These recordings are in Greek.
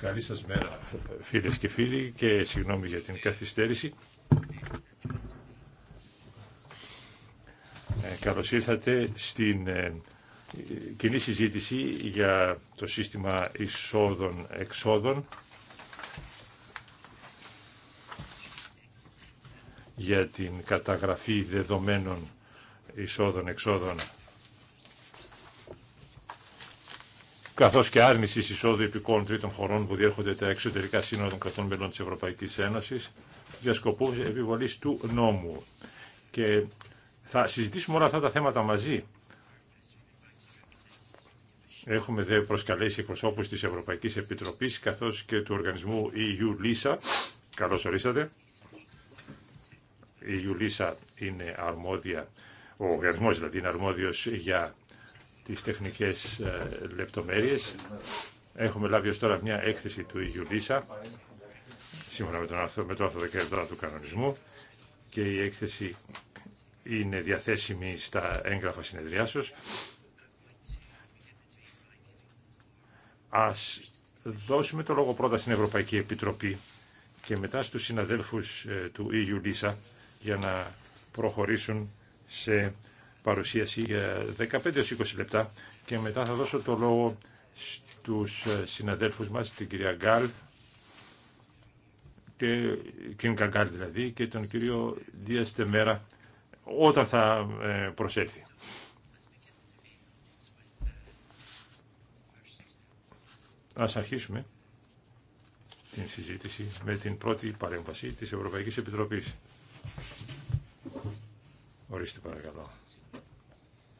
Καλή σας μέρα φίλες και φίλοι και συγγνώμη για την καθυστέρηση. Ε, ήρθατε στην ε, κοινή συζήτηση για το σύστημα εισόδων-εξόδων για την καταγραφή δεδομένων εισόδων-εξόδων καθώς και άρνηση εισόδου υπηκών τρίτων χωρών που διέρχονται τα εξωτερικά σύνορα των κρατών μελών της Ευρωπαϊκής Ένωσης για σκοπούς επιβολής του νόμου. Και θα συζητήσουμε όλα αυτά τα θέματα μαζί. Έχουμε δε προσκαλέσει εκπροσώπου τη ευρωπαϊκή επιτροπή, καθώς και του οργανισμού EU-LISA. Καλώ ορίσατε. Η e EU-LISA είναι αρμόδια, ο οργανισμό δηλαδή είναι αρμόδιος για τις τεχνικές ε, λεπτομέρειες. Έχουμε λάβει ως τώρα μια έκθεση του λίσα σύμφωνα με, τον με το άρθρο του κανονισμού, και η έκθεση είναι διαθέσιμη στα έγγραφα συνεδριάσεως. Ας δώσουμε το λόγο πρώτα στην Ευρωπαϊκή Επιτροπή και μετά στους συναδέλφους ε, του Ιγιουλίσσα για να προχωρήσουν σε παρουσίαση για 15-20 λεπτά και μετά θα δώσω το λόγο στους ε, συναδέλφους μας, την κυρία Γκάλ, και, δηλαδή, και τον κύριο Δίας Τεμέρα, όταν θα ε, προσέλθει. Ας αρχίσουμε την συζήτηση με την πρώτη παρέμβαση της Ευρωπαϊκής Επιτροπής. Ορίστε παρακαλώ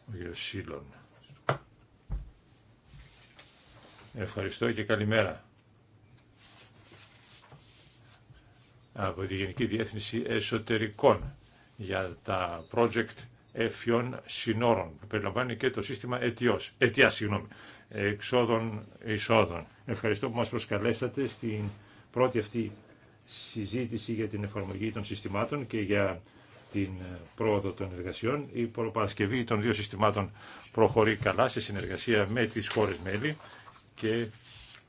ο Ευχαριστώ και καλημέρα. Από τη Γενική Διεύθυνση Εσωτερικών για τα project εφιών συνόρων που περιλαμβάνει και το σύστημα αιτιός, αιτία συγγνώμη, εξόδων εισόδων. Ευχαριστώ που μας προσκαλέσατε στην πρώτη αυτή συζήτηση για την εφαρμογή των συστημάτων και για την ε, πρόοδο των εργασιών. Η προπαρασκευή των δύο συστημάτων προχωρεί καλά σε συνεργασία με τις χώρες μέλη και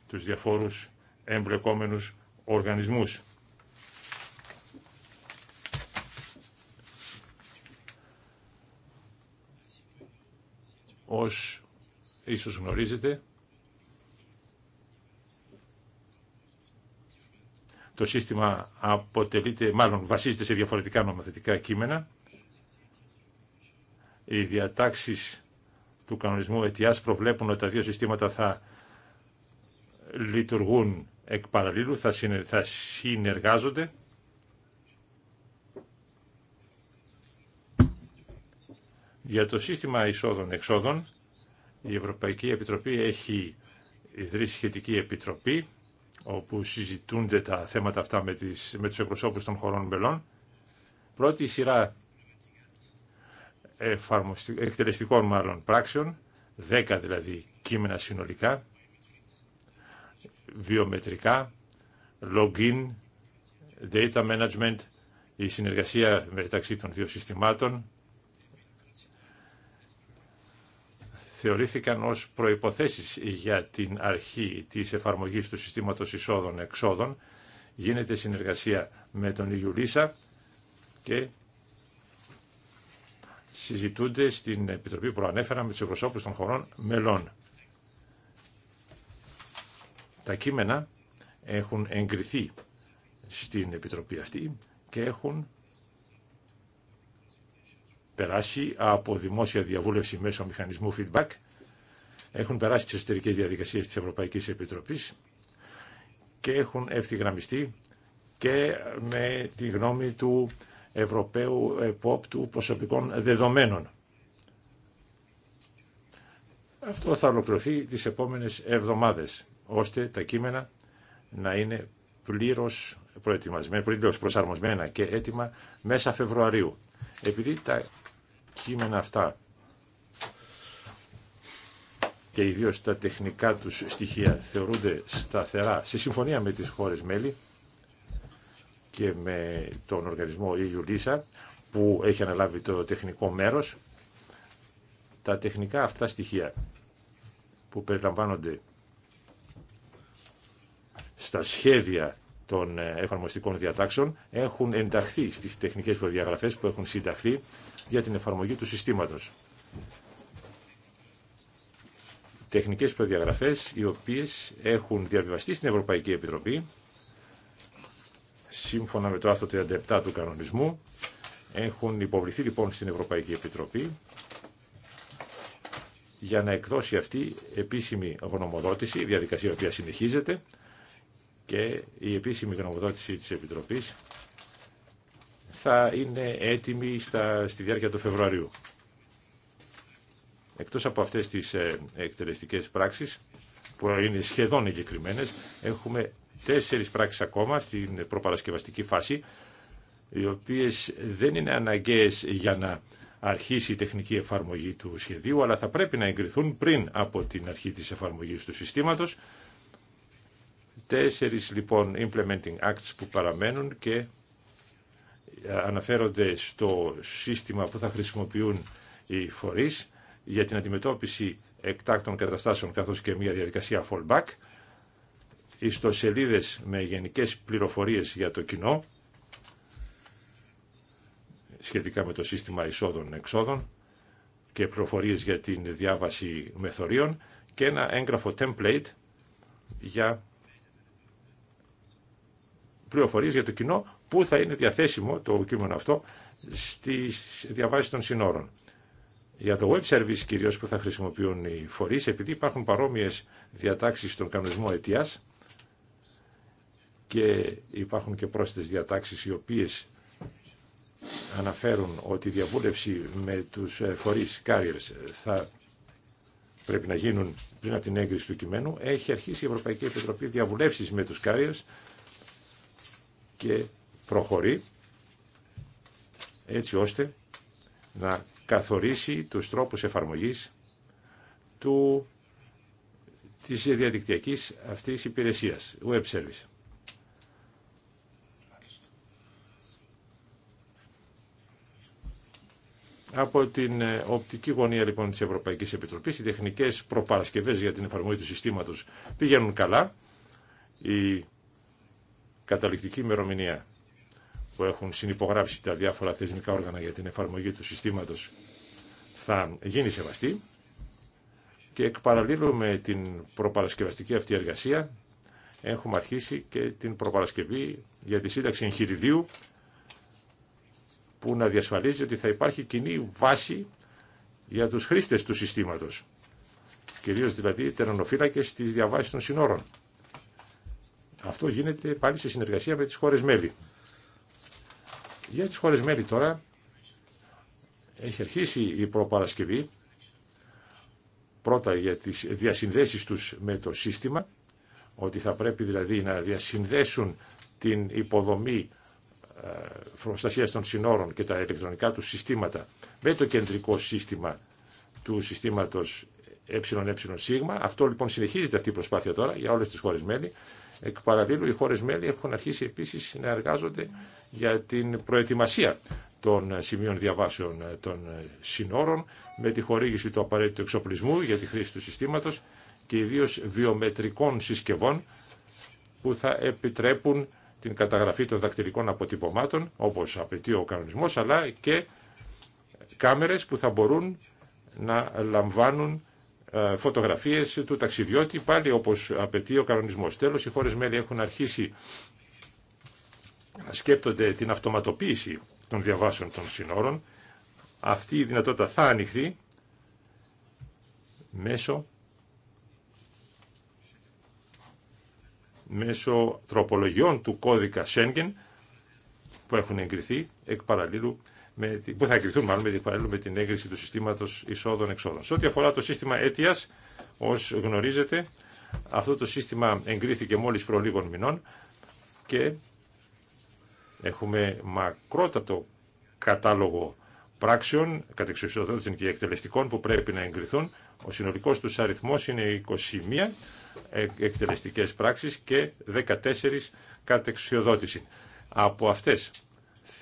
τους διαφόρους εμπλεκόμενους οργανισμούς. Ως ίσως γνωρίζετε, το σύστημα αποτελείται, μάλλον βασίζεται σε διαφορετικά νομοθετικά κείμενα. Οι διατάξεις του κανονισμού ΕΤΙΑΣ προβλέπουν ότι τα δύο συστήματα θα λειτουργούν εκ θα, θα συνεργάζονται. Για το σύστημα εισόδων-εξόδων, η Ευρωπαϊκή Επιτροπή έχει ιδρύσει σχετική επιτροπή όπου συζητούνται τα θέματα αυτά με, τις, με τους εκπροσώπους των χωρών μελών. Πρώτη σειρά εκτελεστικών μάλλον πράξεων, 10 δηλαδή κείμενα συνολικά, βιομετρικά, login, data management, η συνεργασία μεταξύ των δύο συστημάτων, θεωρήθηκαν ως προϋποθέσεις για την αρχή της εφαρμογής του συστήματος εισόδων-εξόδων. Γίνεται συνεργασία με τον Ιουλίσα και συζητούνται στην Επιτροπή που προανέφερα με τους εκπροσώπους των χωρών μελών. Τα κείμενα έχουν εγκριθεί στην Επιτροπή αυτή και έχουν περάσει από δημόσια διαβούλευση μέσω μηχανισμού feedback. Έχουν περάσει τις εσωτερικέ διαδικασίες τη Ευρωπαϊκή Επιτροπή και έχουν ευθυγραμμιστεί και με τη γνώμη του Ευρωπαίου Επόπτου Προσωπικών Δεδομένων. Αυτό θα ολοκληρωθεί τις επόμενες εβδομάδες, ώστε τα κείμενα να είναι πλήρως προετοιμασμένα, προσαρμοσμένα και έτοιμα μέσα Φεβρουαρίου. Επειδή τα κείμενα αυτά και ιδίως τα τεχνικά τους στοιχεία θεωρούνται σταθερά σε συμφωνία με τις χώρες μέλη και με τον οργανισμό EU που έχει αναλάβει το τεχνικό μέρος τα τεχνικά αυτά στοιχεία που περιλαμβάνονται στα σχέδια των ε, εφαρμοστικών διατάξεων έχουν ενταχθεί στις τεχνικές προδιαγραφές που έχουν συνταχθεί για την εφαρμογή του συστήματος. Τεχνικές προδιαγραφές οι οποίες έχουν διαβιβαστεί στην Ευρωπαϊκή Επιτροπή σύμφωνα με το άρθρο 37 του κανονισμού έχουν υποβληθεί λοιπόν στην Ευρωπαϊκή Επιτροπή για να εκδώσει αυτή επίσημη γνωμοδότηση, η διαδικασία η οποία συνεχίζεται και η επίσημη γνωμοδότηση της Επιτροπής θα είναι έτοιμη στα, στη διάρκεια του Φεβρουαρίου. Εκτός από αυτές τις ε, εκτελεστικές πράξεις, που είναι σχεδόν εγκεκριμένε, έχουμε τέσσερις πράξεις ακόμα στην προπαρασκευαστική φάση, οι οποίες δεν είναι αναγκαίες για να αρχίσει η τεχνική εφαρμογή του σχεδίου, αλλά θα πρέπει να εγκριθούν πριν από την αρχή της εφαρμογής του συστήματος. Τέσσερις λοιπόν implementing acts που παραμένουν και ε, αναφέρονται στο σύστημα που θα χρησιμοποιούν οι φορείς για την αντιμετώπιση εκτάκτων καταστάσεων καθώς και μια διαδικασία fallback, ιστοσελίδες με γενικές πληροφορίες για το κοινό σχετικά με το σύστημα εισόδων-εξόδων και πληροφορίες για την διάβαση μεθορίων και ένα έγγραφο template για πληροφορίες για το κοινό πού θα είναι διαθέσιμο το κείμενο αυτό στις διαβάσεις των συνόρων. Για το web service κυρίως που θα χρησιμοποιούν οι φορείς, επειδή υπάρχουν παρόμοιες διατάξεις στον κανονισμό αιτίας και υπάρχουν και πρόσθετες διατάξεις οι οποίες αναφέρουν ότι η διαβούλευση με τους ε, φορείς carriers ε, θα πρέπει να γίνουν πριν από την έγκριση του κειμένου, έχει αρχίσει η Ευρωπαϊκή Επιτροπή διαβουλεύσεις με τους carriers και προχωρεί έτσι ώστε να καθορίσει τους τρόπους εφαρμογής του, της διαδικτυακής αυτής υπηρεσίας, web service. Από την ε, οπτική γωνία λοιπόν της Ευρωπαϊκής Επιτροπής, οι τεχνικές προπαρασκευές για την εφαρμογή του συστήματος πηγαίνουν καλά. Η καταληκτική ημερομηνία που έχουν συνυπογράψει τα διάφορα θεσμικά όργανα για την εφαρμογή του συστήματος θα γίνει σεβαστή και εκ με την προπαρασκευαστική αυτή εργασία έχουμε αρχίσει και την προπαρασκευή για τη σύνταξη εγχειριδίου που να διασφαλίζει ότι θα υπάρχει κοινή βάση για τους χρήστες του συστήματος, κυρίως δηλαδή τερανοφύλακες της διαβάσης των συνόρων. Αυτό γίνεται πάλι σε συνεργασία με τις χώρες μέλη. Για τις χώρες μέλη τώρα έχει αρχίσει η προπαρασκευή πρώτα για τις διασυνδέσεις τους με το σύστημα, ότι θα πρέπει δηλαδή να διασυνδέσουν την υποδομή ε, προστασία των συνόρων και τα ηλεκτρονικά του συστήματα με το κεντρικό σύστημα του συστήματος ΕΕΣ. Αυτό λοιπόν συνεχίζεται αυτή η προσπάθεια τώρα για όλε τι χώρε μέλη. Εκ παραλίλου οι χώρε μέλη έχουν αρχίσει επίση να εργάζονται για την προετοιμασία των σημείων διαβάσεων των συνόρων με τη χορήγηση του απαραίτητου εξοπλισμού για τη χρήση του συστήματο και ιδίω βιομετρικών συσκευών που θα επιτρέπουν την καταγραφή των δακτυλικών αποτυπωμάτων, όπως απαιτεί ο κανονισμός, αλλά και κάμερες που θα μπορούν να λαμβάνουν ε, φωτογραφίες του ταξιδιώτη, πάλι όπως απαιτεί ο κανονισμός. Τέλος, οι χώρες μέλη έχουν αρχίσει να σκέπτονται την αυτοματοποίηση των διαβάσεων των συνόρων. Αυτή η δυνατότητα θα ανοιχθεί μέσω, μέσω τροπολογιών του κώδικα Schengen που έχουν εγκριθεί εκ παραλλήλου με, που θα εγκριθούν μάλλον με, με την έγκριση του συστήματος εισόδων-εξόδων. Σε ό,τι αφορά το σύστημα αίτιας, ως γνωρίζετε, αυτό το σύστημα εγκρίθηκε μόλις προ λίγων μηνών και έχουμε μακρότατο κατάλογο πράξεων, κατεξουσιοδότησης και εκτελεστικών που πρέπει να εγκριθούν. Ο συνολικός του αριθμός είναι 21 εκτελεστικές πράξεις και 14 κατεξουσιοδότηση. Από αυτές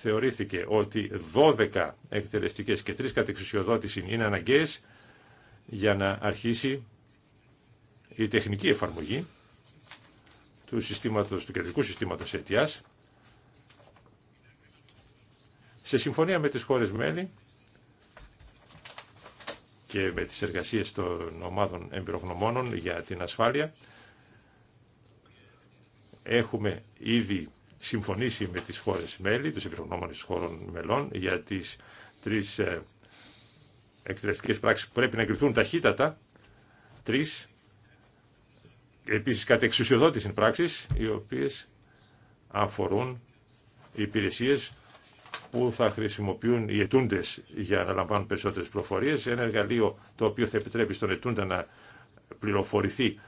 θεωρήθηκε ότι 12 εκτελεστικές και 3 κατεξουσιοδότηση είναι αναγκαίες για να αρχίσει η τεχνική εφαρμογή του, συστήματος, του κεντρικού συστήματος αιτιάς σε συμφωνία με τις χώρες μέλη και με τις εργασίες των ομάδων εμπειρογνωμόνων για την ασφάλεια έχουμε ήδη συμφωνήσει με τις χώρες μέλη, τους εμπειρογνώμονες χώρων μελών για τις τρεις ε, εκτελεστικές πράξεις που πρέπει να εγκριθούν ταχύτατα, τρεις επίσης κατ' εξουσιοδότηση πράξεις, οι οποίες αφορούν υπηρεσίες που θα χρησιμοποιούν οι ετούντες για να λαμβάνουν περισσότερες προφορίες, ένα εργαλείο το οποίο θα επιτρέπει στον ετούντα να πληροφορηθεί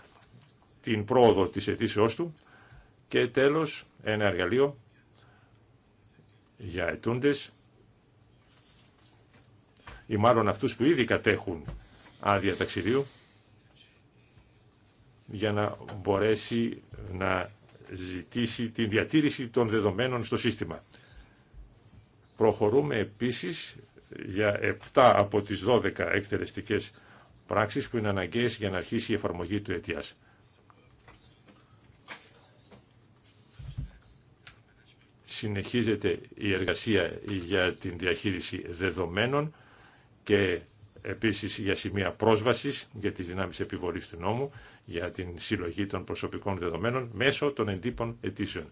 την πρόοδο της αιτήσεώς του, και τέλος ένα εργαλείο για ετούντες ή μάλλον αυτούς που ήδη κατέχουν άδεια ταξιδίου για να μπορέσει να ζητήσει τη διατήρηση των δεδομένων στο σύστημα. Προχωρούμε επίσης για 7 από τις 12 εκτελεστικές πράξεις που είναι αναγκαίες για να αρχίσει η εφαρμογή του αιτίας. συνεχίζεται η εργασία για την διαχείριση δεδομένων και επίσης για σημεία πρόσβασης για τις δυνάμεις επιβολής του νόμου, για την συλλογή των προσωπικών δεδομένων μέσω των εντύπων αιτήσεων.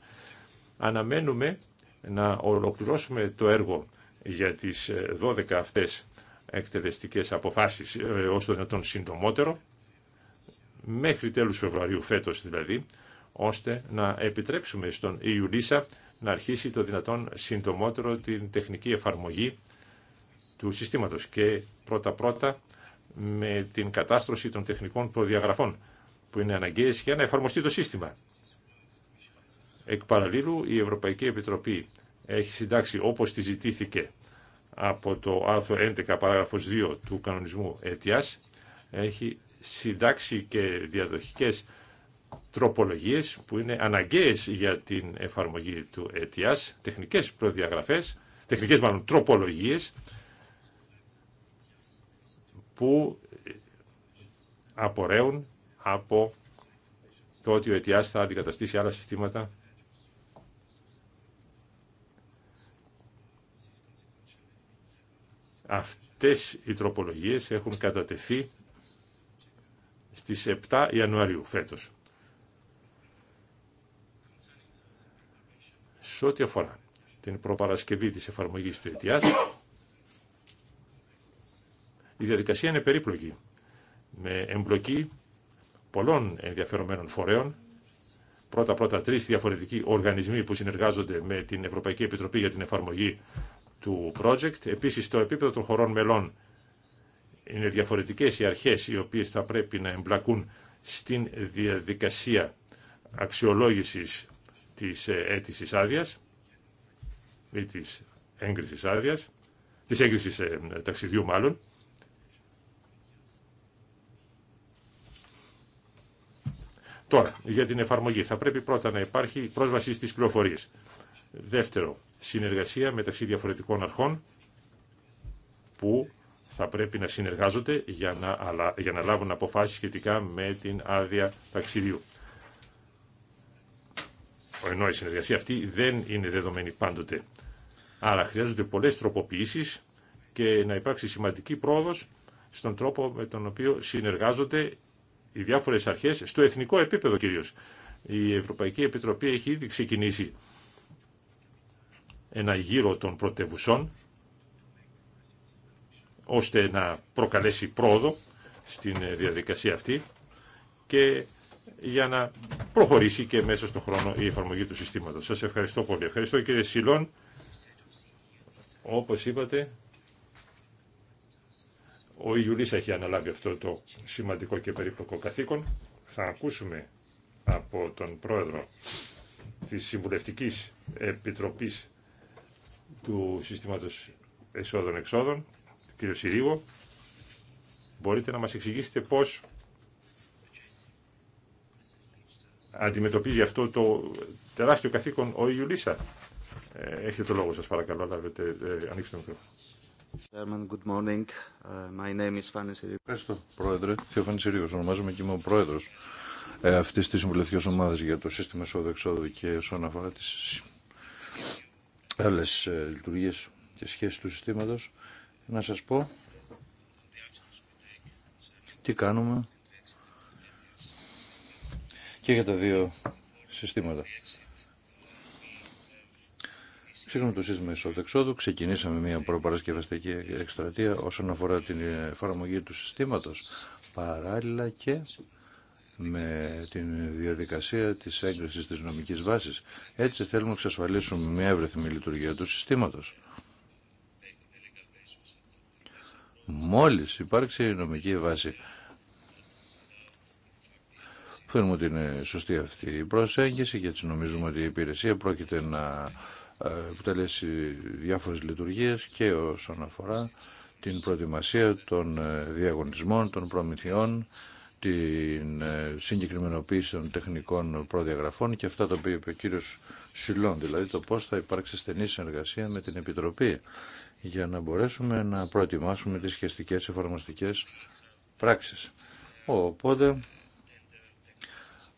Αναμένουμε να ολοκληρώσουμε το έργο για τις 12 ε, αυτές εκτελεστικές αποφάσεις ε, ως το δυνατόν συντομότερο, μέχρι τέλους Φεβρουαρίου φέτος δηλαδή, ώστε να επιτρέψουμε στον Ιουλίσα e να αρχίσει το δυνατόν συντομότερο την τεχνική εφαρμογή του συστήματος και πρώτα-πρώτα με την κατάστρωση των τεχνικών προδιαγραφών που είναι αναγκαίες για να εφαρμοστεί το σύστημα. Εκ παραλλήλου η Ευρωπαϊκή Επιτροπή έχει συντάξει όπως τη ζητήθηκε από το άρθρο 11 παράγραφος 2 του κανονισμού αιτιάς έχει συντάξει και διαδοχικές τροπολογίες που είναι αναγκαίες για την εφαρμογή του ΕΤΙΑΣ, τεχνικές προδιαγραφές, τεχνικές μάλλον τροπολογίες, που απορρέουν από το ότι ο ΕΤΙΑΣ θα αντικαταστήσει άλλα συστήματα Αυτές οι τροπολογίες έχουν κατατεθεί στις 7 Ιανουαρίου φέτος. Σε ό,τι αφορά την προπαρασκευή της εφαρμογής του αιτιάς, η διαδικασία είναι περίπλοκη, με εμπλοκή πολλών ενδιαφερομένων φορέων, πρώτα-πρώτα τρεις διαφορετικοί οργανισμοί που συνεργάζονται με την Ευρωπαϊκή Επιτροπή για την εφαρμογή του project. Επίσης, στο επίπεδο των χωρών μελών είναι διαφορετικές οι αρχές οι οποίες θα πρέπει να εμπλακούν στην διαδικασία αξιολόγησης της ε, αίτησης άδεια ή της έγκρισης άδεια, της έγκρισης ε, ταξιδιού μάλλον, Τώρα, για την εφαρμογή θα πρέπει πρώτα να υπάρχει πρόσβαση στις πληροφορίες. Δεύτερο, συνεργασία μεταξύ διαφορετικών αρχών που θα πρέπει να συνεργάζονται για να, για να λάβουν αποφάσεις σχετικά με την άδεια ταξιδιού ενώ η συνεργασία αυτή δεν είναι δεδομένη πάντοτε. Άρα χρειάζονται πολλές τροποποιήσεις και να υπάρξει σημαντική πρόοδος στον τρόπο με τον οποίο συνεργάζονται οι διάφορες αρχές, στο εθνικό επίπεδο κυρίως. Η Ευρωπαϊκή Επιτροπή έχει ήδη ξεκινήσει ένα γύρο των πρωτευουσών, ώστε να προκαλέσει πρόοδο στην ε, διαδικασία αυτή και για να προχωρήσει και μέσα στον χρόνο η εφαρμογή του συστήματος. Σας ευχαριστώ πολύ. Ευχαριστώ κύριε Σιλόν. Όπως είπατε, ο Ιουλής έχει αναλάβει αυτό το σημαντικό και περίπλοκο καθήκον. Θα ακούσουμε από τον πρόεδρο της Συμβουλευτικής Επιτροπής του Συστήματος Εσόδων-Εξόδων, κύριο Συρίγο. Μπορείτε να μας εξηγήσετε πώς αντιμετωπίζει αυτό το τεράστιο καθήκον ο Ιουλίσσα. Ε, έχετε το λόγο σας παρακαλώ, λάβετε, ε, ανοίξτε το μικρόφωνο. Good morning. Ε, my name is Ευχαριστώ, Πρόεδρε. Φάνη Σιρίου, ονομάζομαι και είμαι ο Πρόεδρος ε, αυτής της συμβουλευτικής ομάδας για το σύστημα εσόδου-εξόδου και όσον αφορά τις άλλες ε, λειτουργίες και σχέσεις του συστήματος. Να σας πω τι κάνουμε και για τα δύο συστήματα. Σύμφωνα το σύστημα εισόδου-εξόδου, ξεκινήσαμε μια προπαρασκευαστική εκστρατεία όσον αφορά την εφαρμογή του συστήματος, παράλληλα και με τη διαδικασία της έγκριση της νομικής βάσης. Έτσι θέλουμε να εξασφαλίσουμε μια εύρεθμη λειτουργία του συστήματος. Μόλις υπάρξει η νομική βάση Θεωρούμε ότι είναι σωστή αυτή η προσέγγιση και έτσι νομίζουμε ότι η υπηρεσία πρόκειται να επιτελέσει διάφορες λειτουργίες και όσον αφορά την προετοιμασία των ε, διαγωνισμών, των προμηθειών, την ε, συγκεκριμενοποίηση των τεχνικών προδιαγραφών και αυτά τα οποία είπε ο κύριος Σιλών, δηλαδή το πώς θα υπάρξει στενή συνεργασία με την Επιτροπή για να μπορέσουμε να προετοιμάσουμε τις σχεστικές εφαρμοστικές πράξεις. Οπότε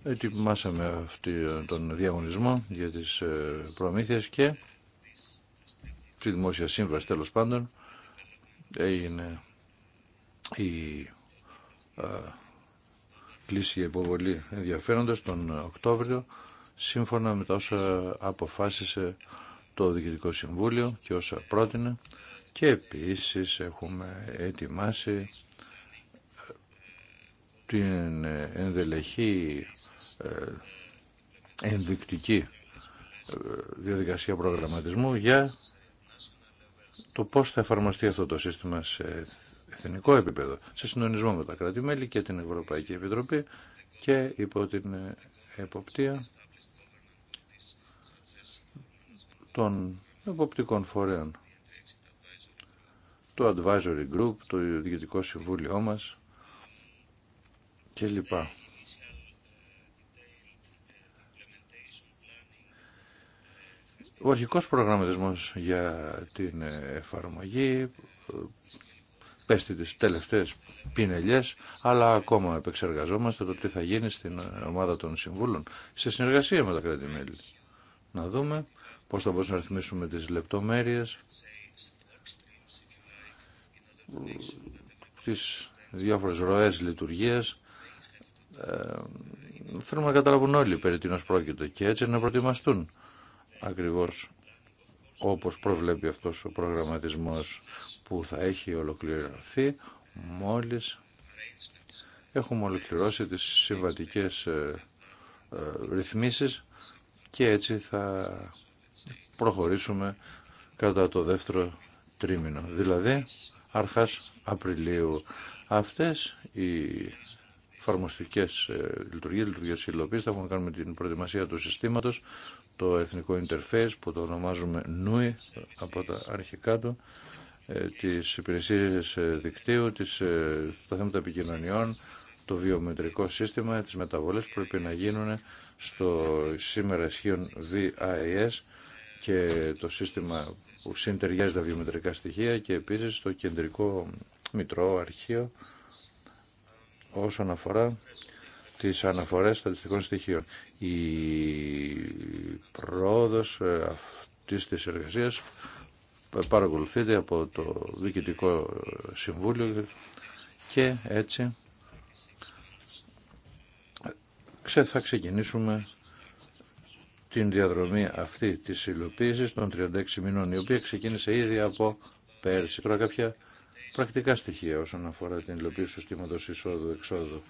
ετοιμάσαμε αυτή, ε, τον διαγωνισμό για τις ε, προμήθειες και στη δημόσια σύμβαση τέλος πάντων έγινε η α, ε, κλίση για υποβολή ενδιαφέροντας τον Οκτώβριο σύμφωνα με τα όσα αποφάσισε το Διοικητικό Συμβούλιο και όσα πρότεινε και επίσης έχουμε ετοιμάσει την ενδελεχή ε, ενδεικτική ε, διαδικασία προγραμματισμού για το πώς θα εφαρμοστεί αυτό το σύστημα σε εθνικό επίπεδο, σε συντονισμό με τα κράτη-μέλη και την Ευρωπαϊκή Επιτροπή και υπό την ε, εποπτεία των εποπτικών φορέων. Το Advisory Group, το Διοικητικό Συμβούλιο μας και λοιπά. Ο αρχικός προγραμματισμός για την ε, εφαρμογή ε, πέστη τις τελευταίες πινελιές, αλλά ακόμα επεξεργαζόμαστε το τι θα γίνει στην ε, ομάδα των συμβούλων, σε συνεργασία με τα κράτη-μέλη. Να δούμε πώς θα μπορούσαμε να ρυθμίσουμε τις λεπτομέρειες, τις διάφορες ροές λειτουργίας. Ε, θέλουμε να καταλάβουν όλοι περί τίνος πρόκειται και έτσι να προετοιμαστούν ακριβώς όπως προβλέπει αυτός ο προγραμματισμός που θα έχει ολοκληρωθεί μόλις έχουμε ολοκληρώσει τις συμβατικές ε, ε, ρυθμίσεις και έτσι θα προχωρήσουμε κατά το δεύτερο τρίμηνο, δηλαδή αρχάς Απριλίου. Αυτές οι εφαρμοστικές ε, λειτουργίες, λειτουργίες υλοποίησης θα έχουν να την προετοιμασία του συστήματος το εθνικό Interface που το ονομάζουμε ΝΟΥΙ από τα αρχικά του, ε, τις υπηρεσίες ε, δικτύου, τις, ε, τα θέματα επικοινωνιών, το βιομετρικό σύστημα, τις μεταβολές που πρέπει να γίνουν στο σήμερα ισχύον VIS και το σύστημα που συντεριάζει τα βιομετρικά στοιχεία και επίσης το κεντρικό μητρό αρχείο όσον αφορά τις αναφορές στατιστικών στοιχείων. Η πρόοδος ε, αυτής της εργασίας παρακολουθείται από το Διοικητικό Συμβούλιο και έτσι θα ξεκινήσουμε την διαδρομή αυτή της υλοποίησης των 36 μηνών η οποία ξεκίνησε ήδη από πέρσι. Τώρα κάποια πρακτικά στοιχεία όσον αφορά την υλοποίηση του συστήματος εισόδου-εξόδου.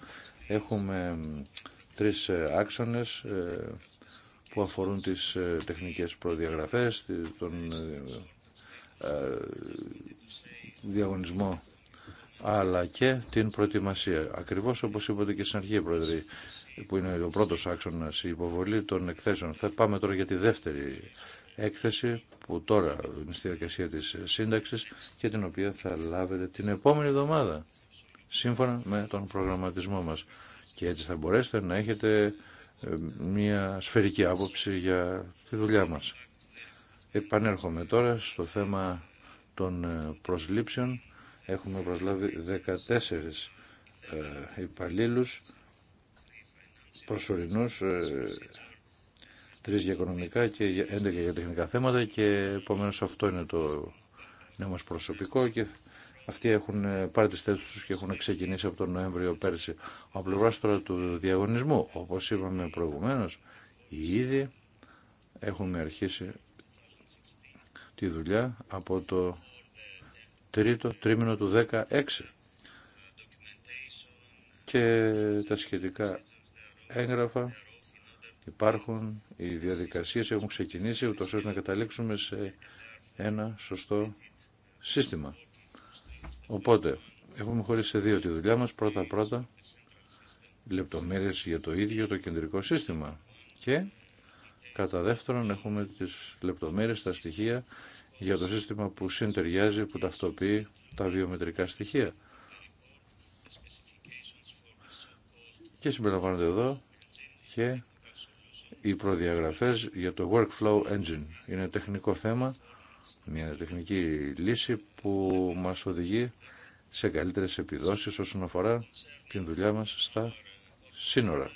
Έχουμε τρεις ε, άξονες ε, που αφορούν τις ε, τεχνικές προδιαγραφές, τον διαγωνισμό αλλά και την προετοιμασία. Ακριβώς όπως είπατε και στην αρχή, Πρόεδρε, που είναι ο πρώτος άξονας, η υποβολή των εκθέσεων. Θα πάμε τώρα για τη δεύτερη έκθεση που τώρα είναι στη διαδικασία της σύνταξης και την οποία θα λάβετε την επόμενη εβδομάδα σύμφωνα με τον προγραμματισμό μας. Και έτσι θα μπορέσετε να έχετε ε, μια σφαιρική άποψη για τη δουλειά μας. Επανέρχομαι τώρα στο θέμα των ε, προσλήψεων. Έχουμε προσλάβει 14 ε, υπαλλήλους προσωρινούς τρεις για οικονομικά και 11 για τεχνικά θέματα και επομένως αυτό είναι το νέο μας προσωπικό και αυτοί έχουν ε, πάρει τις θέσεις τους και έχουν ξεκινήσει από τον Νοέμβριο πέρσι. ο πλευρά τώρα του διαγωνισμού, όπως είπαμε προηγουμένως, ήδη έχουμε αρχίσει τη δουλειά από το τρίτο τρίμηνο του 16 και τα σχετικά έγγραφα υπάρχουν οι διαδικασίες έχουν ξεκινήσει ούτως ώστε να καταλήξουμε σε ένα σωστό σύστημα. Οπότε, έχουμε χωρίσει σε δύο τη δουλειά μας. Πρώτα-πρώτα, λεπτομέρειες για το ίδιο το κεντρικό σύστημα. Και, κατά δεύτερον, έχουμε τις λεπτομέρειες, τα στοιχεία για το σύστημα που συντεριάζει, που ταυτοποιεί τα βιομετρικά στοιχεία. Και συμπεριλαμβάνονται εδώ και οι προδιαγραφές για το Workflow Engine. Είναι τεχνικό θέμα, μια τεχνική λύση που μας οδηγεί σε καλύτερες επιδόσεις όσον αφορά την δουλειά μας στα σύνορα.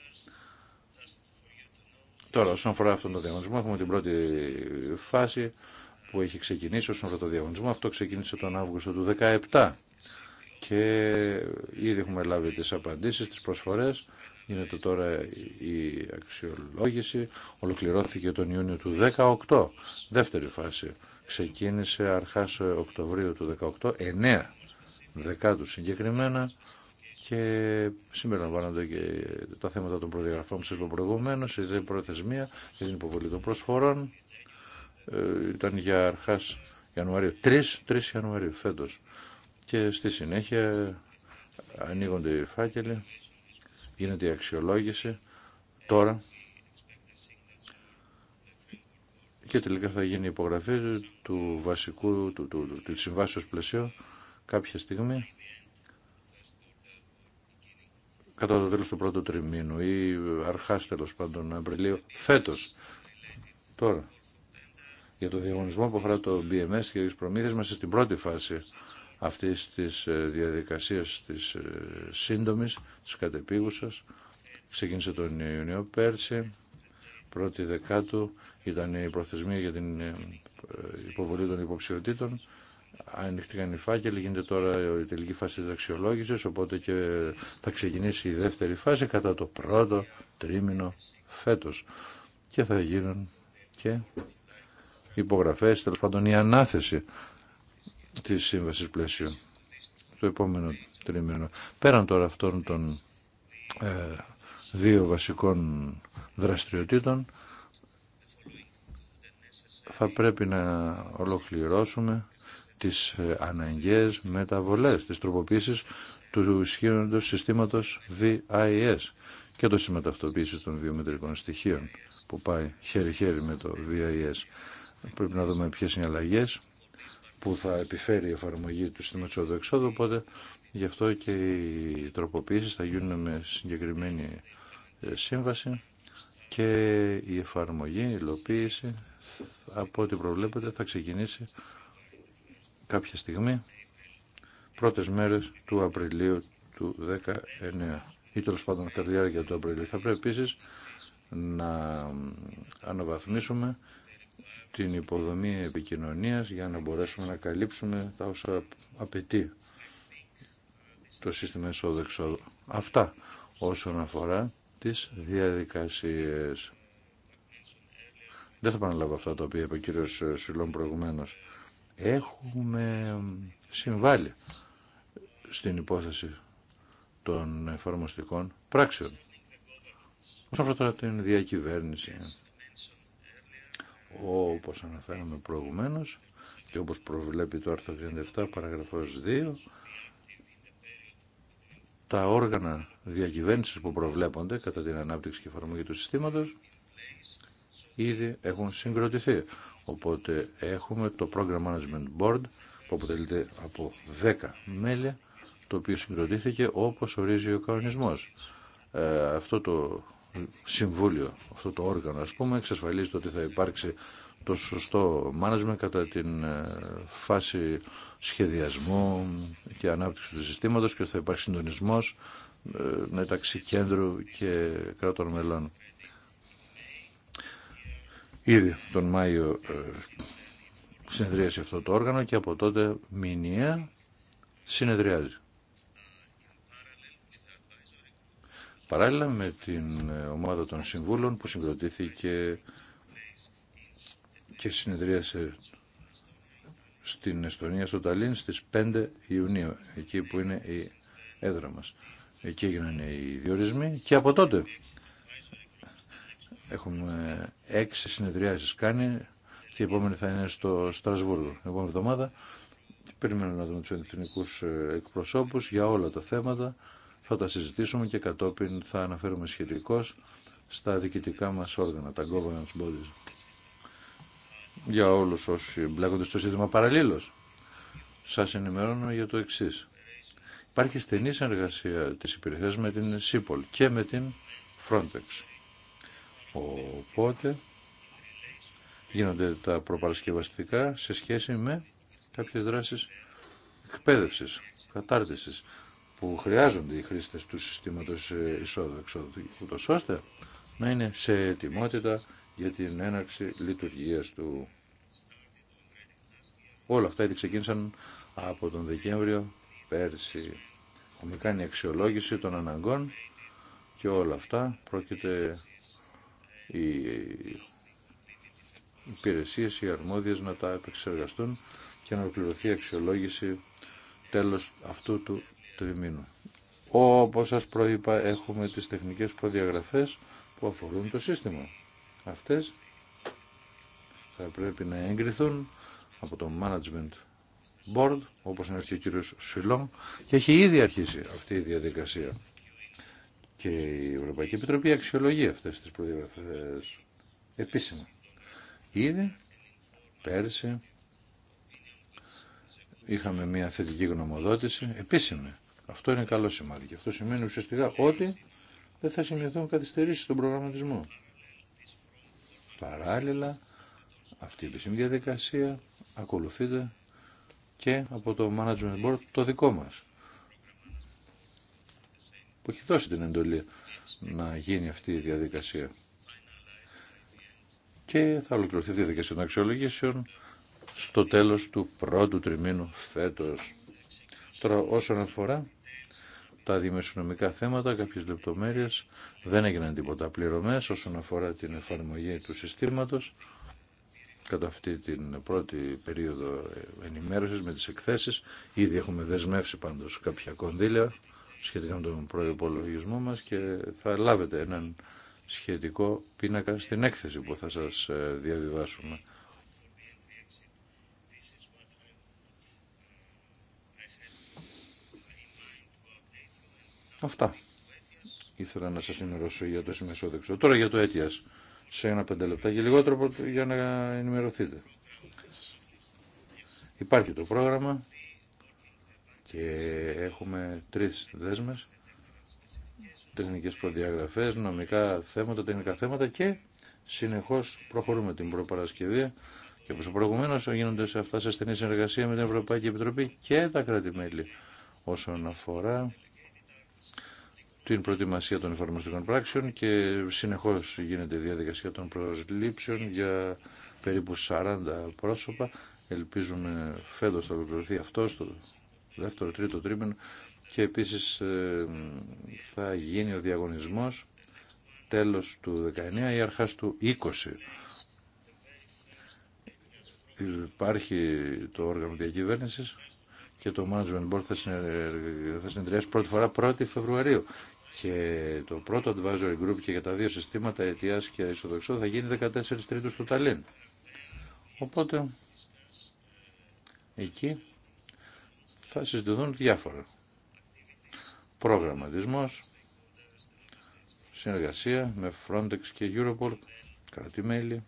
Τώρα, όσον αφορά αυτόν τον διαγωνισμό, έχουμε την πρώτη φάση που έχει ξεκινήσει όσον αφορά τον διαγωνισμό. Αυτό ξεκίνησε τον Αύγουστο του 2017 και ήδη έχουμε λάβει τις απαντήσεις, τις προσφορές Γίνεται τώρα η αξιολόγηση. Ολοκληρώθηκε τον Ιούνιο του 18. Δεύτερη φάση ξεκίνησε αρχάς Οκτωβρίου του 18, 9 δεκάτου συγκεκριμένα και συμπεριλαμβάνονται και τα θέματα των προδιαγραφών που σας είπα προηγουμένως, η προθεσμία για την υποβολή των προσφορών ε, ήταν για αρχάς Ιανουαρίου, 3, 3 Ιανουαρίου φέτος και στη συνέχεια ανοίγονται οι φάκελοι γίνεται η αξιολόγηση τώρα και τελικά θα γίνει η υπογραφή του βασικού, του, του, του, συμβάσεως πλαισίου κάποια στιγμή κατά το τέλος του πρώτου τριμήνου ή αρχάς τέλος πάντων Απριλίου φέτος. Τώρα, για το διαγωνισμό που αφορά το BMS και τις προμήθειες μας στην πρώτη φάση αυτής της ε, διαδικασίας της ε, σύντομης, της κατεπίγουσας. Ξεκίνησε τον Ιουνιό πέρσι, πρώτη δεκάτου ήταν η προθεσμία για την ε, υποβολή των υποψηφιωτήτων. Ανοιχτήκαν οι φάκελοι, γίνεται τώρα η τελική φάση της αξιολόγησης, οπότε και θα ξεκινήσει η δεύτερη φάση κατά το πρώτο τρίμηνο φέτος. Και θα γίνουν και υπογραφές, τέλος πάντων η ανάθεση της σύμβασης πλαίσιο το επόμενο τρίμηνο. Πέραν τώρα αυτών των ε, δύο βασικών δραστηριοτήτων θα πρέπει να ολοκληρώσουμε τις ε, αναγκαίες μεταβολές, τις τροποποίησεις του ισχύοντος συστήματος VIS και το συμμεταυτοποίηση των βιομετρικών στοιχείων που πάει χέρι-χέρι με το VIS. Πρέπει να δούμε ποιες είναι οι αλλαγές που θα επιφέρει η εφαρμογή του συστήματος οδοεξόδου, οπότε γι' αυτό και οι τροποποιήσεις θα γίνουν με συγκεκριμένη ε, σύμβαση και η εφαρμογή, η υλοποίηση, από ό,τι προβλέπετε, θα ξεκινήσει κάποια στιγμή, πρώτες μέρες του Απριλίου του 19 ή τέλο πάντων κατά τη διάρκεια του Απριλίου. Θα πρέπει επίσης να αναβαθμίσουμε την υποδομή επικοινωνίας για να μπορέσουμε να καλύψουμε τα όσα απαιτεί το συστημα εισόδου Αυτά όσον αφορά τις διαδικασίες. Δεν θα επαναλάβω αυτά τα οποία είπε ο κύριος προηγουμένως. Έχουμε συμβάλει στην υπόθεση των εφαρμοστικών πράξεων. Όσον αφορά την διακυβέρνηση, όπως αναφέραμε προηγουμένως και όπως προβλέπει το άρθρο 37 παραγραφός 2 τα όργανα διακυβέρνησης που προβλέπονται κατά την ανάπτυξη και εφαρμογή του συστήματος ήδη έχουν συγκροτηθεί. Οπότε έχουμε το Program Management Board που αποτελείται από 10 μέλη το οποίο συγκροτήθηκε όπως ορίζει ο κανονισμός. Ε, αυτό το συμβούλιο, αυτό το όργανο ας πούμε, εξασφαλίζει ότι θα υπάρξει το σωστό management κατά την ε, φάση σχεδιασμού και ανάπτυξη του συστήματος και θα υπάρχει συντονισμός ε, μεταξύ κέντρου και κράτων μελών. Ήδη τον Μάιο ε, συνεδρίασε αυτό το όργανο και από τότε μηνιαία συνεδριάζει. παράλληλα με την ε, ομάδα των συμβούλων που συγκροτήθηκε και συνεδρίασε στην Εστονία, στο Ταλίν, στις 5 Ιουνίου, εκεί που είναι η έδρα μας. Εκεί έγιναν οι διορισμοί και από τότε έχουμε έξι συνεδριάσεις κάνει και η επόμενη θα είναι στο Στρασβούργο. Την επόμενη εβδομάδα περιμένουμε να δούμε τους εθνικούς ε, εκπροσώπους για όλα τα θέματα θα τα συζητήσουμε και κατόπιν θα αναφέρουμε σχετικώ στα διοικητικά μας όργανα, τα governance bodies. Για όλους όσοι μπλέκονται στο σύστημα παραλίλω, σας ενημερώνω για το εξή. Υπάρχει στενή συνεργασία της υπηρεσία με την ΣΥΠΟΛ και με την Frontex. Οπότε γίνονται τα προπαρασκευαστικά σε σχέση με κάποιες δράσεις εκπαίδευσης, κατάρτισης που χρειάζονται οι χρήστες του συστήματος ε, εισόδου-εξόδου, ώστε να είναι σε ετοιμότητα για την έναρξη λειτουργίας του. Όλα αυτά ήδη ξεκίνησαν από τον Δεκέμβριο πέρσι. Έχουμε κάνει αξιολόγηση των αναγκών και όλα αυτά πρόκειται οι υπηρεσίες, οι αρμόδιες να τα επεξεργαστούν και να ολοκληρωθεί η αξιολόγηση τέλος αυτού του του ημίνου. Όπως σας προείπα έχουμε τις τεχνικές προδιαγραφές που αφορούν το σύστημα. Αυτές θα πρέπει να εγκριθούν από το Management Board, όπως είναι ο κύριος και έχει ήδη αρχίσει αυτή η διαδικασία. Και η Ευρωπαϊκή Επιτροπή αξιολογεί αυτές τις προδιαγραφές επίσημα. Ήδη πέρσι είχαμε μια θετική γνωμοδότηση επίσημη αυτό είναι καλό σημάδι και αυτό σημαίνει ουσιαστικά ότι δεν θα σημειωθούν καθυστερήσει στον προγραμματισμό. Παράλληλα, αυτή η επίσημη διαδικασία ακολουθείται και από το Management Board το δικό μας που έχει δώσει την εντολή να γίνει αυτή η διαδικασία. Και θα ολοκληρωθεί αυτή η διαδικασία των αξιολογήσεων στο τέλος του πρώτου τριμήνου φέτος. Τώρα όσον αφορά τα δημοσιονομικά θέματα, κάποιες λεπτομέρειες, δεν έγιναν τίποτα πληρωμές όσον αφορά την εφαρμογή του συστήματος κατά αυτή την πρώτη περίοδο ενημέρωσης με τις εκθέσεις. Ήδη έχουμε δεσμεύσει πάντως κάποια κονδύλια σχετικά με τον προϋπολογισμό μας και θα λάβετε έναν σχετικό πίνακα στην έκθεση που θα σας ε, διαβιβάσουμε. Αυτά ήθελα να σας ενημερώσω για το σημεσόδεξο. Τώρα για το αίτιας, σε ένα πέντε λεπτά και λιγότερο για να ενημερωθείτε. Υπάρχει το πρόγραμμα και έχουμε τρεις δέσμες, τεχνικές προδιαγραφές, νομικά θέματα, τεχνικά θέματα και συνεχώς προχωρούμε την προπαρασκευή και όπως προηγουμένως γίνονται σε αυτά σε στενή συνεργασία με την Ευρωπαϊκή Επιτροπή και τα κράτη-μέλη όσον αφορά την προετοιμασία των εφαρμοστικών πράξεων και συνεχώς γίνεται η διαδικασία των προσλήψεων για περίπου 40 πρόσωπα. Ελπίζουμε φέτος θα ολοκληρωθεί αυτό στο δεύτερο, τρίτο τρίμηνο και επίσης ε, θα γίνει ο διαγωνισμός τέλος του 19 ή αρχάς του 20. Υπάρχει το όργανο διακυβέρνησης και το Management Board θα, θα συνεδριάσει πρώτη φορά 1η Φεβρουαρίου. Και το πρώτο advisory group και για τα δύο συστήματα αιτία και ισοδοξό θα γίνει 14 Τρίτου στο Ταλίν. Οπότε εκεί θα συζητηθούν διάφορα. Προγραμματισμό, συνεργασία με Frontex και Europol, κρατημέλη,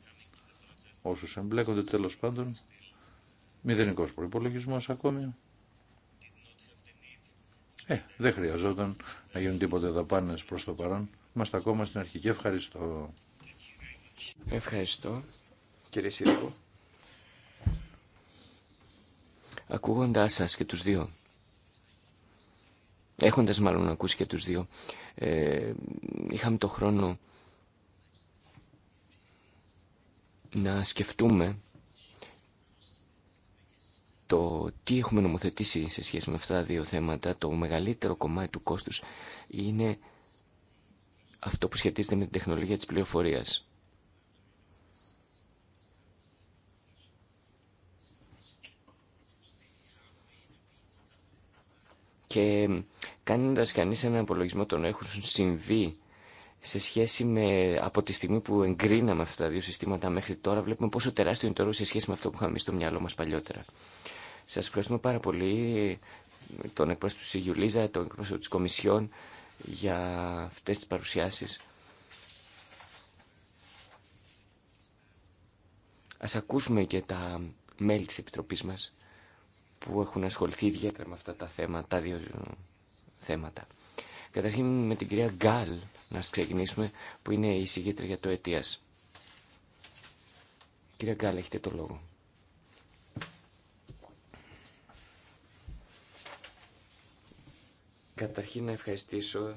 όσου εμπλέκονται τέλο πάντων, μηδενικό προπολογισμό ακόμη. Ε, δεν χρειαζόταν να γίνουν τίποτε δαπάνες προς το παρόν. Είμαστε ακόμα στην αρχή και ευχαριστώ. Ευχαριστώ, κύριε Σύρκο. Ακούγοντάς σας και τους δύο, έχοντας μάλλον ακούσει και τους δύο, ε, είχαμε το χρόνο να σκεφτούμε το τι έχουμε νομοθετήσει σε σχέση με αυτά τα δύο θέματα, το μεγαλύτερο κομμάτι του κόστους είναι αυτό που σχετίζεται με την τεχνολογία της πληροφορίας. Και κάνοντας κανείς ένα απολογισμό των έχουν συμβεί σε σχέση με από τη στιγμή που εγκρίναμε αυτά τα δύο συστήματα μέχρι τώρα, βλέπουμε πόσο τεράστιο είναι το σε σχέση με αυτό που είχαμε στο μυαλό μας παλιότερα. Σα ευχαριστούμε πάρα πολύ τον εκπρόσωπο του Σιγιου τον εκπρόσωπο της Κομισιόν για αυτές τι παρουσιάσεις. Ας ακούσουμε και τα μέλη της Επιτροπής μας που έχουν ασχοληθεί ιδιαίτερα με αυτά τα θέματα, τα δύο θέματα. Καταρχήν με την κυρία Γκάλ να ξεκινήσουμε που είναι η συγκέντρια για το αιτία. Κυρία Γκάλ, έχετε το λόγο. Καταρχήν να ευχαριστήσω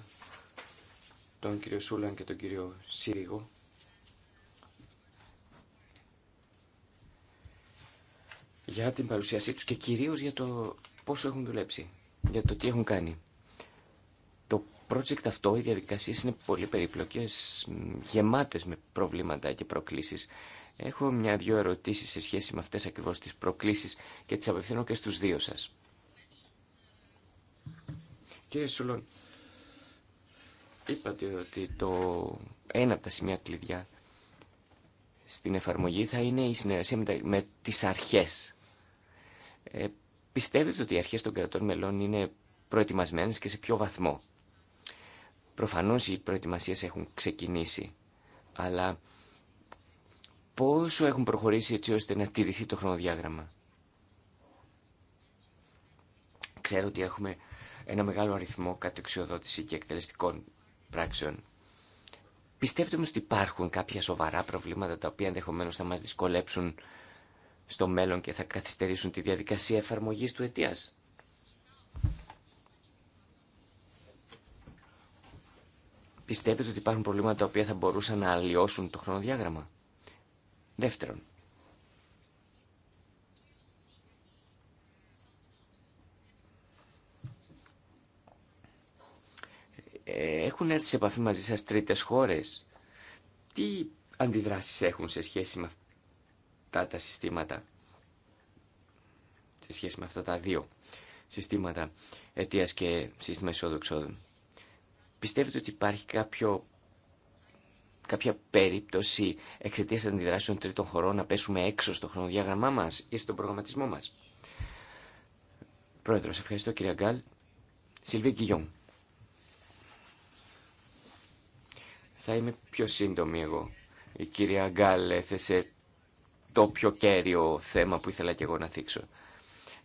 τον κύριο Σούλαν και τον κύριο Σύριγο για την παρουσίασή τους και κυρίως για το πόσο έχουν δουλέψει, για το τι έχουν κάνει. Το project αυτό, οι διαδικασίε είναι πολύ περίπλοκες, γεμάτες με προβλήματα και προκλήσεις. Έχω μια-δυο ερωτήσεις σε σχέση με αυτές ακριβώς τις προκλήσεις και τις απευθύνω και στους δύο σας. Κύριε Σουλών, είπατε ότι το ένα από τα σημεία κλειδιά στην εφαρμογή θα είναι η συνεργασία με, τα, με τις αρχές. Ε, πιστεύετε ότι οι αρχές των κρατών μελών είναι προετοιμασμένες και σε ποιο βαθμό. Προφανώς οι προετοιμασίες έχουν ξεκινήσει, αλλά πόσο έχουν προχωρήσει έτσι ώστε να τηρηθεί το χρονοδιάγραμμα. Ξέρω ότι έχουμε ένα μεγάλο αριθμό κατεξιοδότηση και εκτελεστικών πράξεων. Πιστεύετε όμως ότι υπάρχουν κάποια σοβαρά προβλήματα τα οποία ενδεχομένως θα μας δυσκολέψουν στο μέλλον και θα καθυστερήσουν τη διαδικασία εφαρμογής του αιτίας. Πιστεύετε ότι υπάρχουν προβλήματα τα οποία θα μπορούσαν να αλλοιώσουν το χρονοδιάγραμμα. Δεύτερον, έχουν έρθει σε επαφή μαζί σας τρίτες χώρες. Τι αντιδράσεις έχουν σε σχέση με αυτά τα συστήματα. Σε σχέση με αυτά τα δύο συστήματα αιτίας και σύστημα εισόδου-εξόδου. Πιστεύετε ότι υπάρχει κάποιο, κάποια περίπτωση εξαιτίας αντιδράσεων τρίτων χωρών να πέσουμε έξω στο χρονοδιάγραμμά μας ή στον προγραμματισμό μας. Πρόεδρος, ευχαριστώ κύριε Αγκάλ. Σιλβί Θα είμαι πιο σύντομη εγώ. Η κυρία Γκάλ έθεσε το πιο κέριο θέμα που ήθελα και εγώ να θίξω.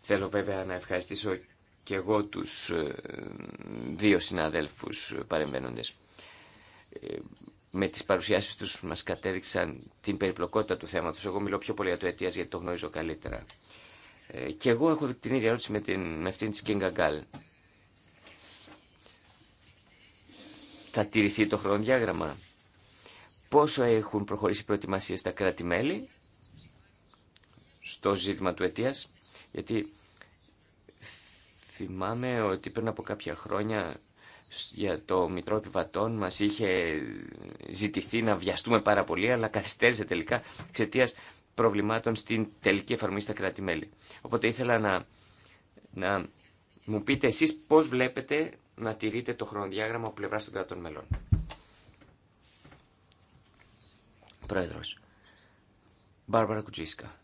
Θέλω βέβαια να ευχαριστήσω και εγώ τους ε, δύο συναδέλφους παρεμβαίνοντες. Ε, με τις παρουσιάσεις τους μας κατέδειξαν την περιπλοκότητα του θέματος. Εγώ μιλώ πιο πολύ για το αιτίας γιατί το γνωρίζω καλύτερα. Ε, και εγώ έχω την ίδια ερώτηση με, την, με αυτήν της Κίνγκα Γκάλ. θα τηρηθεί το χρονοδιάγραμμα. Πόσο έχουν προχωρήσει οι προετοιμασίες στα κράτη-μέλη στο ζήτημα του αιτίας, γιατί θυμάμαι ότι πριν από κάποια χρόνια για το Μητρό Επιβατών μας είχε ζητηθεί να βιαστούμε πάρα πολύ, αλλά καθυστέρησε τελικά εξαιτία προβλημάτων στην τελική εφαρμογή στα κράτη-μέλη. Οπότε ήθελα να, να μου πείτε εσείς πώς βλέπετε να τηρείτε το χρονοδιάγραμμα από πλευρά των κρατών μελών. Προέδρο Μπάρμπαρα Κουτζίσκα.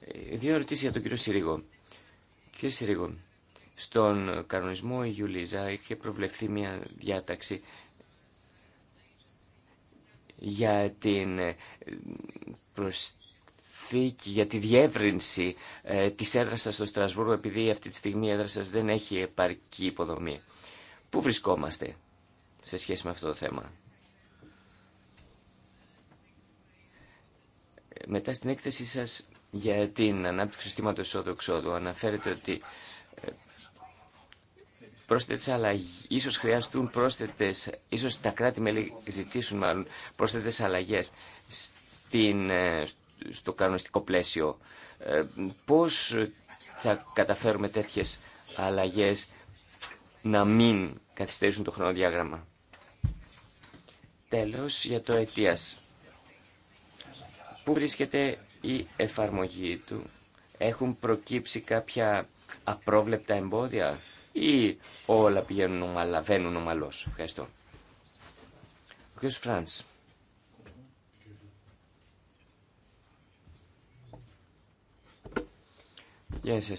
Ε, δύο ερωτήσει για τον κύριο Συρίγο. Κύριε Συρίγο, στον κανονισμό η Γιουλίζα είχε προβλεφθεί μια διάταξη για την ε, προστασία προσθήκη, για τη διεύρυνση ε, της έδρας σας στο Στρασβούργο, επειδή αυτή τη στιγμή η έδρα σας δεν έχει επαρκή υποδομή. Πού βρισκόμαστε σε σχέση με αυτό το θέμα. Μετά στην έκθεσή σας για την ανάπτυξη του συστήματος εισόδου-εξόδου αναφέρεται ότι ε, πρόσθετες αλλαγές, ίσως χρειαστούν πρόσθετες, ίσως τα κράτη-μέλη ζητήσουν μάλλον πρόσθετες αλλαγές στην, ε, στο κανονιστικό πλαίσιο. Ε, πώς θα καταφέρουμε τέτοιες αλλαγές να μην καθυστερήσουν το χρονοδιάγραμμα. Τέλος, για το αιτίας. Πού βρίσκεται η εφαρμογή του. Έχουν προκύψει κάποια απρόβλεπτα εμπόδια ή όλα πηγαίνουν ομαλά, βαίνουν ομαλώς. Ευχαριστώ. Ο κ. Φρανς. Γεια σα.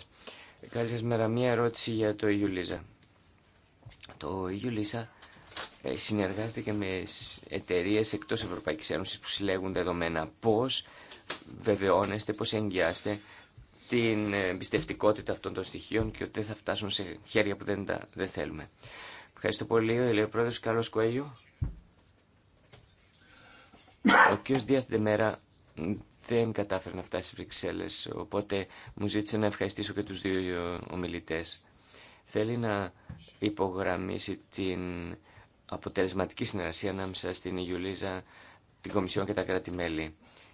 Καλή σα μέρα. Μία ερώτηση για το Ιουλίζα. Το Ιουλίζα ε, συνεργάζεται και με εταιρείε εκτό Ευρωπαϊκή Ένωση που συλλέγουν δεδομένα. πώ βεβαιώνεστε, πώ εγγυάστε την εμπιστευτικότητα αυτών των στοιχείων και ότι δεν θα φτάσουν σε χέρια που δεν, τα, δεν θέλουμε. Ευχαριστώ πολύ. Ο Ελαιοπρόεδρος Καλός Κουέλιο. Ο κ. Δίαθ Μέρα δεν κατάφερε να φτάσει στις Βρυξέλλες, οπότε μου ζήτησε να ευχαριστήσω και τους δύο ομιλητές. Θέλει να υπογραμμίσει την αποτελεσματική συνεργασία ανάμεσα στην Ιουλίζα, την Κομισιόν και τα κράτη-μέλη.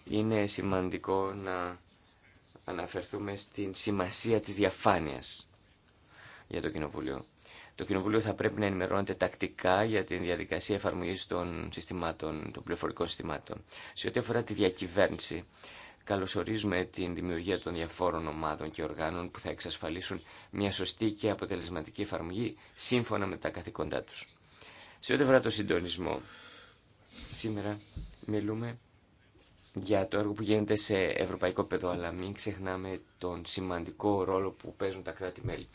Είναι σημαντικό να αναφερθούμε στην σημασία της διαφάνειας για το Κοινοβούλιο. Το Κοινοβούλιο θα πρέπει να ενημερώνεται τακτικά για τη διαδικασία εφαρμογή των, των πληροφορικών συστημάτων. Σε ό,τι αφορά τη διακυβέρνηση, καλωσορίζουμε την δημιουργία των διαφόρων ομάδων και οργάνων που θα εξασφαλίσουν μια σωστή και αποτελεσματική εφαρμογή σύμφωνα με τα καθήκοντά του. Σε ό,τι αφορά το συντονισμό, σήμερα μιλούμε για το έργο που γίνεται σε ευρωπαϊκό πεδίο, αλλά μην ξεχνάμε τον σημαντικό ρόλο που παίζουν τα κράτη-μέλη.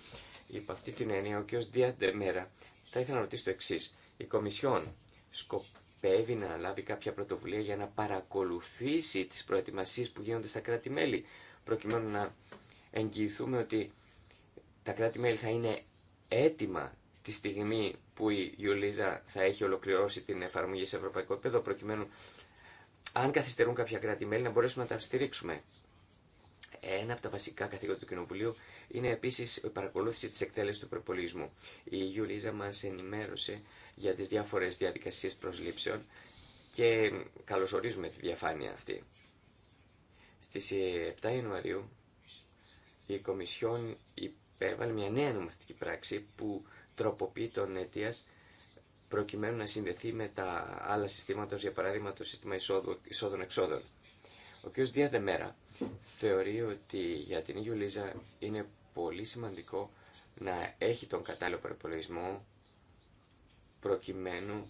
Υπ' αυτή την έννοια, ο κ. Διαντεμέρα θα ήθελα να ρωτήσω το εξή. Η Κομισιόν σκοπεύει να λάβει κάποια πρωτοβουλία για να παρακολουθήσει τι προετοιμασίε που γίνονται στα κράτη-μέλη, προκειμένου να εγγυηθούμε ότι τα κράτη-μέλη θα είναι έτοιμα τη στιγμή που η Ιουλίζα θα έχει ολοκληρώσει την εφαρμογή σε ευρωπαϊκό επίπεδο, προκειμένου αν καθυστερούν κάποια κράτη-μέλη να μπορέσουμε να τα στηρίξουμε. Ένα από τα βασικά καθήκοντα του Κοινοβουλίου είναι επίση η παρακολούθηση της εκτέλεσης του προπολισμού. Η Γιουρίζα μα ενημέρωσε για τις διάφορες διαδικασίες προσλήψεων και καλωσορίζουμε τη διαφάνεια αυτή. Στις 7 ε, Ιανουαρίου η Κομισιόν υπέβαλε μια νέα νομοθετική πράξη που τροποποιεί τον αιτία προκειμένου να συνδεθεί με τα άλλα συστήματα, για παράδειγμα το σύστημα εισόδων-εξόδων. Ο κ. Διαδεμέρα θεωρεί ότι για την Ιουλίζα είναι πολύ σημαντικό να έχει τον κατάλληλο προπολογισμό προκειμένου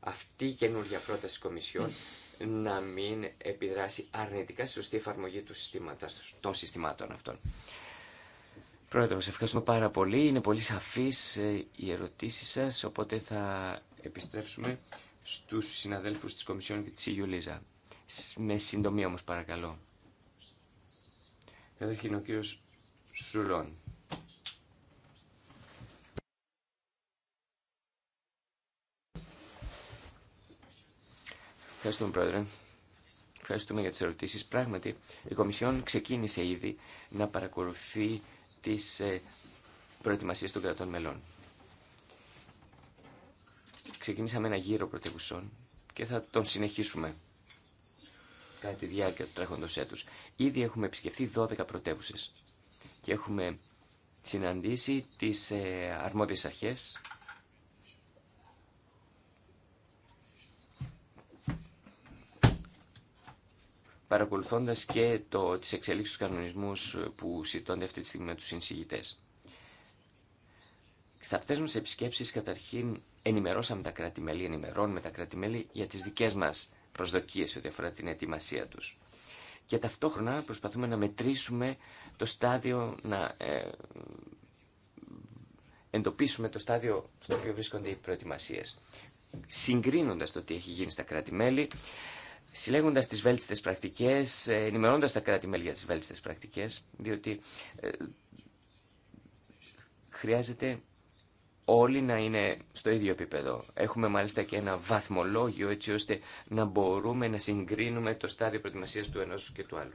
αυτή η καινούργια πρόταση της Κομισιόν να μην επιδράσει αρνητικά στη σωστή εφαρμογή του των συστημάτων αυτών. Πρόεδρο, σας ευχαριστούμε πάρα πολύ. Είναι πολύ σαφής οι ε, ερωτήσεις σας, οπότε θα επιστρέψουμε στους συναδέλφους της Κομισιόν και της Ιουλίζα. Με συντομία όμως παρακαλώ. Καταρχήν ο κύριος Σουλών. Ευχαριστούμε πρόεδρε. Ευχαριστούμε για τις ερωτήσεις. Πράγματι, η Κομισιόν ξεκίνησε ήδη να παρακολουθεί τις ε, προετοιμασίες των κρατών μελών. Ξεκινήσαμε ένα γύρο πρωτεύουσών και θα τον συνεχίσουμε κατά τη διάρκεια του τρέχοντο έτους. Ήδη έχουμε επισκεφθεί 12 πρωτεύουσε και έχουμε συναντήσει τις ε, αρμόδιες αρχές παρακολουθώντας και το, τις εξελίξεις του κανονισμούς που συζητώνται αυτή τη στιγμή με τους συνσηγητές. Στα αυτές μας επισκέψεις καταρχήν ενημερώσαμε τα κράτη-μέλη, ενημερώνουμε τα κράτη-μέλη για τις δικές μας Προσδοκίε ό,τι αφορά την ετοιμασία του. Και ταυτόχρονα προσπαθούμε να μετρήσουμε το στάδιο, να ε, εντοπίσουμε το στάδιο στο οποίο βρίσκονται οι προετοιμασίε. Συγκρίνοντας το τι έχει γίνει στα κράτη-μέλη, συλλέγοντα τι βέλτιστε πρακτικέ, ε, ενημερώνοντα τα κράτη-μέλη για τι βέλτιστε πρακτικέ, διότι ε, χρειάζεται όλοι να είναι στο ίδιο επίπεδο. Έχουμε μάλιστα και ένα βαθμολόγιο έτσι ώστε να μπορούμε να συγκρίνουμε το στάδιο προετοιμασίας του ενός και του άλλου.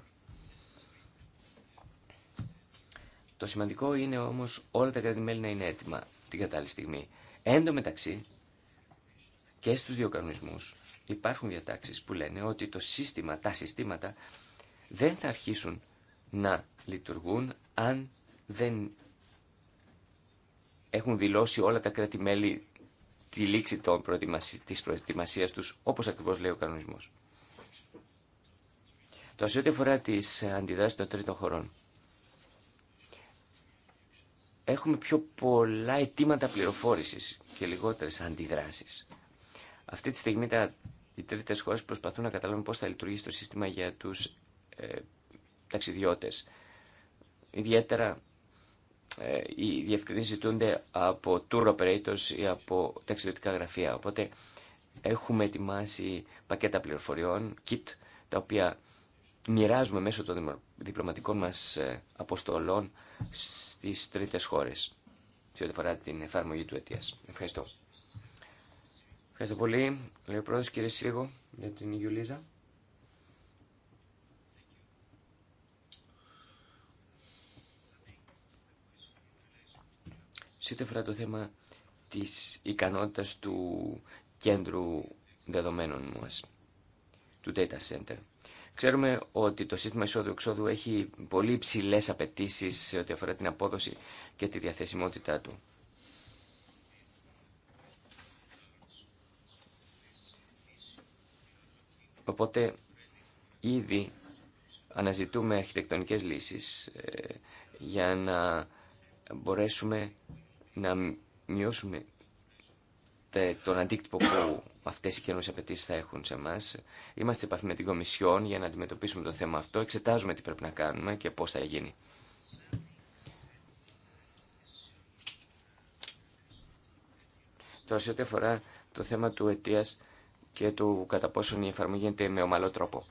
Το σημαντικό είναι όμως όλα τα κρατη να είναι έτοιμα την κατάλληλη στιγμή. Εν τω μεταξύ και στους δύο κανονισμούς υπάρχουν διατάξεις που λένε ότι το σύστημα, τα συστήματα δεν θα αρχίσουν να λειτουργούν αν δεν έχουν δηλώσει όλα τα κράτη-μέλη τη λήξη των προετοιμασία της προετοιμασίας τους, όπως ακριβώς λέει ο κανονισμός. Το σε αφορά τις αντιδράσεις των τρίτων χωρών. Έχουμε πιο πολλά αιτήματα πληροφόρησης και λιγότερες αντιδράσεις. Αυτή τη στιγμή τα, οι τρίτες χώρες προσπαθούν να καταλάβουν πώς θα λειτουργήσει το σύστημα για τους ε, ταξιδιώτες. Ιδιαίτερα ε, οι διευκρινήσει ζητούνται από tour operators ή από ταξιδιωτικά γραφεία. Οπότε έχουμε ετοιμάσει πακέτα πληροφοριών, kit, τα οποία μοιράζουμε μέσω των διπλωματικών μας ε, αποστολών στις τρίτες χώρες σε ό,τι αφορά την εφαρμογή του αιτία. Ευχαριστώ. Ευχαριστώ πολύ. Λέω ο κύριε Σίγου, για την Ιουλίζα. Σε ό,τι το θέμα της ικανότητας του κέντρου δεδομένων μας, του data center. Ξέρουμε ότι το σύστημα εισόδου-εξόδου έχει πολύ υψηλέ απαιτήσει σε ό,τι αφορά την απόδοση και τη διαθεσιμότητά του. Οπότε ήδη αναζητούμε αρχιτεκτονικές λύσεις ε, για να μπορέσουμε να μειώσουμε τον αντίκτυπο που αυτές οι καινούργιε απαιτήσει θα έχουν σε εμά. Είμαστε σε επαφή με την Κομισιόν για να αντιμετωπίσουμε το θέμα αυτό. Εξετάζουμε τι πρέπει να κάνουμε και πώς θα γίνει. Τώρα σε ό,τι αφορά το θέμα του αιτίας και του κατά πόσον η εφαρμογή γίνεται με ομαλό τρόπο.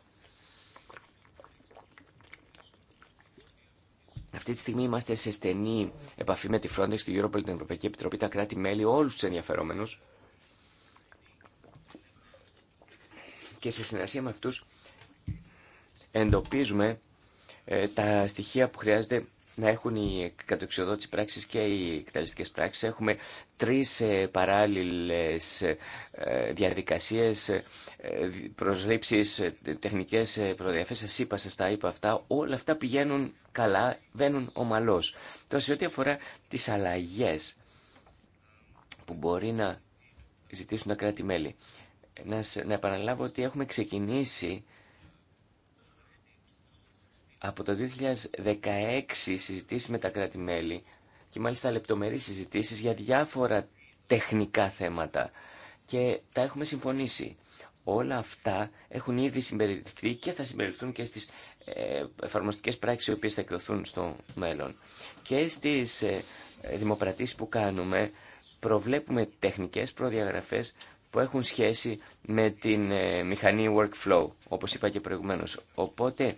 Αυτή τη στιγμή είμαστε σε στενή επαφή με τη Frontex, τη Europol, την Ευρωπαϊκή Επιτροπή, τα κράτη-μέλη, όλους του ενδιαφερόμενους και σε συνεργασία με αυτού εντοπίζουμε ε, τα στοιχεία που χρειάζεται να έχουν οι κατοξιοδότης πράξεις και οι εκταλιστικές πράξεις. Έχουμε τρεις ε, παράλληλες ε, διαδικασίες, ε, προσλήψεις, τεχνικές προδιαφές. Σας είπα, σας τα είπα αυτά. Όλα αυτά πηγαίνουν καλά, βαίνουν ομαλώς. Τώρα σε ό,τι αφορά τις αλλαγές που μπορεί να ζητήσουν τα κράτη-μέλη. Να, να επαναλάβω ότι έχουμε ξεκινήσει από το 2016 συζητήσεις με τα κράτη-μέλη και μάλιστα λεπτομερείς συζητήσεις για διάφορα τεχνικά θέματα και τα έχουμε συμφωνήσει. Όλα αυτά έχουν ήδη συμπεριληφθεί και θα συμπεριληφθούν και στις ε, εφαρμοστικές πράξεις οι οποίες θα εκδοθούν στο μέλλον. Και στις ε, δημοπρατήσεις που κάνουμε προβλέπουμε τεχνικές προδιαγραφές που έχουν σχέση με την ε, μηχανή workflow, όπως είπα και προηγουμένως. Οπότε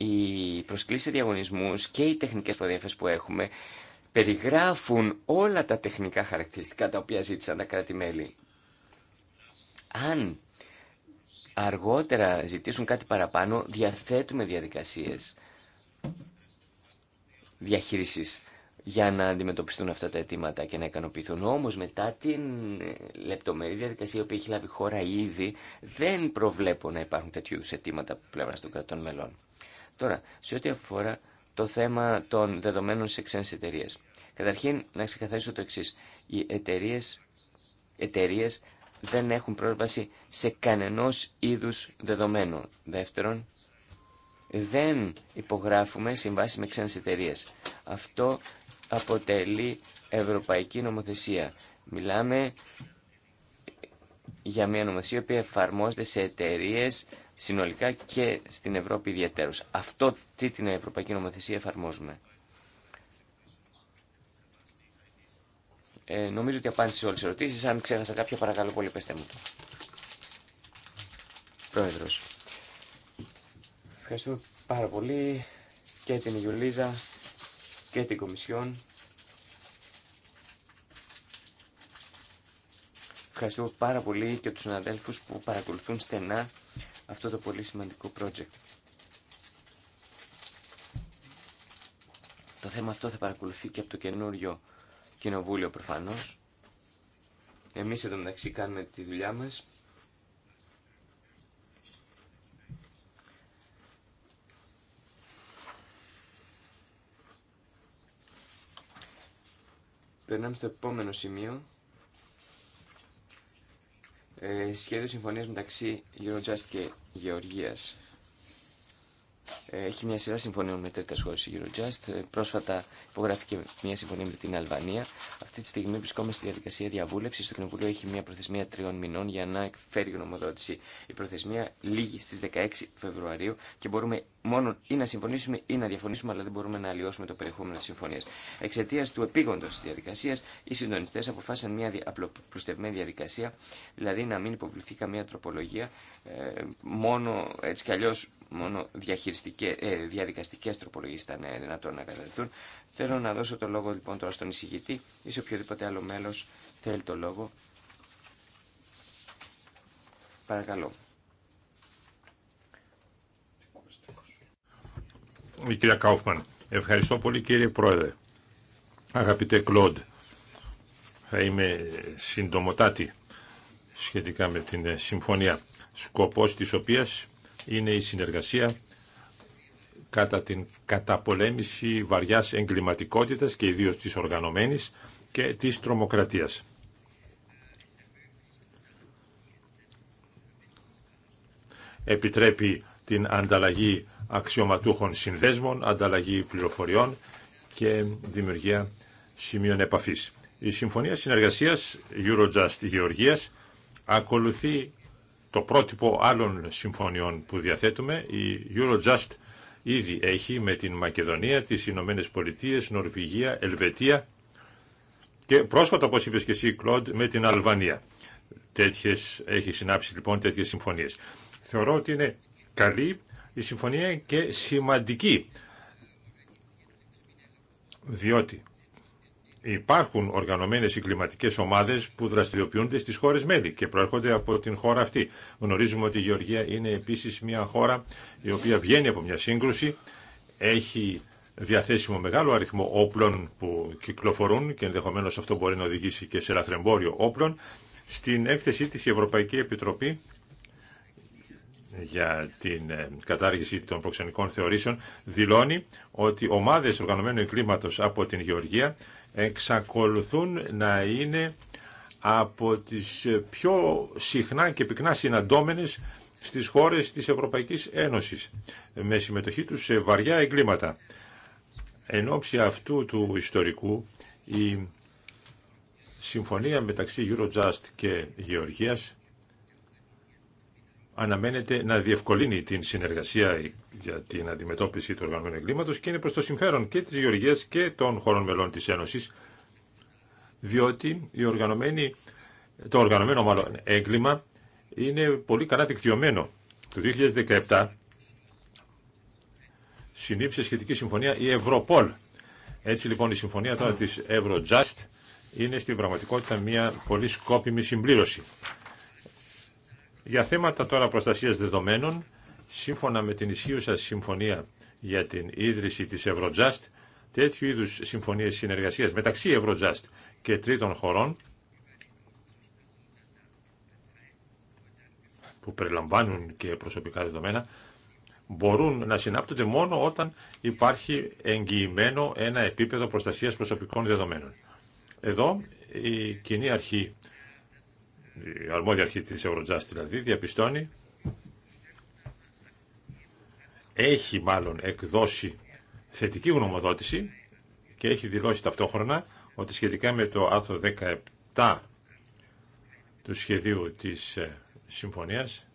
οι προσκλήσεις διαγωνισμού διαγωνισμούς και οι τεχνικές προδιαφές που έχουμε περιγράφουν όλα τα τεχνικά χαρακτηριστικά τα οποία ζήτησαν τα κράτη-μέλη. Αν αργότερα ζητήσουν κάτι παραπάνω, διαθέτουμε διαδικασίες διαχείρισης για να αντιμετωπιστούν αυτά τα αιτήματα και να ικανοποιηθούν. Όμως μετά την λεπτομερή διαδικασία που έχει λάβει χώρα ήδη δεν προβλέπω να υπάρχουν τέτοιου αιτήματα από πλευρά των κρατών μελών. Τώρα, σε ό,τι αφορά το θέμα των δεδομένων σε ξένε εταιρείε. Καταρχήν, να ξεκαθαρίσω το εξή. Οι εταιρείε δεν έχουν πρόσβαση σε κανενός είδου δεδομένο. Δεύτερον, δεν υπογράφουμε συμβάσει με ξένες εταιρείε. Αυτό αποτελεί ευρωπαϊκή νομοθεσία. Μιλάμε για μια νομοθεσία που εφαρμόζεται σε εταιρείε συνολικά και στην Ευρώπη ιδιαίτερως. Αυτό τι την Ευρωπαϊκή Νομοθεσία εφαρμόζουμε. Ε, νομίζω ότι απάντησε σε όλες τις ερωτήσεις. Αν ξέχασα κάποια παρακαλώ πολύ πέστε μου το. Πρόεδρος. Ευχαριστούμε πάρα πολύ και την Ιουλίζα και την Κομισιόν. Ευχαριστούμε πάρα πολύ και τους συναδέλφους που παρακολουθούν στενά αυτό το πολύ σημαντικό project. Το θέμα αυτό θα παρακολουθεί και από το καινούριο κοινοβούλιο προφανώς. Εμείς εδώ μεταξύ κάνουμε τη δουλειά μας. Περνάμε στο επόμενο σημείο. Ε, σχέδιο συμφωνίας μεταξύ Eurojust και Γεωργίας έχει μια σειρά συμφωνίων με τρίτε χώρε η Eurojust. Πρόσφατα υπογράφηκε μια συμφωνία με την Αλβανία. Αυτή τη στιγμή βρισκόμαστε στη διαδικασία διαβούλευση. Το Κοινοβούλιο έχει μια προθεσμία τριών μηνών για να εκφέρει γνωμοδότηση. Η προθεσμία λύγει στι 16 Φεβρουαρίου και μπορούμε μόνο ή να συμφωνήσουμε ή να διαφωνήσουμε, αλλά δεν μπορούμε να αλλοιώσουμε το περιεχόμενο τη συμφωνία. Εξαιτία του επίγοντο τη διαδικασία, οι συντονιστέ αποφάσισαν μια απλοπλουστευμένη διαδικασία, δηλαδή να μην υποβληθεί καμία τροπολογία. Ε, μόνο έτσι κι αλλιώ μόνο ε, διαδικαστικές τροπολογίες ήταν ε, δυνατόν να καταληθούν. Θέλω να δώσω το λόγο λοιπόν τώρα στον εισηγητή ή σε οποιοδήποτε άλλο μέλος θέλει το λόγο. Παρακαλώ. Η κυρία Κάουφμαν. Ευχαριστώ πολύ κύριε Πρόεδρε. Αγαπητέ Κλοντ, θα είμαι συντομοτάτη σχετικά με την ε, συμφωνία σκοπός της οποίας είναι η συνεργασία κατά την καταπολέμηση βαριάς εγκληματικότητας και ιδίως της οργανωμένης και της τρομοκρατίας. Επιτρέπει την ανταλλαγή αξιωματούχων συνδέσμων, ανταλλαγή πληροφοριών και δημιουργία σημείων επαφής. Η Συμφωνία Συνεργασίας Eurojust Γεωργίας ακολουθεί το πρότυπο άλλων συμφωνιών που διαθέτουμε. Η Eurojust ήδη έχει με την Μακεδονία, τις Ηνωμένε Πολιτείες, Νορβηγία, Ελβετία και πρόσφατα, όπως είπες και εσύ, Κλοντ, με την Αλβανία. Τέτοιες, έχει συνάψει λοιπόν τέτοιες συμφωνίες. Θεωρώ ότι είναι καλή η συμφωνία και σημαντική, διότι Υπάρχουν οργανωμένες εγκληματικές ομάδες που δραστηριοποιούνται στις χώρες μέλη και προέρχονται από την χώρα αυτή. Γνωρίζουμε ότι η Γεωργία είναι επίσης μια χώρα η οποία βγαίνει από μια σύγκρουση, έχει διαθέσιμο μεγάλο αριθμό όπλων που κυκλοφορούν και ενδεχομένως αυτό μπορεί να οδηγήσει και σε λαθρεμπόριο όπλων. Στην έκθεσή της η Ευρωπαϊκή Επιτροπή για την ε, κατάργηση των προξενικών θεωρήσεων δηλώνει ότι ομάδες οργανωμένου εγκλήματος από την Γεωργία εξακολουθούν να είναι από τις πιο συχνά και πυκνά συναντώμενες στις χώρες της Ευρωπαϊκής Ένωσης με συμμετοχή τους σε βαριά εγκλήματα. Εν ώψη αυτού του ιστορικού η συμφωνία μεταξύ Eurojust και Γεωργίας αναμένεται να διευκολύνει την συνεργασία για την αντιμετώπιση του οργανωμένου εγκλήματο και είναι προ το συμφέρον και τη Γεωργία και των χωρών μελών τη Ένωση, διότι η οργανωμένη, το οργανωμένο μάλλον έγκλημα είναι πολύ καλά δικτυωμένο. Το 2017 συνήψε σχετική συμφωνία η Ευρωπόλ. Έτσι λοιπόν η συμφωνία τώρα της Eurojust είναι στην πραγματικότητα μια πολύ σκόπιμη συμπλήρωση. Για θέματα τώρα προστασίας δεδομένων, σύμφωνα με την ισχύουσα συμφωνία για την ίδρυση της Eurojust, τέτοιου είδους συμφωνίες συνεργασίας μεταξύ Eurojust και τρίτων χωρών, που περιλαμβάνουν και προσωπικά δεδομένα, μπορούν να συνάπτονται μόνο όταν υπάρχει εγγυημένο ένα επίπεδο προστασίας προσωπικών δεδομένων. Εδώ η κοινή αρχή η αρμόδια αρχή της Eurojust δηλαδή, διαπιστώνει, έχει μάλλον εκδώσει θετική γνωμοδότηση και έχει δηλώσει ταυτόχρονα ότι σχετικά με το άρθρο 17 του σχεδίου της ε, συμφωνίας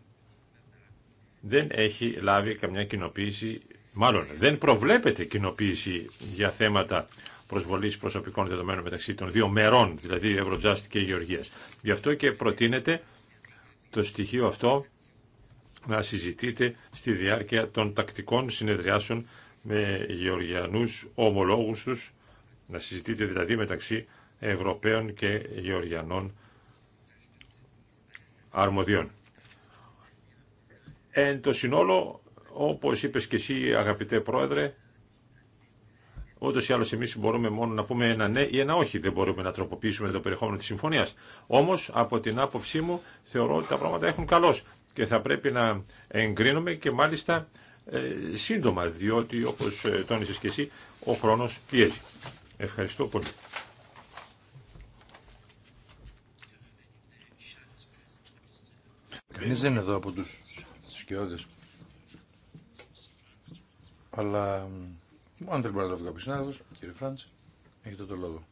δεν έχει λάβει καμιά κοινοποίηση, μάλλον δεν προβλέπεται κοινοποίηση για θέματα προσβολής προσωπικών δεδομένων μεταξύ των δύο μερών, δηλαδή Eurojust και Γεωργία. Γι' αυτό και προτείνεται το στοιχείο αυτό να συζητείτε στη διάρκεια των τακτικών συνεδριάσεων με Γεωργιανού ομολόγους τους, να συζητείτε δηλαδή μεταξύ Ευρωπαίων και Γεωργιανών αρμοδιών. Εν το συνόλο, όπως είπες και εσύ αγαπητέ πρόεδρε, Ούτω ή άλλω εμεί μπορούμε μόνο να πούμε ένα ναι ή ένα όχι. Δεν μπορούμε να τροποποιήσουμε το περιεχόμενο τη συμφωνία. Όμω, από την άποψή μου, θεωρώ ότι τα πράγματα έχουν καλώ και θα πρέπει να εγκρίνουμε και μάλιστα ε, σύντομα, διότι όπω ε, τόνισε και εσύ, ο χρόνο πιέζει. Ευχαριστώ πολύ. Κανείς δεν είναι εδώ από τους σκιώδες. Αλλά αν δεν μπορεί να το κάποιο κύριε Φράντ, έχετε το λόγο.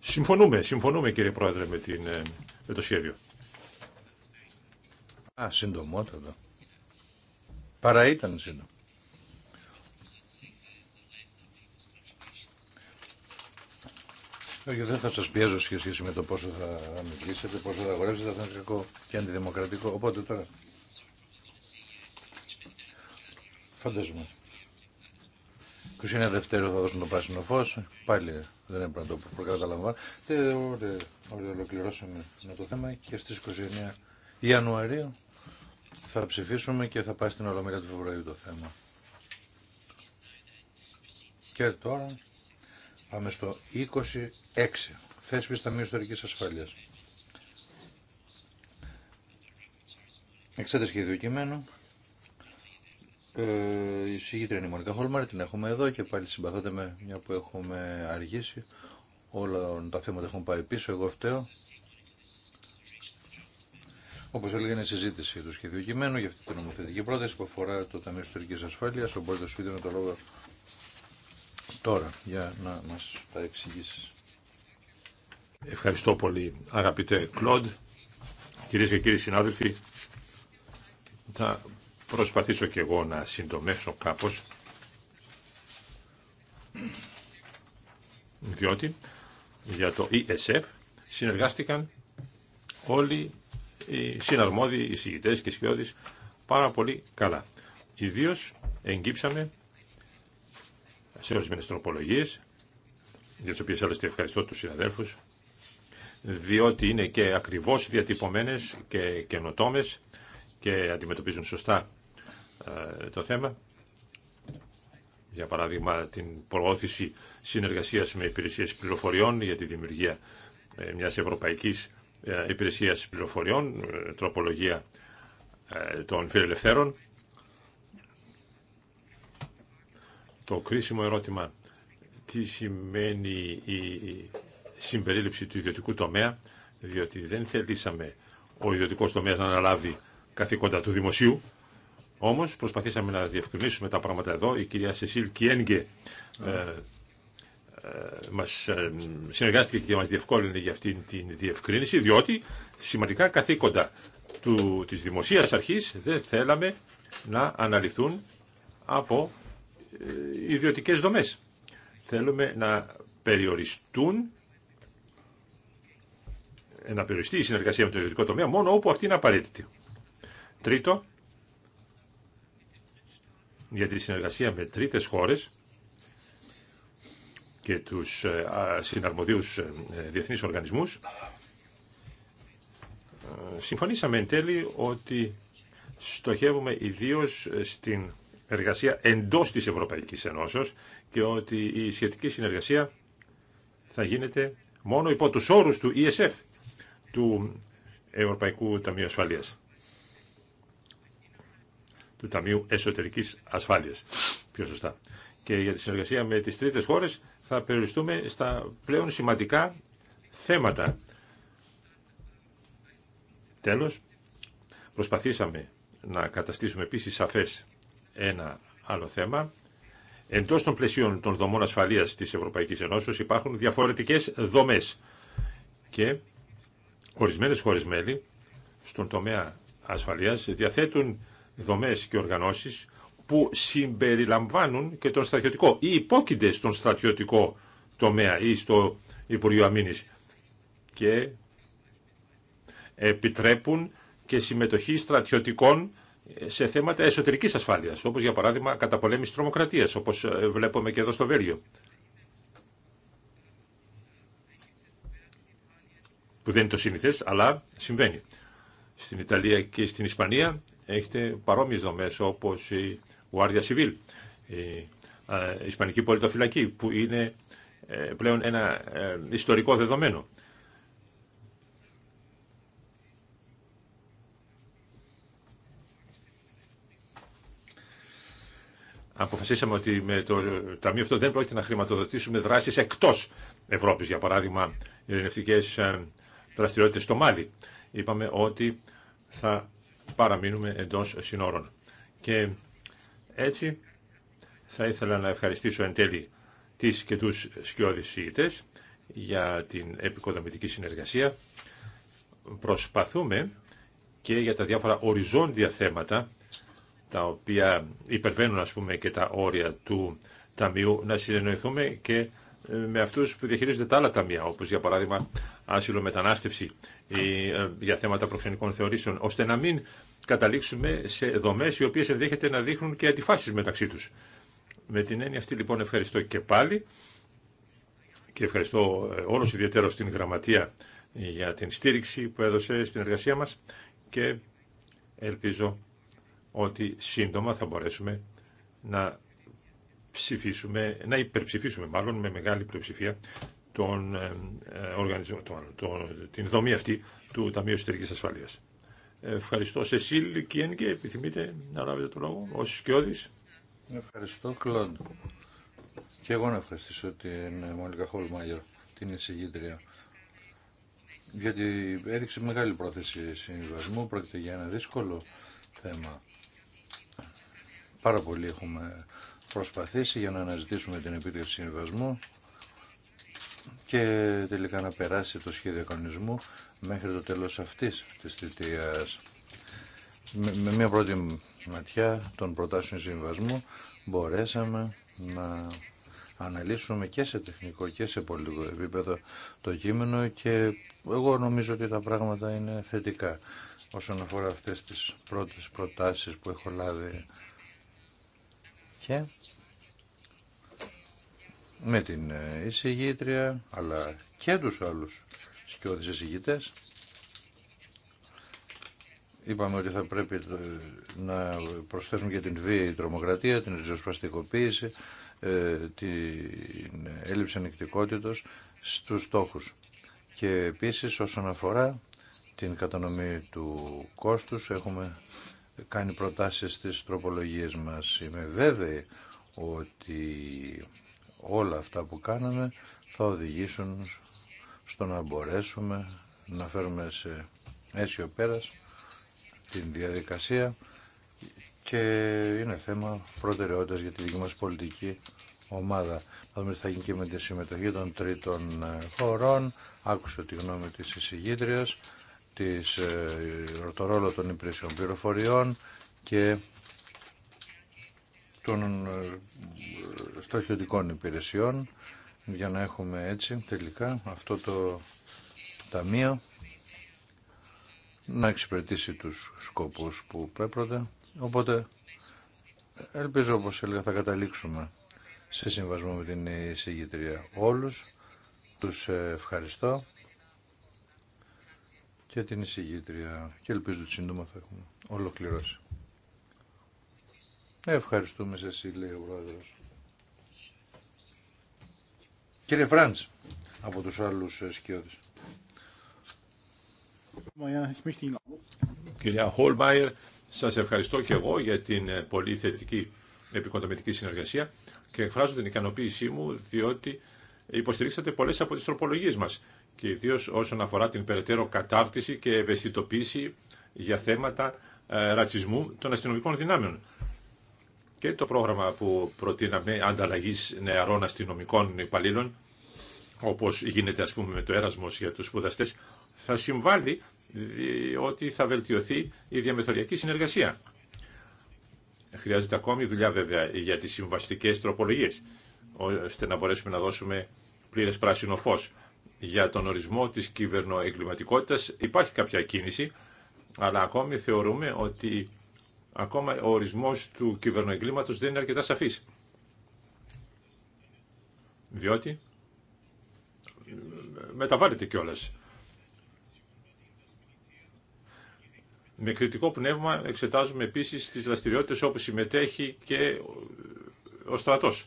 Συμφωνούμε, συμφωνούμε κύριε Πρόεδρε με, την, ε, με το σχέδιο. Α, συντομότατο. Παρά ήταν σύντομο. Όχι, δεν θα σα πιέζω σε σχέση με το πόσο θα μιλήσετε, πόσο θα αγορεύσετε, θα είναι κακό και αντιδημοκρατικό. Οπότε τώρα Φαντάζομαι. 29 δεύτερο θα δώσουν το πράσινο φω. Πάλι δεν έπρεπε να το προκαταλαμβάνω. Ωραία, ωραία, ολοκληρώσαμε με το θέμα και στι 29 Ιανουαρίου θα ψηφίσουμε και θα πάει στην Ολομέλεια του Φεβρουαρίου το θέμα. Και τώρα πάμε στο 26. Θέσπιση Ταμείου Ιστορική Ασφάλεια. Εξέταση και κειμένου. Ε, η συγγήτρια είναι η Μονικά Χόλμαρ, την έχουμε εδώ και πάλι συμπαθώτε με μια που έχουμε αργήσει. Όλα τα θέματα έχουν πάει πίσω, εγώ φταίω. Όπω έλεγα, είναι συζήτηση του σχεδίου κειμένου για αυτή την νομοθετική πρόταση που αφορά το Ταμείο Ιστορική Ασφάλεια. Οπότε σου με το λόγο τώρα για να μα τα εξηγήσει. Ευχαριστώ πολύ, αγαπητέ Κλοντ. Κυρίε και κύριοι συνάδελφοι, θα προσπαθήσω και εγώ να συντομεύσω κάπως, διότι για το ESF συνεργάστηκαν όλοι οι συναρμόδιοι εισηγητές και σκιώδεις πάρα πολύ καλά. Ιδίω εγκύψαμε σε ορισμένε τροπολογίε, για τι οποίε άλλωστε ευχαριστώ του συναδέλφου, διότι είναι και ακριβώ διατυπωμένε και καινοτόμε και αντιμετωπίζουν σωστά ε, το θέμα. Για παράδειγμα την προώθηση συνεργασίας με υπηρεσίες πληροφοριών για τη δημιουργία ε, μιας ευρωπαϊκής ε, υπηρεσίας πληροφοριών, τροπολογία των φιλελευθέρων. Το κρίσιμο ερώτημα τι σημαίνει η συμπερίληψη του ιδιωτικού τομέα, διότι δεν θελήσαμε ο ιδιωτικός τομέας να αναλάβει καθήκοντα του δημοσίου, Όμω προσπαθήσαμε να διευκρινίσουμε τα πράγματα εδώ. Η κυρία Σεσίλ Κιένγκε ε, ε μας ε, συνεργάστηκε και μα διευκόλυνε για αυτή την διευκρίνηση, διότι σημαντικά καθήκοντα τη της δημοσίας αρχής δεν θέλαμε να αναλυθούν από ε, ιδιωτικές δομές. Θέλουμε να περιοριστούν να περιοριστεί η συνεργασία με το ιδιωτικό τομέα μόνο όπου αυτή είναι απαραίτητη. Τρίτο, για τη συνεργασία με τρίτες χώρες και τους ε, συναρμοδίους ε, ε, διεθνείς οργανισμούς, συμφωνήσαμε εν τέλει ότι στοχεύουμε ιδίως στην εργασία εντός της Ευρωπαϊκής Ενώσεως και ότι η σχετική συνεργασία θα γίνεται μόνο υπό τους όρους του ESF, του Ευρωπαϊκού Ταμείου Ασφαλείας του Ταμείου Εσωτερικής ασφάλεια Πιο σωστά. Και για τη συνεργασία με τις τρίτες χώρε θα περιοριστούμε στα πλέον σημαντικά θέματα. Τέλος, προσπαθήσαμε να καταστήσουμε επίσης σαφές ένα άλλο θέμα. Εντός των πλαισίων των δομών ασφαλείας της Ευρωπαϊκής Ενώσεως υπάρχουν διαφορετικές δομές και ορισμένε χώρε μέλη στον τομέα ασφαλείας διαθέτουν δομές και οργανώσεις που συμπεριλαμβάνουν και τον στρατιωτικό ή υπόκεινται στον στρατιωτικό τομέα ή στο Υπουργείο Αμήνης και επιτρέπουν και συμμετοχή στρατιωτικών σε θέματα εσωτερικής ασφάλειας, όπως για παράδειγμα καταπολέμηση τρομοκρατίας, όπως ε, βλέπουμε και εδώ στο Βέλγιο. Που δεν είναι το συνηθές, αλλά συμβαίνει. Στην Ιταλία και στην Ισπανία έχετε παρόμοιες δομές όπως η Guardia Civil, η ε, Ισπανική Πολιτοφυλακή, που είναι ε, πλέον ένα ε, ιστορικό δεδομένο. Αποφασίσαμε ότι με το Ταμείο αυτό δεν πρόκειται να χρηματοδοτήσουμε δράσεις εκτός Ευρώπης, για παράδειγμα, ειρηνευτικές δραστηριότητες στο Μάλι. Είπαμε ότι θα παραμείνουμε εντός συνόρων. Και έτσι θα ήθελα να ευχαριστήσω εν τέλει τις και τους σκιώδης για την επικοδομητική συνεργασία. Προσπαθούμε και για τα διάφορα οριζόντια θέματα τα οποία υπερβαίνουν ας πούμε και τα όρια του Ταμείου να συνεννοηθούμε και ε, με αυτούς που διαχειρίζονται τα άλλα ταμεία, όπως για παράδειγμα άσυλο μετανάστευση ή ε, για θέματα προξενικών θεωρήσεων, ώστε να μην καταλήξουμε σε δομέ οι οποίες ενδέχεται να δείχνουν και αντιφάσει μεταξύ τους. Με την έννοια αυτή λοιπόν ευχαριστώ και πάλι και ευχαριστώ ε, όλος ιδιαίτερα στην Γραμματεία για την στήριξη που έδωσε στην εργασία μας και ελπίζω ότι σύντομα θα μπορέσουμε να ψηφίσουμε, να υπερψηφίσουμε μάλλον με μεγάλη πλειοψηφία τον, ε, ε τον, την δομή αυτή του Ταμείου Συντηρικής Ασφαλείας. Ευχαριστώ. Σεσίλ Κιένγκε, επιθυμείτε να λάβετε το λόγο, όσοι Σκιώδης. Ευχαριστώ, Κλοντ. Και εγώ να ευχαριστήσω την Μολίκα Χολμάγερ, την εισηγήτρια. Γιατί έδειξε μεγάλη πρόθεση συμβιβασμού, πρόκειται για ένα δύσκολο θέμα. Πάρα πολύ έχουμε προσπαθήσει για να αναζητήσουμε την επίτευξη συμβιβασμού και τελικά να περάσει το σχέδιο κανονισμού μέχρι το τέλος αυτής της θητείας. Με, μια πρώτη ματιά των προτάσεων συμβασμού μπορέσαμε να αναλύσουμε και σε τεχνικό και σε πολιτικό επίπεδο το κείμενο και εγώ νομίζω ότι τα πράγματα είναι θετικά όσον αφορά αυτές τις πρώτες προτάσεις που έχω λάβει και με την ε, εισηγήτρια αλλά και τους άλλους σκιώδεις εισηγητές. Είπαμε ότι θα πρέπει ε, να προσθέσουμε και την βία, η τρομοκρατία, την ριζοσπαστικοποίηση, ε, την έλλειψη ανεκτικότητος στους στόχους. Και επίσης όσον αφορά την κατανομή του κόστους έχουμε κάνει προτάσεις στις τροπολογίες μας. Είμαι βέβαιη ότι όλα αυτά που κάναμε θα οδηγήσουν στο να μπορέσουμε να φέρουμε σε αίσιο πέρας την διαδικασία και είναι θέμα προτεραιότητας για τη δική μας πολιτική ομάδα. Θα δούμε θα γίνει και με τη συμμετοχή των τρίτων ε, χωρών. Άκουσε τη γνώμη της εισηγήτριας, της, ε, το ρόλο των υπηρεσιών πληροφοριών και των ε, στρατιωτικών υπηρεσιών για να έχουμε έτσι τελικά αυτό το ταμείο να εξυπηρετήσει τους σκοπούς που πέπρονται. Οπότε ελπίζω όπως έλεγα θα καταλήξουμε σε συμβασμό με την εισηγητρία όλους. Τους ευχαριστώ και την εισηγήτρια και ελπίζω ότι σύντομα θα έχουμε ολοκληρώσει. Ευχαριστούμε σας, λέει ο Πρόεδρος. Κύριε Φραντς, από τους άλλους σκιώδες. Κυρία Χολμάιερ, σας ευχαριστώ και εγώ για την ε, πολύ θετική επικοδομητική συνεργασία και εκφράζω την ικανοποίησή μου διότι υποστηρίξατε πολλές από τις τροπολογίες μας και ιδίως όσον αφορά την περαιτέρω κατάρτιση και ευαισθητοποίηση για θέματα ε, ρατσισμού των αστυνομικών δυνάμεων και το πρόγραμμα που προτείναμε ανταλλαγή νεαρών αστυνομικών υπαλλήλων, όπως γίνεται ας πούμε με το έρασμο για του σπουδαστέ, θα συμβάλλει ότι θα βελτιωθεί η διαμεθοριακή συνεργασία. Χρειάζεται ακόμη δουλειά βέβαια για τις συμβαστικές τροπολογίες, ώστε να μπορέσουμε να δώσουμε πλήρες πράσινο φως. Για τον ορισμό της κυβερνοεγκληματικότητας υπάρχει κάποια κίνηση, αλλά ακόμη θεωρούμε ότι ακόμα ο ορισμός του κυβερνοεγκλήματος δεν είναι αρκετά σαφής. Διότι μεταβάλλεται κιόλα. Με κριτικό πνεύμα εξετάζουμε επίσης τις δραστηριότητες όπου συμμετέχει και ο στρατός.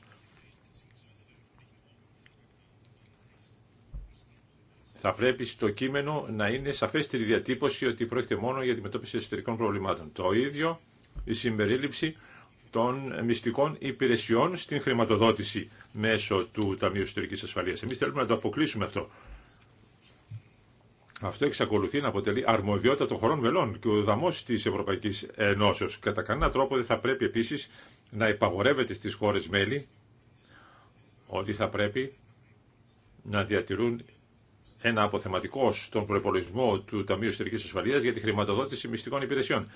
Θα πρέπει στο κείμενο να είναι σαφέστερη διατύπωση ότι πρόκειται μόνο για αντιμετώπιση εσωτερικών προβλημάτων. Το ίδιο η συμπερίληψη των μυστικών υπηρεσιών στην χρηματοδότηση μέσω του Ταμείου Ιστορικής ασφαλεία. Εμεί θέλουμε να το αποκλείσουμε αυτό. Αυτό εξακολουθεί να αποτελεί αρμοδιότητα των χωρών μελών και ο δαμό τη Ευρωπαϊκή Ενώσεω. Κατά κανένα τρόπο δεν θα πρέπει επίση να υπαγορεύεται στι χώρε μέλη ότι θα πρέπει να διατηρούν ένα αποθεματικό στον προπολογισμό του Ταμείου Ιστορική Ασφαλεία για τη χρηματοδότηση μυστικών υπηρεσιών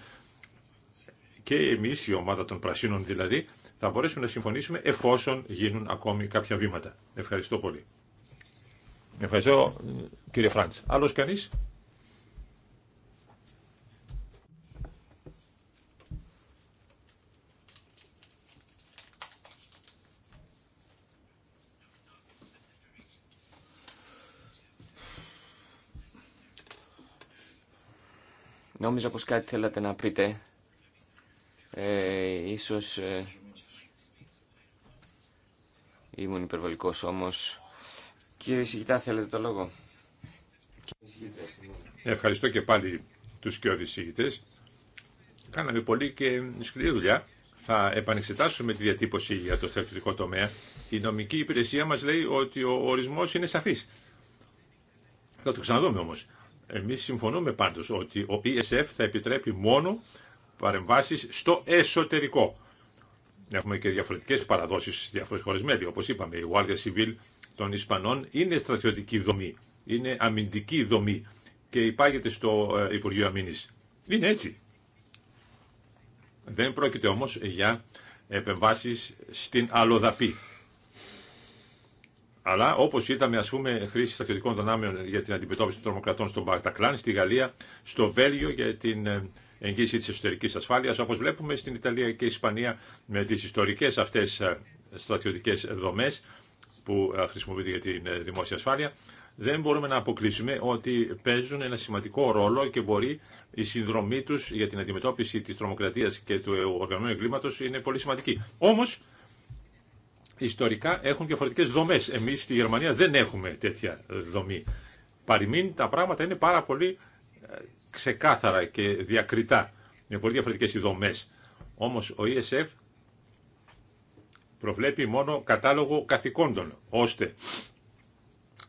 και εμείς, η ομάδα των Πρασίνων δηλαδή, θα μπορέσουμε να συμφωνήσουμε εφόσον γίνουν ακόμη κάποια βήματα. Ευχαριστώ πολύ. Ευχαριστώ κύριε Φραντς. Άλλος κανείς? Νόμιζα πως κάτι θέλατε να πείτε ε, ίσως ε, ήμουν υπερβολικός όμως. Κύριε Σιγητά, θέλετε το λόγο. Ευχαριστώ και πάλι τους και Σιγητές. Κάναμε πολύ και σκληρή δουλειά. Θα επανεξετάσουμε τη διατύπωση για το στρατιωτικό τομέα. Η νομική υπηρεσία μας λέει ότι ο ορισμός είναι σαφής. Θα το ξαναδούμε όμως. Εμείς συμφωνούμε πάντως ότι ο ESF θα επιτρέπει μόνο παρεμβάσεις στο εσωτερικό. Έχουμε και διαφορετικές παραδόσεις στις διάφορες χώρες μέλη. Όπως είπαμε, η Guardia Civil των Ισπανών είναι στρατιωτική δομή, είναι αμυντική δομή και υπάγεται στο ε, Υπουργείο Αμήνης. Είναι έτσι. Δεν πρόκειται όμως για επεμβάσεις στην αλλοδαπή. Αλλά όπω είδαμε, α πούμε, χρήση στρατιωτικών δυνάμεων για την αντιμετώπιση των τρομοκρατών στον Μπακτακλάν, στη Γαλλία, στο Βέλγιο για την ε, εγγύηση τη εσωτερική ασφάλεια. Όπω βλέπουμε στην Ιταλία και η Ισπανία με τι ιστορικέ αυτέ ε, στρατιωτικέ δομέ που ε, χρησιμοποιείται για την ε, δημόσια ασφάλεια, δεν μπορούμε να αποκλείσουμε ότι παίζουν ένα σημαντικό ρόλο και μπορεί η συνδρομή του για την αντιμετώπιση τη τρομοκρατίας και του οργανωμένου εγκλήματο είναι πολύ σημαντική. Όμω, ιστορικά έχουν διαφορετικέ δομέ. Εμεί στη Γερμανία δεν έχουμε τέτοια δομή. Παριμήν τα πράγματα είναι πάρα πολύ ξεκάθαρα και διακριτά. με πολύ διαφορετικές οι δομές. Όμως ο ESF προβλέπει μόνο κατάλογο καθηκόντων, ώστε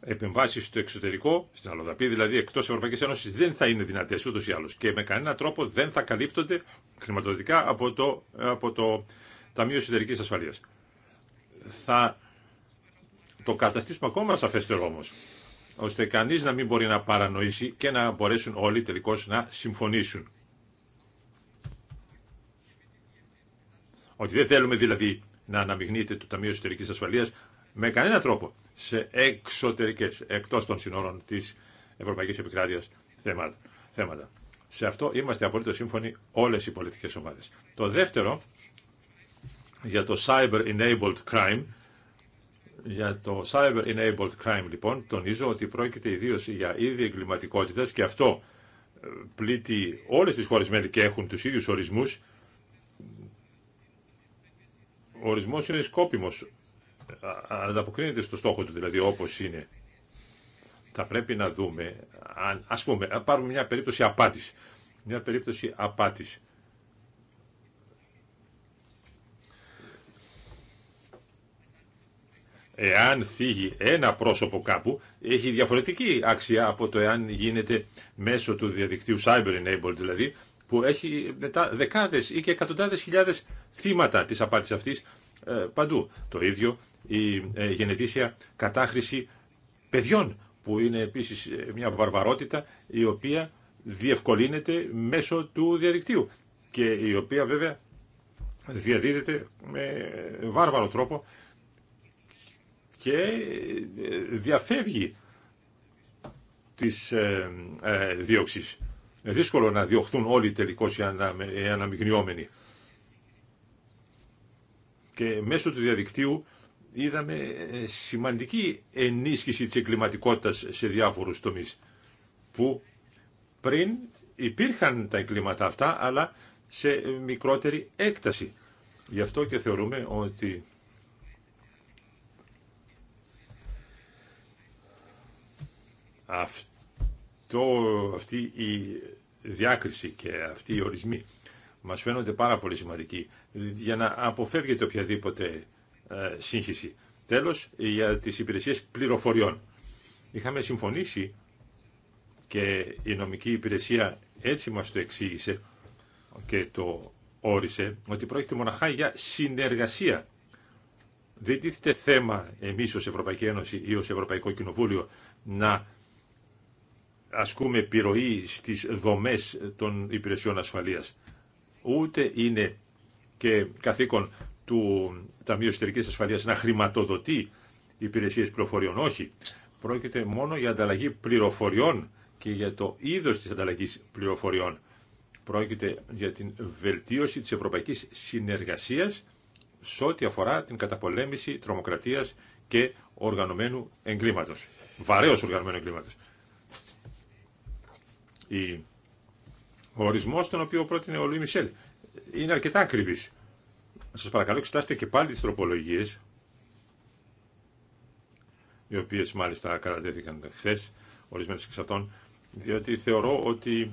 επεμβάσει στο εξωτερικό, στην αλλοδαπή δηλαδή εκτό Ευρωπαϊκή Ένωση, δεν θα είναι δυνατέ ούτω ή άλλω και με κανένα τρόπο δεν θα καλύπτονται χρηματοδοτικά από το, από το Ταμείο Εσωτερική Ασφαλεία. Θα το καταστήσουμε ακόμα σαφέστερο όμω ώστε κανείς να μην μπορεί να παρανοήσει και να μπορέσουν όλοι τελικώς να συμφωνήσουν. Ότι δεν θέλουμε δηλαδή να αναμειγνύεται το Ταμείο Εσωτερικής Ασφαλείας με κανένα τρόπο σε εξωτερικές, εκτός των συνόρων της Ευρωπαϊκής Επικράτειας θέματα. Σε αυτό είμαστε απολύτω σύμφωνοι όλες οι πολιτικές ομάδες. Το δεύτερο για το Cyber Enabled Crime για το Cyber Enabled Crime, λοιπόν, τονίζω ότι πρόκειται ιδίω για είδη εγκληματικότητα και αυτό ε, πλήττει όλε τι χώρε μέλη και έχουν του ίδιου ορισμού. Ο ορισμό είναι σκόπιμο. Ε, ανταποκρίνεται στο στόχο του, δηλαδή όπω είναι. Θα πρέπει να δούμε, αν, ας πούμε, πάρουμε μια περίπτωση απάτης. Μια περίπτωση απάτης εάν φύγει ένα πρόσωπο κάπου, έχει διαφορετική άξια από το εάν γίνεται μέσω του διαδικτύου cyber-enabled δηλαδή, που έχει μετά δεκάδες ή και εκατοντάδες χιλιάδες θύματα της απάτης αυτής ε, παντού. Το ίδιο η ε, γενετήσια κατάχρηση παιδιών, που είναι επίσης ε, μια βαρβαρότητα η οποία διευκολύνεται μέσω του διαδικτύου και η οποία βέβαια διαδίδεται με βάρβαρο τρόπο και ε, διαφεύγει της ε, ε, δύσκολο να διωχθούν όλοι τελικώς οι, ανα, οι αναμειγνιόμενοι. Και μέσω του διαδικτύου είδαμε ε, σημαντική ενίσχυση της εγκληματικότητας σε διάφορους τομείς που πριν υπήρχαν τα εγκλήματα αυτά αλλά σε μικρότερη έκταση. Γι' αυτό και θεωρούμε ότι Αυτό, αυτή η διάκριση και αυτοί οι ορισμοί μας φαίνονται πάρα πολύ σημαντικοί για να αποφεύγεται οποιαδήποτε ε, σύγχυση. Τέλος, για τις υπηρεσίες πληροφοριών. Είχαμε συμφωνήσει και η νομική υπηρεσία έτσι μας το εξήγησε και το όρισε ότι πρόκειται μοναχά για συνεργασία. Δεν τίθεται θέμα εμείς ως Ευρωπαϊκή Ένωση ή ως Ευρωπαϊκό Κοινοβούλιο να ασκούμε επιρροή στις δομές των υπηρεσιών ασφαλείας. Ούτε είναι και καθήκον του Ταμείου Εσωτερικής Ασφαλείας να χρηματοδοτεί υπηρεσίες πληροφοριών. Όχι. Πρόκειται μόνο για ανταλλαγή πληροφοριών και για το είδος της ανταλλαγής πληροφοριών. Πρόκειται για την βελτίωση της ευρωπαϊκής συνεργασίας σε ό,τι αφορά την καταπολέμηση τρομοκρατίας και οργανωμένου εγκλήματος. Βαρέως οργανωμένου εγκλήματος. Ο ορισμό τον οποίο πρότεινε ο Λουί Μισελ είναι αρκετά ακριβή. Σας παρακαλώ εξετάστε και πάλι τις τροπολογίες οι οποίε μάλιστα κατατέθηκαν χθε, ορισμένε εξ αυτών, διότι θεωρώ ότι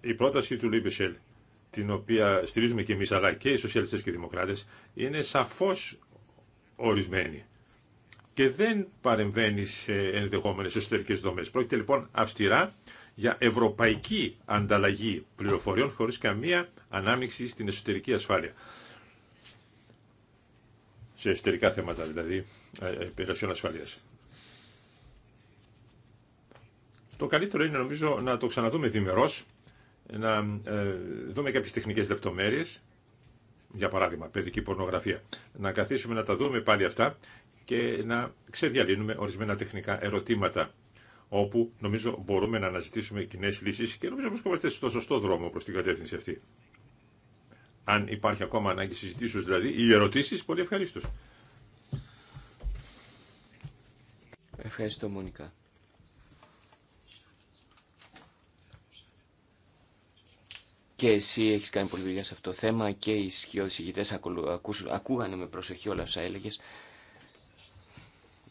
η πρόταση του Λουί Μισελ την οποία στηρίζουμε και εμεί αλλά και οι σοσιαλιστές και οι δημοκράτες, είναι σαφώ ορισμένη και δεν παρεμβαίνει σε ενδεχόμενε εσωτερικές δομές. Πρόκειται λοιπόν αυστηρά για ευρωπαϊκή ανταλλαγή πληροφοριών χωρίς καμία ανάμειξη στην εσωτερική ασφάλεια. Σε εσωτερικά θέματα δηλαδή ε, ε, υπηρεσιών ασφαλείας. Το καλύτερο είναι νομίζω να το ξαναδούμε διμερώς, να ε, δούμε κάποιες τεχνικές λεπτομέρειες, για παράδειγμα παιδική πορνογραφία, να καθίσουμε να τα δούμε πάλι αυτά και να ξεδιαλύνουμε ορισμένα τεχνικά ερωτήματα όπου νομίζω μπορούμε να αναζητήσουμε κοινέ λύσεις και νομίζω βρισκόμαστε στο σωστό δρόμο προς την κατεύθυνση αυτή. Αν υπάρχει ακόμα ανάγκη συζητήσεως δηλαδή ή ερωτήσεις, πολύ ευχαρίστω. Ευχαριστώ Μόνικα. Και εσύ έχεις κάνει πολύ δουλειά σε αυτό το θέμα και οι σκιώδεις ακούγανε με προσοχή όλα όσα έλεγες.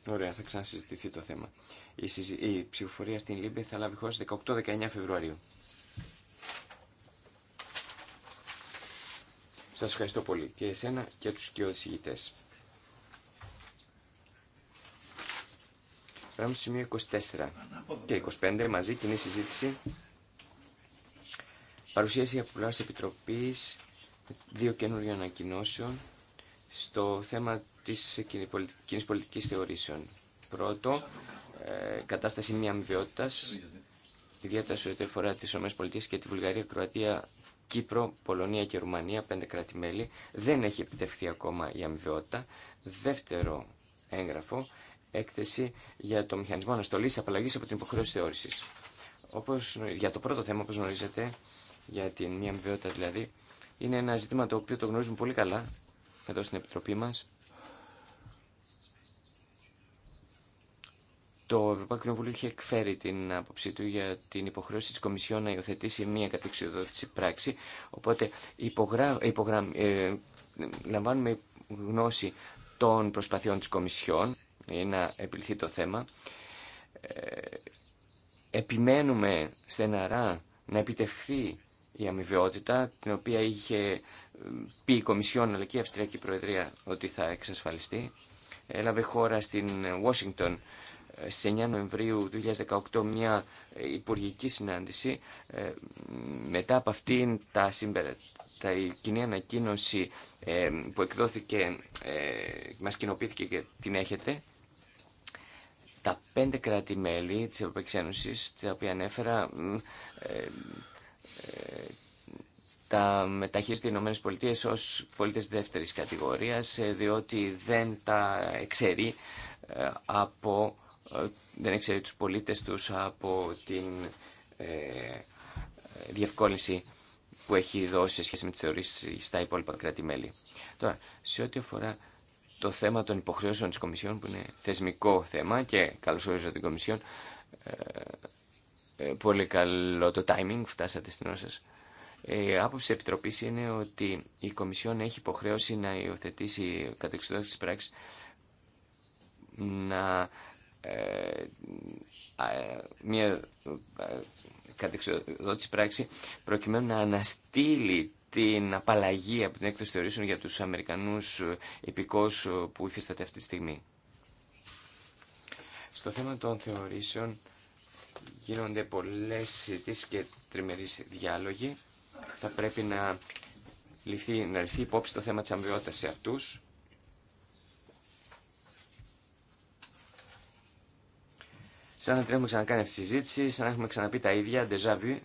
Ωραία, θα ξανασυζητηθεί το θέμα. Η, η ψηφοφορία στην Λίμπη θα λάβει χώρα 18-19 Φεβρουαρίου. Σας ευχαριστώ πολύ και εσένα και τους σκιώδης ηγητές. Πράγμα στο σημείο 24 και 25 μαζί, κοινή συζήτηση. Παρουσίαση από πλευρά Επιτροπής, δύο καινούργια ανακοινώσεων στο θέμα της κοινή πολιτικής θεωρήσεων. Πρώτο, ε, κατάσταση μη αμοιβαιότητας, ιδιαίτερα σε ό,τι αφορά τις ΟΠΑ και τη Βουλγαρία, Κροατία, Κύπρο, Πολωνία και Ρουμανία, πέντε κράτη-μέλη, δεν έχει επιτευχθεί ακόμα η αμοιβαιότητα. Δεύτερο έγγραφο, έκθεση για το μηχανισμό αναστολή απαλλαγή από την υποχρέωση θεώρηση. για το πρώτο θέμα, όπω γνωρίζετε, για την μία αμοιβαιότητα δηλαδή, είναι ένα ζήτημα το οποίο το γνωρίζουμε πολύ καλά εδώ στην Επιτροπή μα. Το Ευρωπαϊκό Κοινοβούλιο είχε εκφέρει την άποψή του για την υποχρέωση τη Κομισιόν να υιοθετήσει μία κατεξοδότηση πράξη, οπότε υπογρα... Υπογρα... Ε, λαμβάνουμε γνώση των προσπαθειών της Κομισιόν για να επιληθεί το θέμα. Ε, επιμένουμε στεναρά να επιτευχθεί η αμοιβαιότητα, την οποία είχε ε, πει η Κομισιόν αλλά και η Αυστριακή Προεδρία ότι θα εξασφαλιστεί. Έλαβε χώρα στην Ουάσιγκτον στις 9 Νοεμβρίου 2018 μια υπουργική συνάντηση. Ε, μετά από αυτήν τα τα, η κοινή ανακοίνωση ε, που εκδόθηκε, ε, μας κοινοποιήθηκε και την έχετε, τα πέντε κράτη-μέλη της Ευρωπαϊκής Ένωσης, τα οποία ανέφερα, τα μεταχείριζε οι Ηνωμένες Πολιτείες ως πολίτες δεύτερης κατηγορίας, διότι δεν τα εξαιρεί από ε, δεν εξαιρεί τους πολίτες τους από την ε, διευκόλυνση που έχει δώσει σε σχέση με τις θεωρήσεις στα υπόλοιπα κράτη-μέλη. Τώρα, σε ό,τι αφορά το θέμα των υποχρεώσεων της Κομισιόν, που είναι θεσμικό θέμα και καλώς ορίζω την Κομισιόν, ε, ε πολύ καλό το timing, φτάσατε στην ώρα σας. Η άποψη επιτροπή είναι ότι η Κομισιόν έχει υποχρέωση να υιοθετήσει κατεξοδότηση πράξη να ε, ε, μια ε, κατεξοδότηση πράξη προκειμένου να αναστείλει την απαλλαγή από την έκθεση θεωρήσεων για τους Αμερικανούς υπηκός που υφίσταται αυτή τη στιγμή. Στο θέμα των θεωρήσεων γίνονται πολλές συζητήσεις και τριμερείς διάλογοι. Θα πρέπει να ληφθεί, να ληφθεί υπόψη το θέμα της αμοιότητας σε αυτούς Σαν να την έχουμε ξανακάνει αυτή τη συζήτηση, σαν να έχουμε ξαναπεί τα ίδια, déjà vu.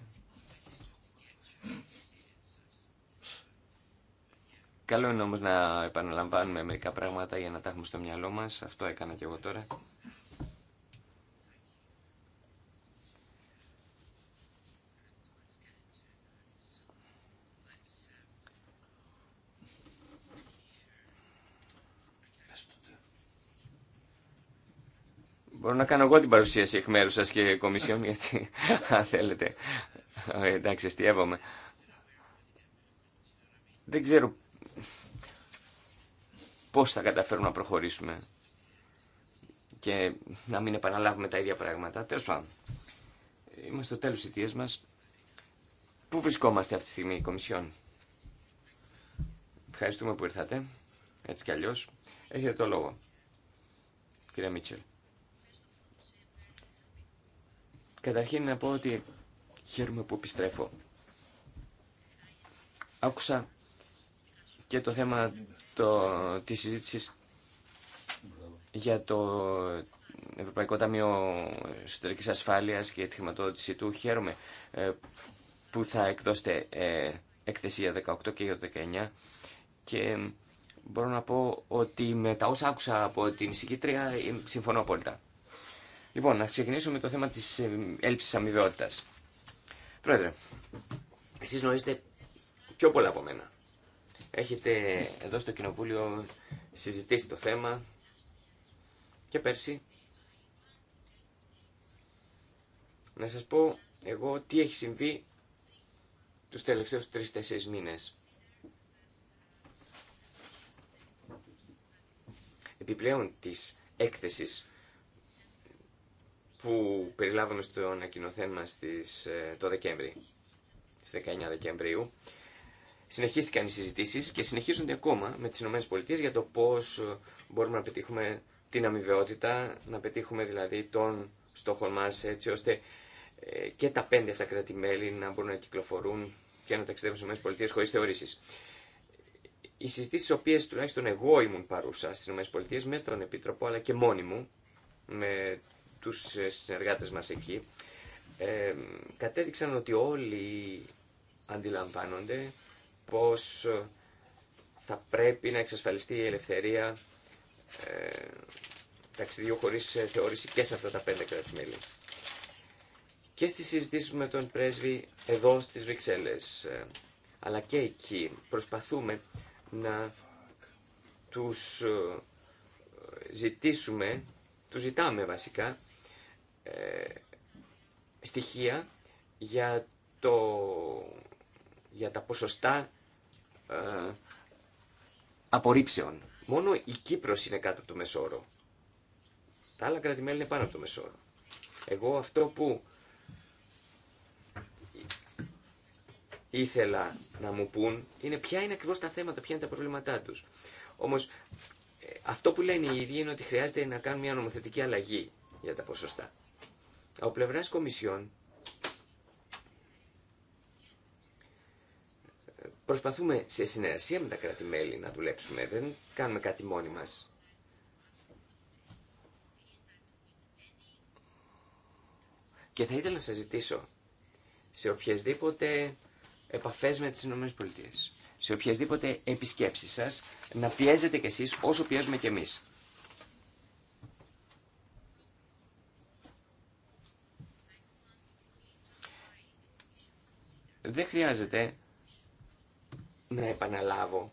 Καλό είναι όμως να επαναλαμβάνουμε μερικά πράγματα για να τα έχουμε στο μυαλό μας. Αυτό έκανα και εγώ τώρα. Μπορώ να κάνω εγώ την παρουσίαση εκ μέρου σα και κομισιόν, γιατί αν θέλετε. Ε, εντάξει, αστείευομαι. Δεν ξέρω πώ θα καταφέρουμε να προχωρήσουμε και να μην επαναλάβουμε τα ίδια πράγματα. Τέλο πάντων, είμαστε στο τέλος τη μα. Πού βρισκόμαστε αυτή τη στιγμή, η Κομισιόν. Ευχαριστούμε που ήρθατε, έτσι κι αλλιώς. Έχετε το λόγο, κύριε Μίτσελ. Καταρχήν να πω ότι χαίρομαι που επιστρέφω. Άκουσα και το θέμα το, της συζήτησης για το Ευρωπαϊκό Ταμείο Εσωτερικής Ασφάλειας και τη χρηματοδότησή του. Χαίρομαι ε, που θα εκδώσετε ε, εκθεσία 18 και για 19 και μπορώ να πω ότι με τα όσα άκουσα από την συγκήτρια ε, συμφωνώ απόλυτα. Λοιπόν, να ξεκινήσουμε το θέμα της ε, έλλειψης αμοιβαιότητας. Πρόεδρε, εσείς γνωρίζετε πιο πολλά από μένα. Έχετε εδώ στο Κοινοβούλιο συζητήσει το θέμα και πέρσι. Να σας πω εγώ τι έχει συμβεί τους τελευταίους 3-4 μήνες. Επιπλέον της έκθεσης που περιλάβαμε στο ανακοινωθέν μας στις, ε, το Δεκέμβρη, στις 19 Δεκεμβρίου. Συνεχίστηκαν οι συζητήσεις και συνεχίζονται ακόμα με τις ΗΠΑ για το πώς μπορούμε να πετύχουμε την αμοιβαιότητα, να πετύχουμε δηλαδή τον στόχο μας έτσι ώστε ε, και τα πέντε αυτά κράτη-μέλη να μπορούν να κυκλοφορούν και να ταξιδεύουν στις ΗΠΑ χωρίς θεωρήσεις. Οι συζητήσει τι οποίε τουλάχιστον εγώ ήμουν παρούσα στι ΗΠΑ με τον Επίτροπο αλλά και μόνη μου με τους ε, συνεργάτες μας εκεί, ε, κατέδειξαν ότι όλοι αντιλαμβάνονται πως ε, θα πρέπει να εξασφαλιστεί η ελευθερία ε, ταξιδιού χωρίς ε, θεώρηση και σε αυτά τα πέντε Και στις συζητήσεις με τον πρέσβη εδώ στις Βρυξέλλες, αλλά και εκεί προσπαθούμε να τους ζητήσουμε, τους ζητάμε βασικά, ε, στοιχεία για, το, για τα ποσοστά ε, απορρίψεων. Μόνο η Κύπρος είναι κάτω από το μεσόρο. Τα άλλα κράτη-μέλη είναι πάνω από το μεσόρο. Εγώ αυτό που ήθελα να μου πούν είναι ποια είναι ακριβώς τα θέματα, ποια είναι τα προβλήματά τους. Όμως ε, αυτό που λένε οι ίδιοι είναι ότι χρειάζεται να κάνουν μια νομοθετική αλλαγή για τα ποσοστά. Από πλευράς Κομισιών προσπαθούμε σε συνεργασία με τα κράτη-μέλη να δουλέψουμε, δεν κάνουμε κάτι μόνοι μας. Και θα ήθελα να σας ζητήσω σε οποιασδήποτε επαφές με τις ΗΠΑ, σε οποιασδήποτε επισκέψεις σας, να πιέζετε κι εσείς όσο πιέζουμε κι εμείς. Δεν χρειάζεται να επαναλάβω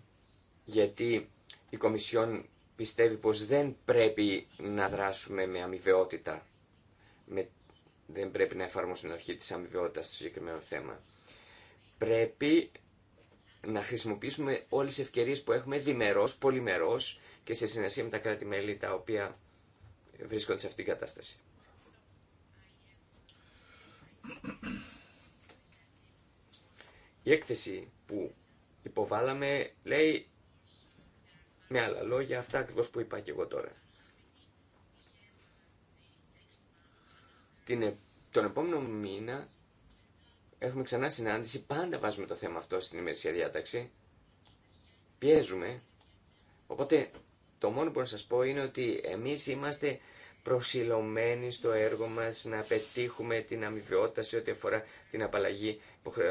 γιατί η Κομισιόν πιστεύει πως δεν πρέπει να δράσουμε με αμοιβαιότητα. Με, δεν πρέπει να την αρχή της αμοιβαιότητας στο συγκεκριμένο θέμα. Πρέπει να χρησιμοποιήσουμε όλες τις ευκαιρίες που έχουμε διμερός, πολυμερός και σε συνεργασία με τα κράτη-μέλη τα οποία βρίσκονται σε αυτήν την κατάσταση. Η έκθεση που υποβάλαμε λέει με άλλα λόγια αυτά ακριβώ που είπα και εγώ τώρα. Την, ε, τον επόμενο μήνα έχουμε ξανά συνάντηση, πάντα βάζουμε το θέμα αυτό στην ημερησία διάταξη, πιέζουμε, οπότε το μόνο που να σας πω είναι ότι εμείς είμαστε προσιλωμένοι στο έργο μας να πετύχουμε την αμοιβαιότητα σε ό,τι αφορά την απαλλαγή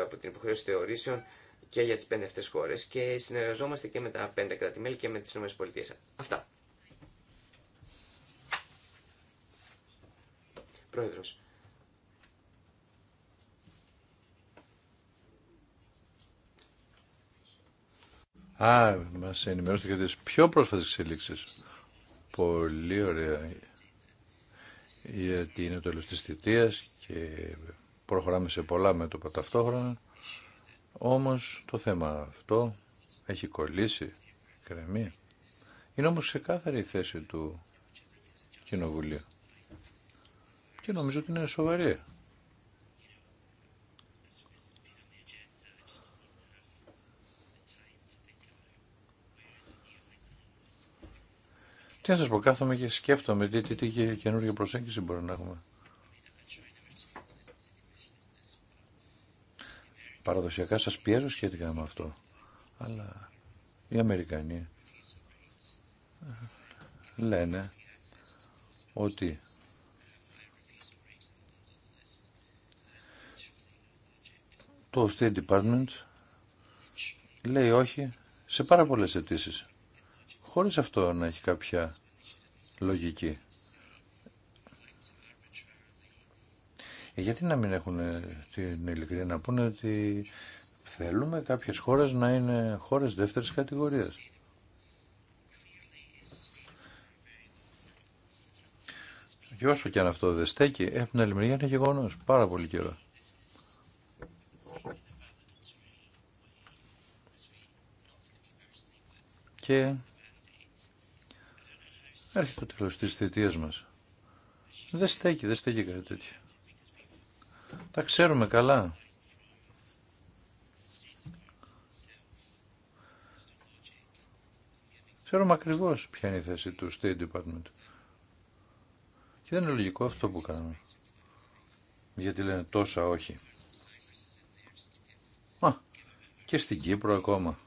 από την υποχρέωση θεωρήσεων και για τις πέντε αυτές χώρες και συνεργαζόμαστε και με τα πέντε κράτη-μέλη και με τις ΗΠΑ. Αυτά. Πρόεδρος. Α, μας ενημερώσετε για τις πιο πρόσφατες εξελίξεις. Πολύ ωραία γιατί είναι το τέλος της θητείας και προχωράμε σε πολλά μέτωπα ταυτόχρονα. Όμως το θέμα αυτό έχει κολλήσει, κρεμεί. Είναι όμως σε η θέση του Κοινοβουλίου. Και νομίζω ότι είναι σοβαρή Τι να σας πω, κάθομαι και σκέφτομαι τι, τι, τι καινούργια προσέγγιση μπορεί να έχουμε. Παραδοσιακά σας πιέζω σχετικά με αυτό. Αλλά οι Αμερικανοί λένε ότι το State Department λέει όχι σε πάρα πολλές αιτήσει χωρίς αυτό να έχει κάποια λογική. Ε, γιατί να μην έχουν ε, την ειλικρία να πούνε ότι θέλουμε κάποιες χώρες να είναι χώρες δεύτερης κατηγορίας. Και όσο και αν αυτό δεν στέκει, ε, από την άλλη είναι γεγονό. Πάρα πολύ καιρό. Και έρχεται το τέλος της θητείας μας. Δεν στέκει, δεν στέκει κάτι τέτοιο. Τα ξέρουμε καλά. Ξέρουμε ακριβώ ποια είναι η θέση του State Department. Και δεν είναι λογικό αυτό που κάνουμε. Γιατί λένε τόσα όχι. Α, και στην Κύπρο ακόμα.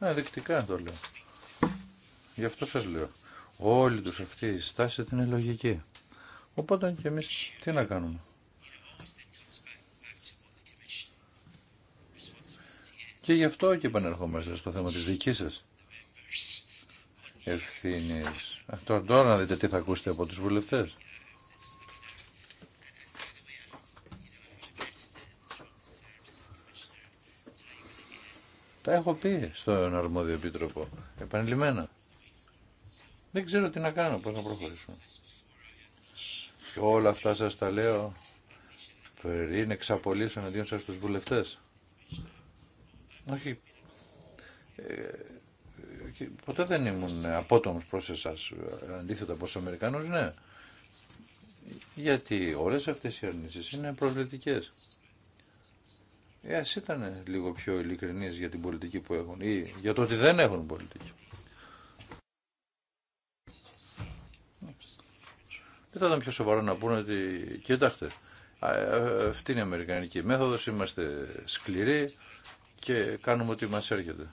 δεικτικά το λέω. Γι' αυτό σας λέω. Όλοι τους αυτή η στάση είναι λογική. Οπότε και εμείς τι να κάνουμε. Και γι' αυτό και επανερχόμαστε στο θέμα της δικής σας ευθύνης. Τώρα, τώρα να δείτε τι θα ακούσετε από τους βουλευτές. Τα έχω πει στον αρμόδιο επίτροπο επανειλημμένα. Δεν ξέρω τι να κάνω, πώς να προχωρήσω. Και όλα αυτά σας τα λέω πριν εξαπολύσω εναντίον σας τους βουλευτές. Όχι. Ε, ποτέ δεν ήμουν απότομος προς εσάς, αντίθετα από τους Αμερικανούς, ναι. Γιατί όλες αυτές οι αρνήσεις είναι προσβλητικές. Ε, ας ήταν λίγο πιο ειλικρινείς για την πολιτική που έχουν ή για το ότι δεν έχουν πολιτική. Δεν θα ήταν πιο σοβαρό να πούνε ότι, κοιτάξτε, ε, αυτή είναι η αμερικανική μέθοδος, είμαστε σκληροί και κάνουμε ό,τι μας έρχεται.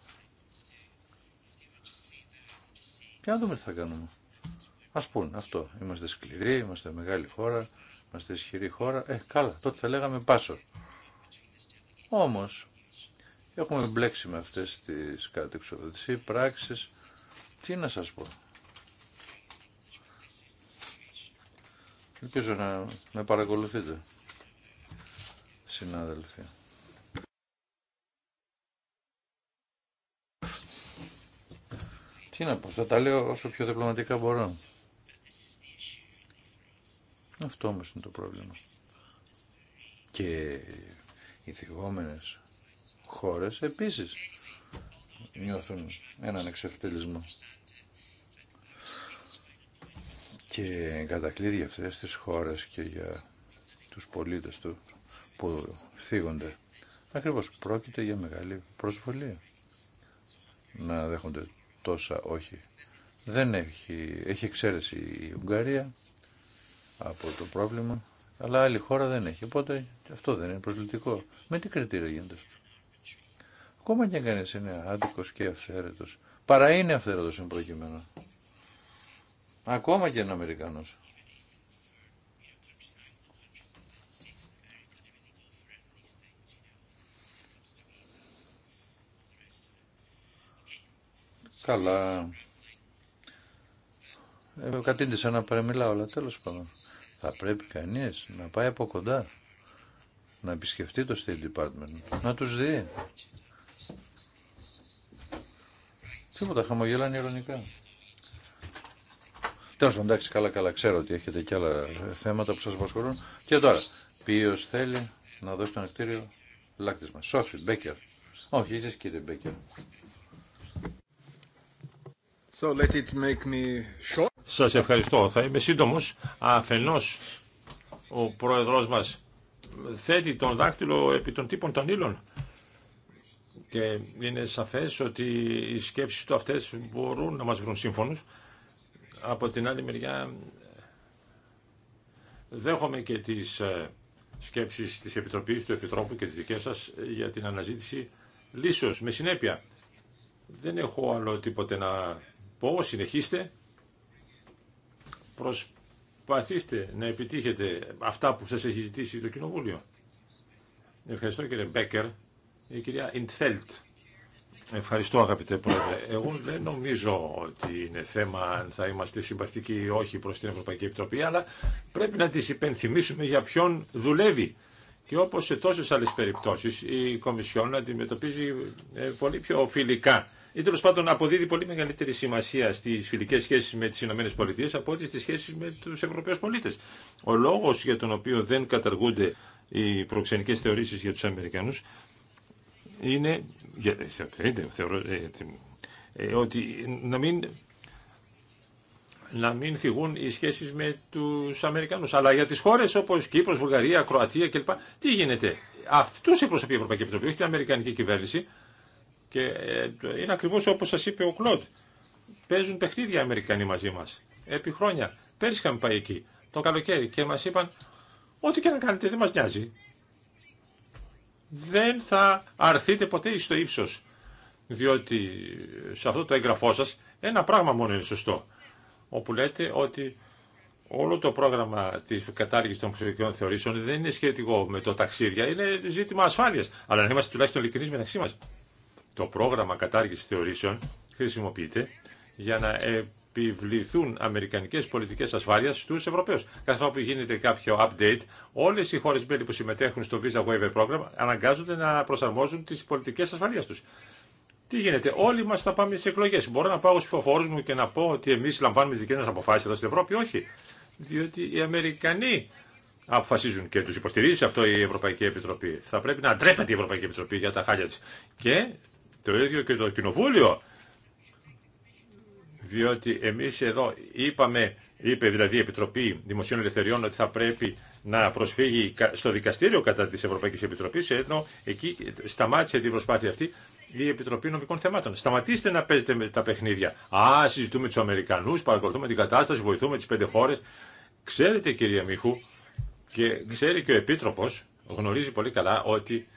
Και να δούμε τι θα κάνουμε. Ας πούν αυτό, είμαστε σκληροί, είμαστε μεγάλη χώρα, είμαστε ισχυρή χώρα. Ε, καλά, τότε θα λέγαμε πάσο. Όμως, έχουμε μπλέξει με αυτές τις κατεξοδοτησίες πράξεις. Τι να σας πω. Ελπίζω να με παρακολουθείτε, συνάδελφοι. Τι να πω, θα τα λέω όσο πιο διπλωματικά μπορώ. Αυτό όμως είναι το πρόβλημα. Και οι θυγόμενες χώρες επίσης νιώθουν έναν εξευτελισμό. Και κατακλείδει για αυτές τις χώρες και για τους πολίτες του που θίγονται. Ακριβώς πρόκειται για μεγάλη προσβολή να δέχονται τόσα όχι. Δεν έχει, έχει εξαίρεση η Ουγγαρία από το πρόβλημα αλλά άλλη χώρα δεν έχει. Οπότε αυτό δεν είναι προσβλητικό. Με τι κριτήριο γίνεται αυτό. Ακόμα και αν κανεί είναι και αυθαίρετο. Παρά είναι αυθαίρετο εν προκειμένου. Ακόμα και ένα Αμερικανό. Καλά. Ε, κατήντησα να παραμιλάω, αλλά τέλος πάντων. Θα πρέπει κανείς να πάει από κοντά, να επισκεφτεί το State Department, να τους δει. Τίποτα, χαμογελάνε ειρωνικά. Τέλος εντάξει, καλά καλά ξέρω ότι έχετε και άλλα θέματα που σας απασχολούν. Και τώρα, ποιος θέλει να δώσει το εκτήριο λάκτισμα. Σόφι, Μπέκερ. Όχι, είσαι κύριε Μπέκερ. So let it make me short. Σας ευχαριστώ. Θα είμαι σύντομος. Αφενός ο πρόεδρός μας θέτει τον δάκτυλο επί των τύπων των ύλων και είναι σαφές ότι οι σκέψεις του αυτές μπορούν να μας βρουν σύμφωνους. Από την άλλη μεριά δέχομαι και τις ε, σκέψεις της Επιτροπής, του Επιτρόπου και τις δικές σας για την αναζήτηση λύσεως με συνέπεια. Δεν έχω άλλο τίποτε να πω, συνεχίστε. Προσπαθήστε να επιτύχετε αυτά που σας έχει ζητήσει το Κοινοβούλιο. Ευχαριστώ κύριε Μπέκερ. Η κυρία Ιντφέλτ. Ευχαριστώ αγαπητέ Πρόεδρε. Εγώ δεν νομίζω ότι είναι θέμα αν θα είμαστε συμπαθητικοί ή όχι προς την Ευρωπαϊκή Επιτροπή, αλλά πρέπει να τις υπενθυμίσουμε για ποιον δουλεύει. Και όπως σε τόσες άλλες περιπτώσεις η Κομισιόν αντιμετωπίζει ε, πολύ πιο φιλικά ή τέλο πάντων αποδίδει πολύ μεγαλύτερη σημασία στι φιλικέ σχέσει με τι ΗΠΑ από ό,τι στι σχέσει με του Ευρωπαίου πολίτε. Ο λόγο για τον οποίο δεν καταργούνται οι προξενικέ θεωρήσει για του Αμερικανού είναι. Ε, θεωρείται, θεωρώ, ε, ε, ότι να μην να μην θυγούν οι σχέσεις με τους Αμερικανούς. Αλλά για τις χώρες όπως Κύπρος, Βουλγαρία, Κροατία κλπ. Τι γίνεται. Αυτούς εκπροσωπεί η Ευρωπαϊκή Επιτροπή, όχι την Αμερικανική κυβέρνηση. Και ε, είναι ακριβώ όπω σα είπε ο Κλοντ. Παίζουν παιχνίδια οι Αμερικανοί μαζί μα, Επί χρόνια. Πέρυσι είχαμε πάει εκεί το καλοκαίρι και μα είπαν ό,τι και να κάνετε δεν μα νοιάζει. Δεν θα αρθείτε ποτέ στο ύψο. Διότι σε αυτό το έγγραφό σα ένα πράγμα μόνο είναι σωστό. Όπου λέτε ότι όλο το πρόγραμμα τη κατάργηση των ψηφιακών θεωρήσεων δεν είναι σχετικό με το ταξίδια, είναι ζήτημα ασφάλεια. Αλλά να είμαστε τουλάχιστον ειλικρινεί μεταξύ μα το πρόγραμμα κατάργησης θεωρήσεων χρησιμοποιείται για να επιβληθούν αμερικανικές πολιτικές ασφάλειας στους Ευρωπαίους. Καθώς γίνεται κάποιο update, όλες οι χώρες μέλη που συμμετέχουν στο Visa Waiver Program αναγκάζονται να προσαρμόζουν τις πολιτικές ασφαλείας τους. Τι γίνεται, όλοι μα θα πάμε στι εκλογέ. Μπορώ να πάω στου ψηφοφόρου μου και να πω ότι εμεί λαμβάνουμε τι δικέ μα αποφάσει εδώ στην Ευρώπη. Όχι. Διότι οι Αμερικανοί αποφασίζουν και του υποστηρίζει αυτό η Ευρωπαϊκή Επιτροπή. Θα πρέπει να ντρέπεται η Ευρωπαϊκή Επιτροπή για τα χάλια τη. Και το ίδιο και το Κοινοβούλιο. Διότι εμείς εδώ είπαμε, είπε δηλαδή η Επιτροπή Δημοσίων Ελευθεριών ότι θα πρέπει να προσφύγει στο δικαστήριο κατά της Ευρωπαϊκής Επιτροπής, ενώ εκεί σταμάτησε την προσπάθεια αυτή η Επιτροπή Νομικών Θεμάτων. Σταματήστε να παίζετε με τα παιχνίδια. Α, συζητούμε του Αμερικανού, παρακολουθούμε την κατάσταση, βοηθούμε τι πέντε χώρε. Ξέρετε, κυρία Μίχου, και ξέρει και ο Επίτροπο, γνωρίζει πολύ καλά ότι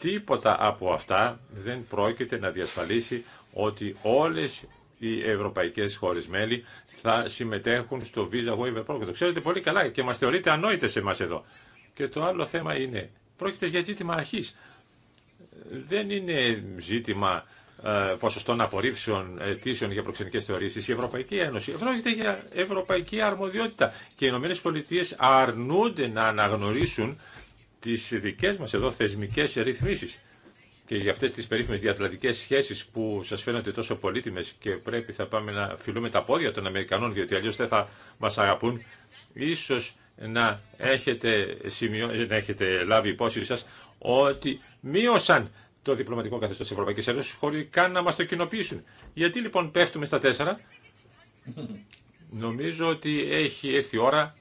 Τίποτα από αυτά δεν πρόκειται να διασφαλίσει ότι όλες οι ευρωπαϊκές χώρες μέλη θα συμμετέχουν στο Visa Waiver Program. Το ξέρετε πολύ καλά και μας θεωρείτε ανόητες εμάς εδώ. Και το άλλο θέμα είναι, πρόκειται για ζήτημα αρχής. Δεν είναι ζήτημα ε, ποσοστών απορρίψεων αιτήσεων για προξενικές θεωρήσει. Η Ευρωπαϊκή Ένωση πρόκειται για ευρωπαϊκή αρμοδιότητα. Και οι Ηνωμένε Πολιτείε αρνούνται να αναγνωρίσουν τι δικέ μα εδώ θεσμικέ ρυθμίσει. και για αυτέ τι περίφημε διατλαντικές σχέσει που σα φαίνονται τόσο πολύτιμε και πρέπει θα πάμε να φιλούμε τα πόδια των Αμερικανών διότι αλλιώ δεν θα μα αγαπούν ίσως να έχετε, να έχετε λάβει υπόσχεση σα ότι μείωσαν το διπλωματικό καθεστώ τη Ευρωπαϊκή Ένωση χωρί καν να μα το κοινοποιήσουν. Γιατί λοιπόν πέφτουμε στα τέσσερα. Νομίζω ότι έχει έρθει η ώρα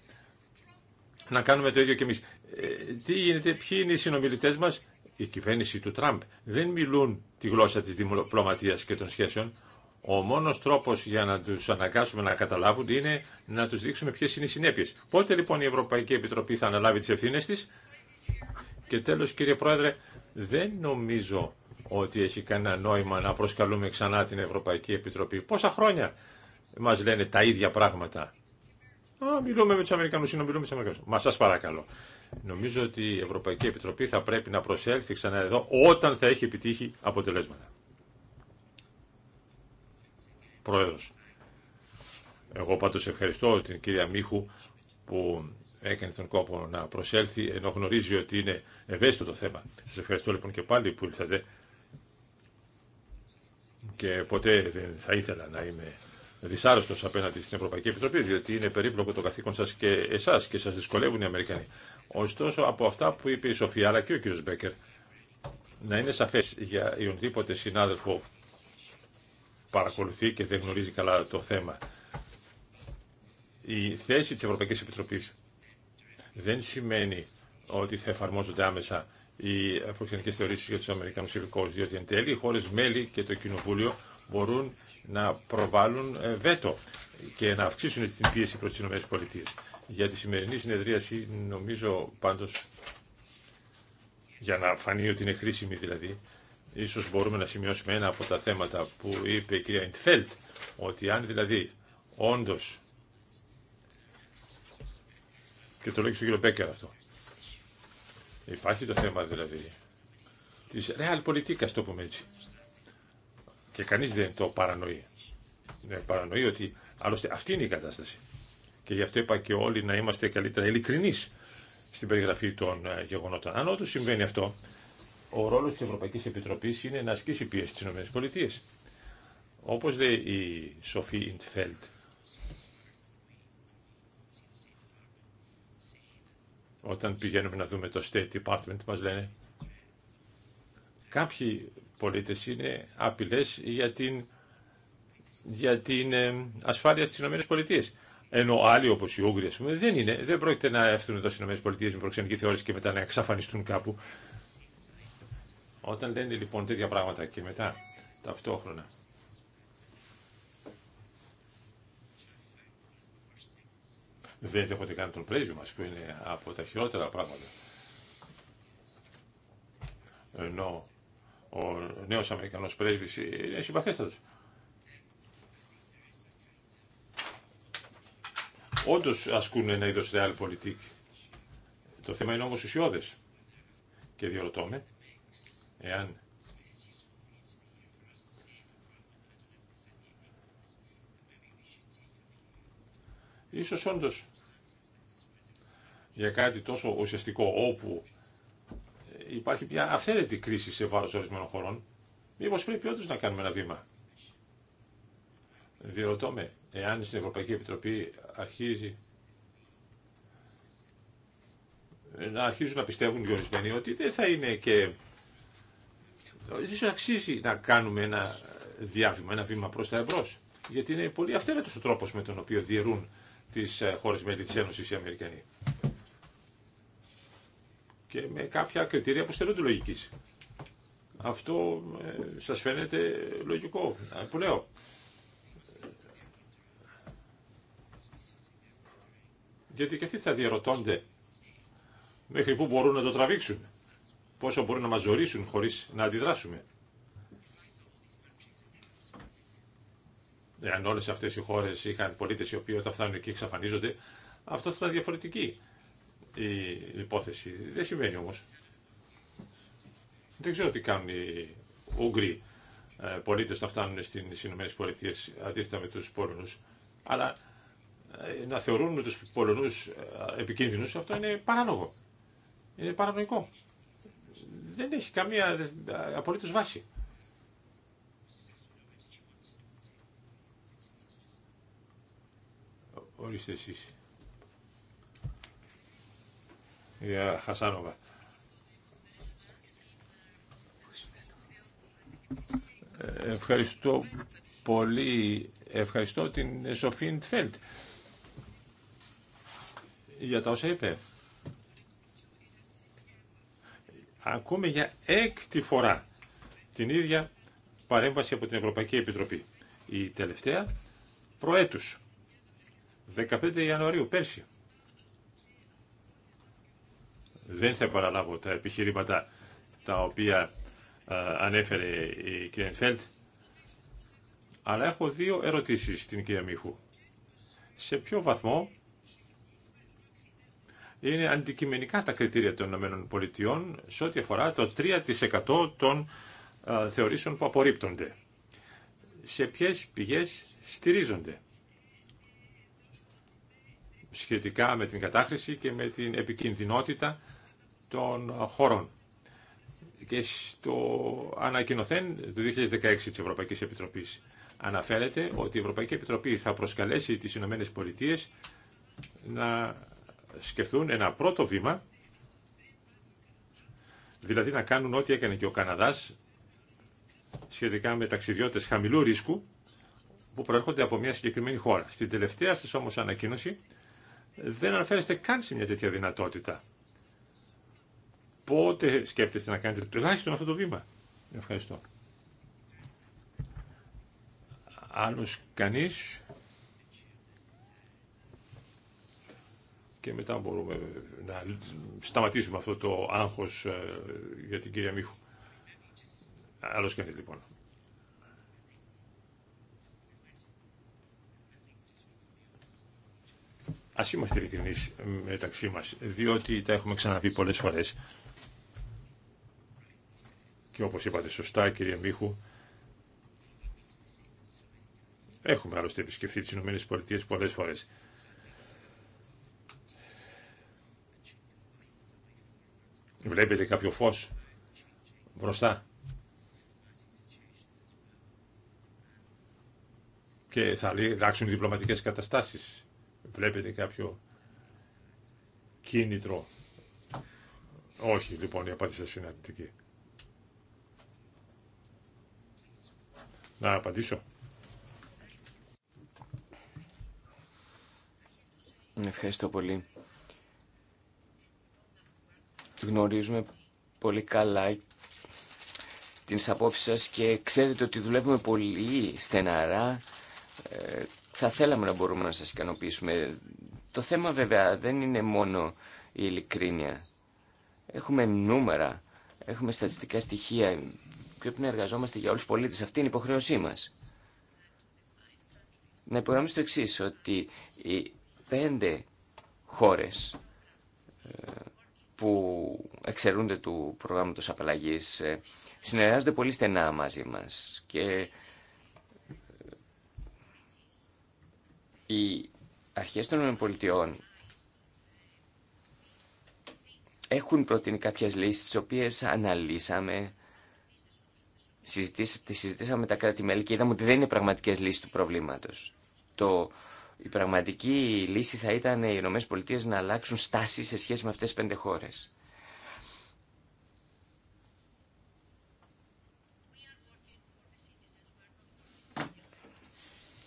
να κάνουμε το ίδιο κι εμείς. Ε, τι γίνεται, ποιοι είναι οι συνομιλητές μας, η κυβέρνηση του Τραμπ δεν μιλούν τη γλώσσα της διπλωματίας και των σχέσεων. Ο μόνος τρόπος για να τους αναγκάσουμε να καταλάβουν είναι να τους δείξουμε ποιες είναι οι συνέπειες. Πότε λοιπόν η Ευρωπαϊκή Επιτροπή θα αναλάβει τις ευθύνες της. Και τέλος κύριε Πρόεδρε, δεν νομίζω ότι έχει κανένα νόημα να προσκαλούμε ξανά την Ευρωπαϊκή Επιτροπή. Πόσα χρόνια μας λένε τα ίδια πράγματα. Α, μιλούμε με τους Αμερικανούς, συνομιλούμε με Μα σας παρακαλώ. Νομίζω ότι η Ευρωπαϊκή Επιτροπή θα πρέπει να προσέλθει ξανά εδώ όταν θα έχει επιτύχει αποτελέσματα. Πρόεδρος. Εγώ πάντως ευχαριστώ την κυρία Μίχου που έκανε τον κόπο να προσέλθει ενώ γνωρίζει ότι είναι ευαίσθητο το θέμα. Σας ευχαριστώ λοιπόν και πάλι που ήλθατε και ποτέ δεν θα ήθελα να είμαι δυσάρεστος απέναντι στην Ευρωπαϊκή Επιτροπή διότι είναι περίπλοκο το καθήκον σας και εσάς και σας δυσκολεύουν οι Αμερικανοί. Ωστόσο, από αυτά που είπε η Σοφία, αλλά και ο κ. Μπέκερ, να είναι σαφές για οποιονδήποτε συνάδελφο παρακολουθεί και δεν γνωρίζει καλά το θέμα. Η θέση της Ευρωπαϊκής Επιτροπής δεν σημαίνει ότι θα εφαρμόζονται άμεσα οι προξενικές θεωρήσεις για τους Αμερικανούς υλικούς, διότι εν τέλει οι χώρες μέλη και το Κοινοβούλιο μπορούν να προβάλλουν ε, βέτο και να αυξήσουν την πίεση προς τις ΗΠΑ για τη σημερινή συνεδρίαση νομίζω πάντως για να φανεί ότι είναι χρήσιμη δηλαδή ίσως μπορούμε να σημειώσουμε ένα από τα θέματα που είπε η κυρία Ιντφέλτ ότι αν δηλαδή όντως και το λέγει και στον κύριο Μπέκερ αυτό υπάρχει το θέμα δηλαδή της ρεάλ πολιτικά το πούμε έτσι και κανείς δεν το παρανοεί δεν ναι, παρανοεί ότι άλλωστε αυτή είναι η κατάσταση και γι' αυτό είπα και όλοι να είμαστε καλύτερα ειλικρινεί στην περιγραφή των ε, γεγονότων. Αν όντω συμβαίνει αυτό, ο ρόλο τη Ευρωπαϊκή Επιτροπή είναι να ασκήσει πίεση στι ΗΠΑ. Όπω λέει η Σοφή Ιντφέλτ, όταν πηγαίνουμε να δούμε το State Department μας λένε κάποιοι πολίτες είναι απειλές για την, για την ε, ασφάλεια στις ΗΠΑ... Ενώ άλλοι όπω οι Ούγγροι, α πούμε, δεν, είναι, δεν πρόκειται να έρθουν εδώ στι ΗΠΑ με προξενική θεώρηση και μετά να εξαφανιστούν κάπου. Όταν λένε λοιπόν τέτοια πράγματα και μετά ταυτόχρονα. Δεν δέχονται καν τον πρέσβη μας που είναι από τα χειρότερα πράγματα. Ενώ ο νέος Αμερικανός πρέσβης είναι συμπαθέστατος. όντω ασκούν ένα είδο real Το θέμα είναι όμω ουσιώδε. Και διορωτώ με, εάν Ίσως όντως για κάτι τόσο ουσιαστικό όπου υπάρχει μια αυθαίρετη κρίση σε βάρος ορισμένων χωρών, μήπως πρέπει όντως να κάνουμε ένα βήμα. Διερωτώ με, εάν στην Ευρωπαϊκή Επιτροπή αρχίζει να αρχίζουν να πιστεύουν οι ορισμένοι ότι δεν θα είναι και ίσως αξίζει να κάνουμε ένα διάβημα, ένα βήμα προς τα εμπρός. Γιατί είναι πολύ αυθαίρετος ο τρόπος με τον οποίο διαιρούν τις ε, χώρες μέλη της Ένωσης οι Αμερικανοί. Και με κάποια κριτήρια που στερούνται λογικής. Αυτό ε, σας φαίνεται λογικό. Ε, που λέω, γιατί και αυτοί θα διαρωτώνται μέχρι πού μπορούν να το τραβήξουν, πόσο μπορούν να μας ζωρίσουν χωρίς να αντιδράσουμε. Εάν όλες αυτές οι χώρες είχαν πολίτες οι οποίοι όταν φτάνουν εκεί εξαφανίζονται, αυτό θα ήταν διαφορετική η υπόθεση. Δεν σημαίνει όμως. Δεν ξέρω τι κάνουν οι Ούγγροι ε, πολίτες να φτάνουν στις ΗΠΑ αντίθετα με τους Πόλωνους. Αλλά ε, να θεωρούν τους Πολωνούς ε, επικίνδυνους, αυτό είναι παράνογο. Είναι παρανοϊκό. Δεν έχει καμία ε, απολύτως βάση. Ορίστε εσείς. Για Χασάνοβα. Ευχαριστώ πολύ. Ευχαριστώ την Σοφίν Τφέλτ για τα όσα είπε. Ακούμε για έκτη φορά την ίδια παρέμβαση από την Ευρωπαϊκή Επιτροπή. Η τελευταία προέτους, 15 Ιανουαρίου, πέρσι. Δεν θα παραλάβω τα επιχειρήματα τα οποία ε, ανέφερε η κ. Φέλτ, αλλά έχω δύο ερωτήσεις στην κυρία Μίχου. Σε ποιο βαθμό είναι αντικειμενικά τα κριτήρια των ΗΠΑ σε ό,τι αφορά το 3% των θεωρήσεων που απορρίπτονται. Σε ποιες πηγές στηρίζονται σχετικά με την κατάχρηση και με την επικινδυνότητα των χωρών. Και στο ανακοινωθέν του 2016 της Ευρωπαϊκής Επιτροπής αναφέρεται ότι η Ευρωπαϊκή Επιτροπή θα προσκαλέσει τις Ηνωμένες Πολιτείες να σκεφτούν ένα πρώτο βήμα, δηλαδή να κάνουν ό,τι έκανε και ο Καναδάς σχετικά με ταξιδιώτες χαμηλού ρίσκου που προέρχονται από μια συγκεκριμένη χώρα. Στην τελευταία σας όμως ανακοίνωση δεν αναφέρεστε καν σε μια τέτοια δυνατότητα. Πότε σκέπτεστε να κάνετε τουλάχιστον αυτό το βήμα. Ευχαριστώ. Άλλος κανείς. και μετά μπορούμε να σταματήσουμε αυτό το άγχος ε, για την κυρία Μίχου. Άλλος κανείς λοιπόν. Ας είμαστε ειλικρινείς μεταξύ μας, διότι τα έχουμε ξαναπεί πολλές φορές. Και όπως είπατε σωστά κυρία Μίχου, έχουμε άλλωστε επισκεφθεί τις ΗΠΑ Πολιτείες πολλές φορές. Βλέπετε κάποιο φως μπροστά. Και θα αλλάξουν οι διπλωματικές καταστάσεις. Βλέπετε κάποιο κίνητρο. Όχι, λοιπόν, η απάντηση σας είναι αρνητική. Να απαντήσω. Ευχαριστώ πολύ γνωρίζουμε πολύ καλά την απόψεις σας και ξέρετε ότι δουλεύουμε πολύ στεναρά. Ε, θα θέλαμε να μπορούμε να σας ικανοποιήσουμε. Το θέμα βέβαια δεν είναι μόνο η ειλικρίνεια. Έχουμε νούμερα, έχουμε στατιστικά στοιχεία. Πρέπει να εργαζόμαστε για όλους τους πολίτες. Αυτή είναι η υποχρέωσή μας. Να υπογραμμίσω το εξή ότι οι πέντε χώρες ε, που εξαιρούνται του προγράμματος απαλλαγής ε, συνεργάζονται πολύ στενά μαζί μας και ε, οι αρχές των πολιτιών έχουν προτείνει κάποιες λύσεις τις οποίες αναλύσαμε Συζητήσα, συζητήσαμε με τα κράτη-μέλη και είδαμε ότι δεν είναι πραγματικές λύσεις του προβλήματος. Το η πραγματική λύση θα ήταν οι Ηνωμένε Πολιτείε να αλλάξουν στάση σε σχέση με αυτές τις πέντε χώρε.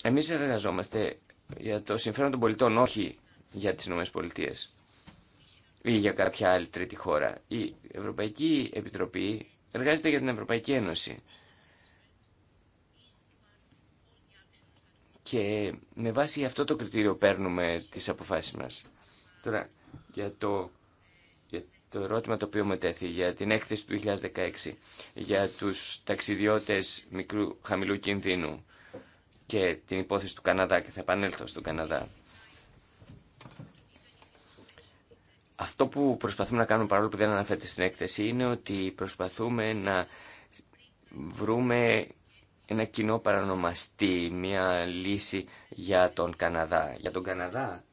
Εμείς εργαζόμαστε για το συμφέρον των πολιτών, όχι για τις νομες κάποια άλλη τρίτη χώρα. Η Ευρωπαϊκή Επιτροπή εργάζεται για την Ευρωπαϊκή Ένωση. Και με βάση αυτό το κριτήριο παίρνουμε τις αποφάσεις μας. Τώρα, για το, το ερώτημα το οποίο μετέθη, για την έκθεση του 2016, για τους ταξιδιώτες μικρού χαμηλού κινδύνου και την υπόθεση του Καναδά και θα επανέλθω στον Καναδά. Αυτό που προσπαθούμε να κάνουμε παρόλο που δεν αναφέρεται στην έκθεση είναι ότι προσπαθούμε να βρούμε ένα κοινό παρανομαστή, μια λύση για τον Καναδά. Για τον Καναδά,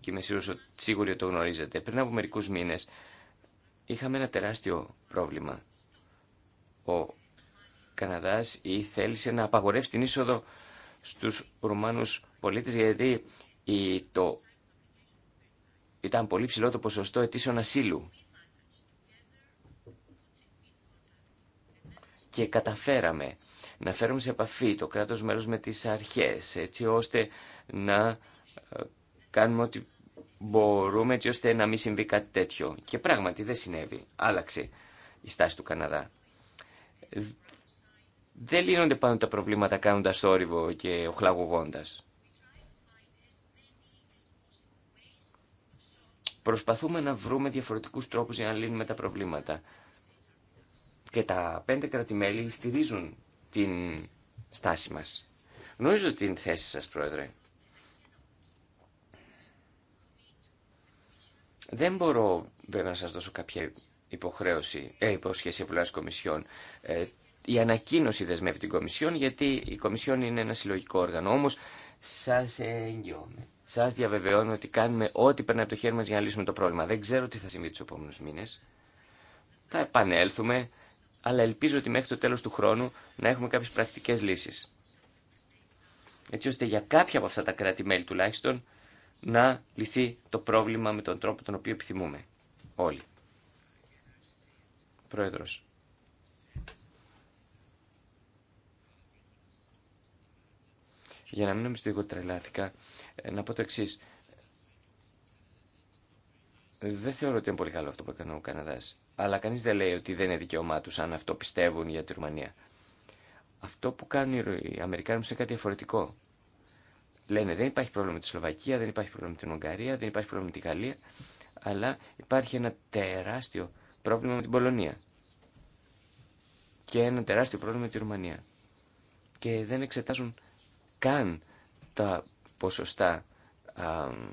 και είμαι σίγουρος ότι το γνωρίζετε, πριν από μερικούς μήνες είχαμε ένα τεράστιο πρόβλημα. Ο Καναδάς ήθελε θέλησε να απαγορεύσει την είσοδο στους Ρουμάνους πολίτες γιατί το, ήταν πολύ ψηλό το ποσοστό αιτήσεων ασύλου. Και καταφέραμε να φέρουμε σε επαφή το κράτος μέλος με τις αρχές, έτσι ώστε να ε, κάνουμε ό,τι μπορούμε, έτσι ώστε να μην συμβεί κάτι τέτοιο. Και πράγματι δεν συνέβη. Άλλαξε η στάση του Καναδά. Δεν λύνονται πάνω τα προβλήματα κάνοντας θόρυβο και οχλαγωγώντας. Προσπαθούμε να βρούμε διαφορετικούς τρόπους για να λύνουμε τα προβλήματα. Και τα πέντε κρατημέλη στηρίζουν την στάση μας. Γνωρίζω την θέση σας, Πρόεδρε. Δεν μπορώ βέβαια να σας δώσω κάποια υποχρέωση, ε, υπόσχεση επουλάς Κομισιόν. Ε, η ανακοίνωση δεσμεύει την κομισιόν γιατί η κομισιόν είναι ένα συλλογικό όργανο. Όμως σας εγγυώμαι. Σας διαβεβαιώνω ότι κάνουμε ό,τι περνάει από το χέρι μας για να λύσουμε το πρόβλημα. Δεν ξέρω τι θα συμβεί τους επόμενους μήνες. Θα επανέλθουμε, αλλά ελπίζω ότι μέχρι το τέλος του χρόνου να έχουμε κάποιες πρακτικές λύσεις. Έτσι ώστε για κάποια από αυτά τα κράτη-μέλη τουλάχιστον να λυθεί το πρόβλημα με τον τρόπο τον οποίο επιθυμούμε όλοι. Πρόεδρος. Για να μην ότι εγώ τρελάθηκα, ε, να πω το εξή. Δεν θεωρώ ότι είναι πολύ καλό αυτό που έκανε ο Καναδάς αλλά κανείς δεν λέει ότι δεν είναι δικαίωμά τους αν αυτό πιστεύουν για τη Ρουμανία. Αυτό που κάνουν οι Αμερικάνοι είναι κάτι διαφορετικό. Λένε δεν υπάρχει πρόβλημα με τη Σλοβακία, δεν υπάρχει πρόβλημα με την Ουγγαρία, δεν υπάρχει πρόβλημα με τη Γαλλία, αλλά υπάρχει ένα τεράστιο πρόβλημα με την Πολωνία και ένα τεράστιο πρόβλημα με τη Ρουμανία. Και δεν εξετάζουν καν τα ποσοστά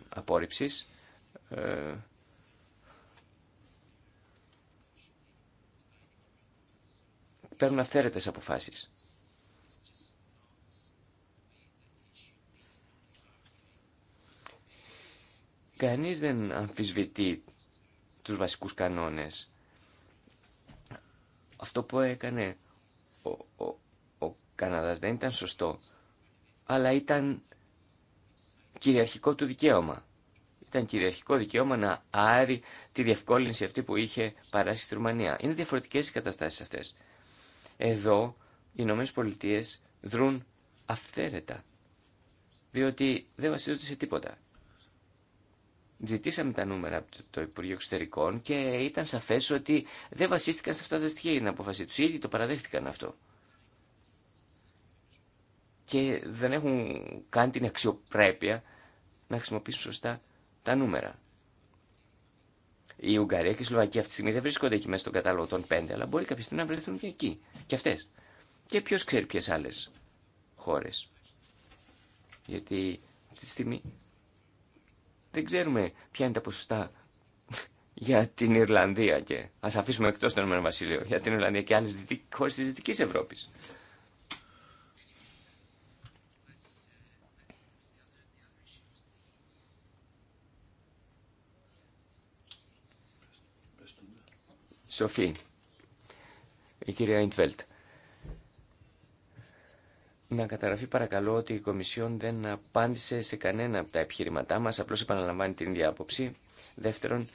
απόρριψη. Ε, παίρνουν αυθαίρετες αποφάσεις. Κανείς δεν αμφισβητεί τους βασικούς κανόνες. Αυτό που έκανε ο, ο, ο Καναδάς δεν ήταν σωστό, αλλά ήταν κυριαρχικό του δικαίωμα. Ήταν κυριαρχικό δικαίωμα να άρει τη διευκόλυνση αυτή που είχε παράσει στη Ρουμανία. Είναι διαφορετικές οι καταστάσεις αυτές. Εδώ οι Ηνωμένε Πολιτείε δρούν αυθαίρετα, διότι δεν βασίζονται σε τίποτα. Ζητήσαμε τα νούμερα από το Υπουργείο Εξωτερικών και ήταν σαφές ότι δεν βασίστηκαν σε αυτά τα στοιχεία για την αποφασή του Ήδη το παραδέχτηκαν αυτό. Και δεν έχουν κάνει την αξιοπρέπεια να χρησιμοποιήσουν σωστά τα νούμερα. Η Ουγγαρία και η Σλοβακία αυτή τη στιγμή δεν βρίσκονται εκεί μέσα στον κατάλογο των πέντε, αλλά μπορεί κάποια στιγμή να βρεθούν και εκεί. Και αυτέ. Και ποιο ξέρει ποιε άλλε χώρε. Γιατί αυτή τη στιγμή δεν ξέρουμε ποια είναι τα ποσοστά για την Ιρλανδία και α αφήσουμε εκτό το Ηνωμένο Βασίλειο, για την Ιρλανδία και άλλε χώρε τη Δυτική Ευρώπη. σοφή. Η κυρία Ιντβέλτ. Να καταγραφεί παρακαλώ ότι η Κομισιόν δεν απάντησε σε κανένα από τα επιχειρηματά μας, απλώς επαναλαμβάνει την ίδια άποψη. Δεύτερον,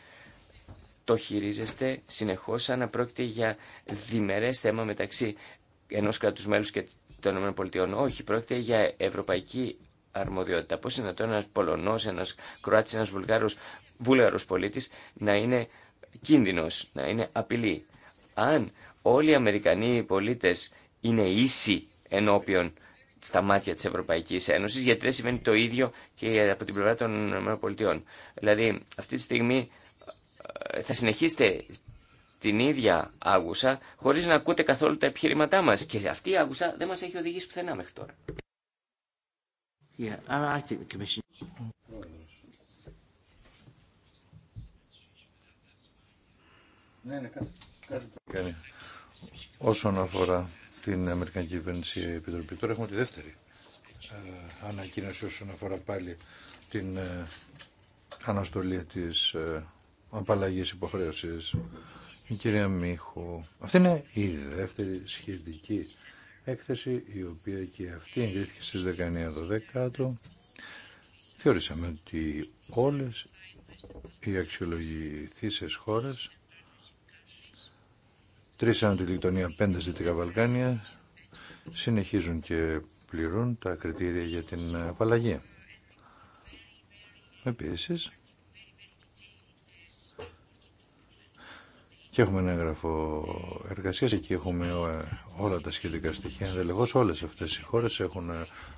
το χειρίζεστε συνεχώς σαν να πρόκειται για διμερές θέμα μεταξύ ενός κράτους μέλους και των ΗΠΑ. Όχι, πρόκειται για ευρωπαϊκή αρμοδιότητα. Πώς είναι το ένας Πολωνός, ένας Κροάτης, ένας Βουλγάρος, Βούλγαρος πολίτης να είναι κίνδυνος, να είναι απειλή. Αν όλοι οι Αμερικανοί πολίτες είναι ίσοι ενώπιον στα μάτια της Ευρωπαϊκής Ένωσης, γιατί δεν σημαίνει το ίδιο και από την πλευρά των ΗΠΑ. Δηλαδή, αυτή τη στιγμή ε, θα συνεχίσετε την ίδια άγουσα, χωρίς να ακούτε καθόλου τα επιχειρήματά μας. Και αυτή η άγουσα δεν μας έχει οδηγήσει πουθενά μέχρι τώρα. Ναι, ναι, Όσον αφορά την Αμερικανική Κυβέρνηση Επιτροπή, τώρα έχουμε τη δεύτερη ε, ανακοίνωση όσον αφορά πάλι την ε, αναστολή της ε, απαλλαγής υποχρέωσης. Η κυρία Μίχου. Αυτή είναι η δεύτερη σχετική έκθεση, η οποία και αυτή εγκρίθηκε στις 19 12 Θεωρήσαμε ότι όλες οι αξιολογηθήσεις χώρες Τρεις τη Λιγκτονία, πέντε Δυτικά Βαλκάνια συνεχίζουν και πληρούν τα κριτήρια για την απαλλαγή. Επίσης, Και έχουμε ένα έγγραφο εργασία, εκεί έχουμε όλα τα σχετικά στοιχεία. Δελεγώς όλε αυτέ οι χώρε έχουν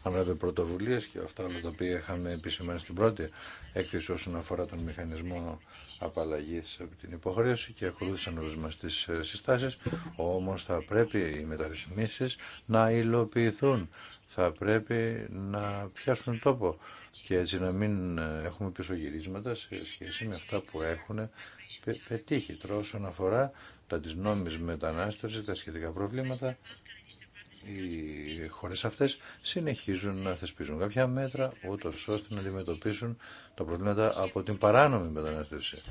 αναλάβει πρωτοβουλίε και αυτά όλα τα οποία είχαμε επισημάνει στην πρώτη έκθεση όσον αφορά τον μηχανισμό απαλλαγή από την υποχρέωση και ακολούθησαν όλε μα τι ε, συστάσει. Όμω θα πρέπει οι μεταρρυθμίσει να υλοποιηθούν. Θα πρέπει να πιάσουν τόπο και έτσι να μην ε, έχουμε πίσω γυρίσματα σε σχέση με αυτά που έχουν πετύχει τώρα όσον αφορά τα της νόμιμης μετανάστευση, τα σχετικά προβλήματα. Οι χώρες αυτές συνεχίζουν να θεσπίζουν κάποια μέτρα ούτως ώστε να αντιμετωπίσουν τα προβλήματα από την παράνομη μετανάστευση.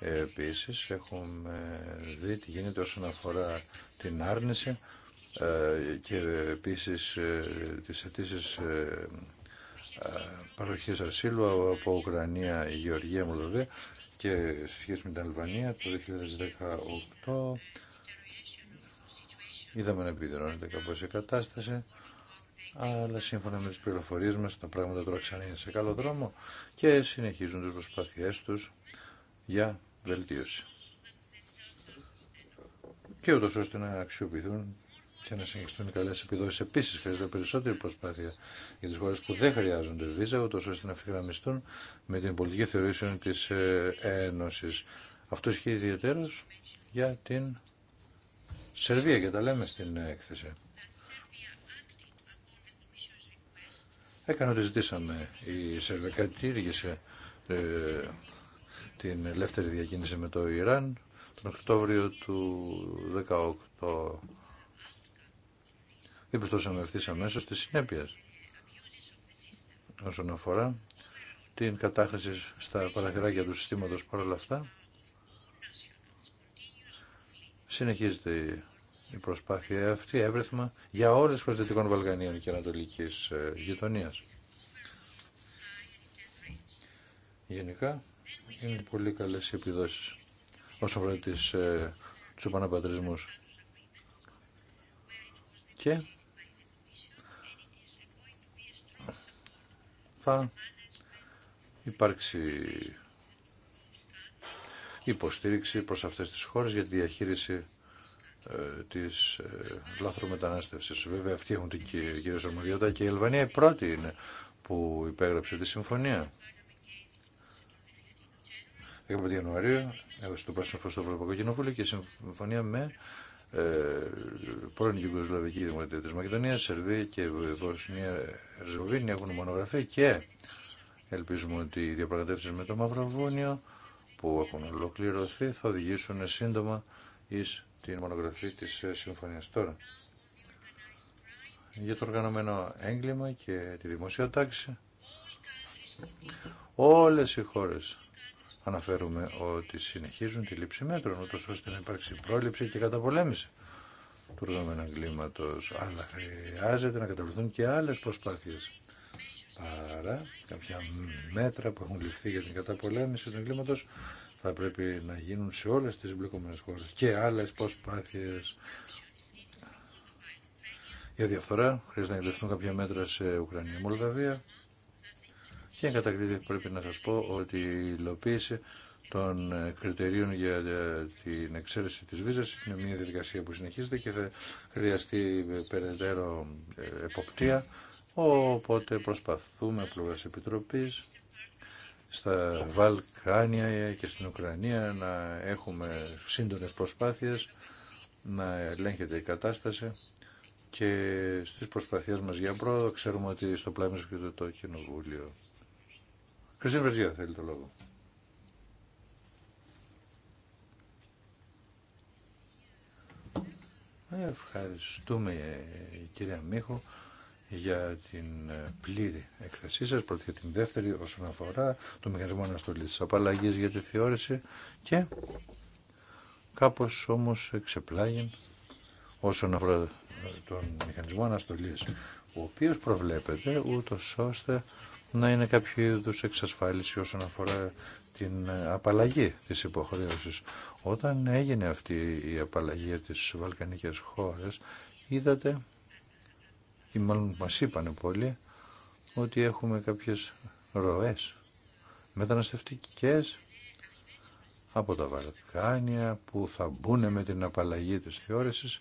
Επίσης έχουμε δει τι γίνεται όσον αφορά την άρνηση ε, και επίσης ε, τις αιτήσει ε, παροχής ασύλου από Ουκρανία, Γεωργία, Μολδοβία και σε σχέση με την Αλβανία το 2018 είδαμε να επιδρώνεται κάπως η κατάσταση αλλά σύμφωνα με τις πληροφορίες μας τα πράγματα τώρα ξανά είναι σε καλό δρόμο και συνεχίζουν τις προσπάθειές τους για βελτίωση και ούτως ώστε να αξιοποιηθούν και να συνεχιστούν οι καλέ επιδόσει. Επίση, χρειάζεται περισσότερη προσπάθεια για τι χώρε που δεν χρειάζονται βίζα, ούτω ώστε να ευθυγραμμιστούν με την πολιτική θεωρήσεων τη ε, Ένωση. Αυτό ισχύει ιδιαίτερω για την Σερβία και τα λέμε στην έκθεση. Έκανε ό,τι ζητήσαμε. Η Σερβία κατήργησε ε, την ελεύθερη διακίνηση με το Ιράν τον Οκτώβριο του 2018 Διαπιστώσαμε ευθύ αμέσω τη συνέπεια όσον αφορά την κατάχρηση στα παραθυράκια του συστήματος όλα αυτά. Συνεχίζεται η προσπάθεια αυτή εύρεθμα για όλες τις Δυτικών Βαλκανίων και Ανατολικής ε, γειτονίας. Γενικά είναι πολύ καλές οι επιδόσεις όσον αφορά του ε, τους Και θα υπάρξει υποστήριξη προς αυτές τις χώρες για τη διαχείριση ε, της ε, λάθρου μετανάστευσης. Βέβαια αυτοί έχουν την κυρία Σορμοδιώτα και η Ελβανία η πρώτη είναι που υπέγραψε τη συμφωνία. 15 Ιανουαρίου, Έχω στο πρόσωπο στο Ευρωπαϊκό Κοινοβούλιο και συμφωνία με ε, πρώην Γιουγκοσλαβική Δημοκρατία της Μακεδονίας, Σερβία και Βοσνία Ερζεγοβίνη έχουν μονογραφεί και ελπίζουμε ότι οι διαπραγματεύσεις με το Μαυροβούνιο που έχουν ολοκληρωθεί θα οδηγήσουν σύντομα εις την μονογραφή της συμφωνίας τώρα. Για το οργανωμένο έγκλημα και τη δημοσία τάξη όλες οι χώρες αναφέρουμε ότι συνεχίζουν τη λήψη μέτρων, ούτως ώστε να υπάρξει πρόληψη και καταπολέμηση του οργανωμένου εγκλήματος. Αλλά χρειάζεται να καταβληθούν και άλλες προσπάθειες. Παρά κάποια μέτρα που έχουν ληφθεί για την καταπολέμηση του εγκλήματος θα πρέπει να γίνουν σε όλες τις εμπλεκόμενες χώρες και άλλες προσπάθειες για διαφθορά. Χρειάζεται να κάποια μέτρα σε Ουκρανία, Μολδαβία, και κατακρίτη πρέπει να σας πω ότι η υλοποίηση των κριτηρίων για την εξαίρεση της βίζας είναι μια διαδικασία που συνεχίζεται και θα χρειαστεί περαιτέρω ε, εποπτεία. Οπότε προσπαθούμε από Επιτροπής στα Βαλκάνια και στην Ουκρανία να έχουμε σύντονες προσπάθειες να ελέγχεται η κατάσταση και στις προσπαθίες μας για πρόοδο ξέρουμε ότι στο πλάι μας και το Κοινοβούλιο Χρυσή η θέλει το λόγο. Ευχαριστούμε κυρία Μίχο για την πλήρη εκθεσή σας, πρώτη και την δεύτερη όσον αφορά το μηχανισμό αναστολή της απαλλαγής για τη θεώρηση και κάπως όμως εξεπλάγει όσον αφορά τον μηχανισμό αναστολής ο οποίος προβλέπεται ούτω ώστε να είναι κάποιο είδου εξασφάλιση όσον αφορά την απαλλαγή της υποχρέωσης. Όταν έγινε αυτή η απαλλαγή για τις βαλκανικές χώρες, είδατε, ή μάλλον μας είπανε πολλοί, ότι έχουμε κάποιες ροές μεταναστευτικές από τα Βαλκάνια που θα μπουν με την απαλλαγή της θεώρησης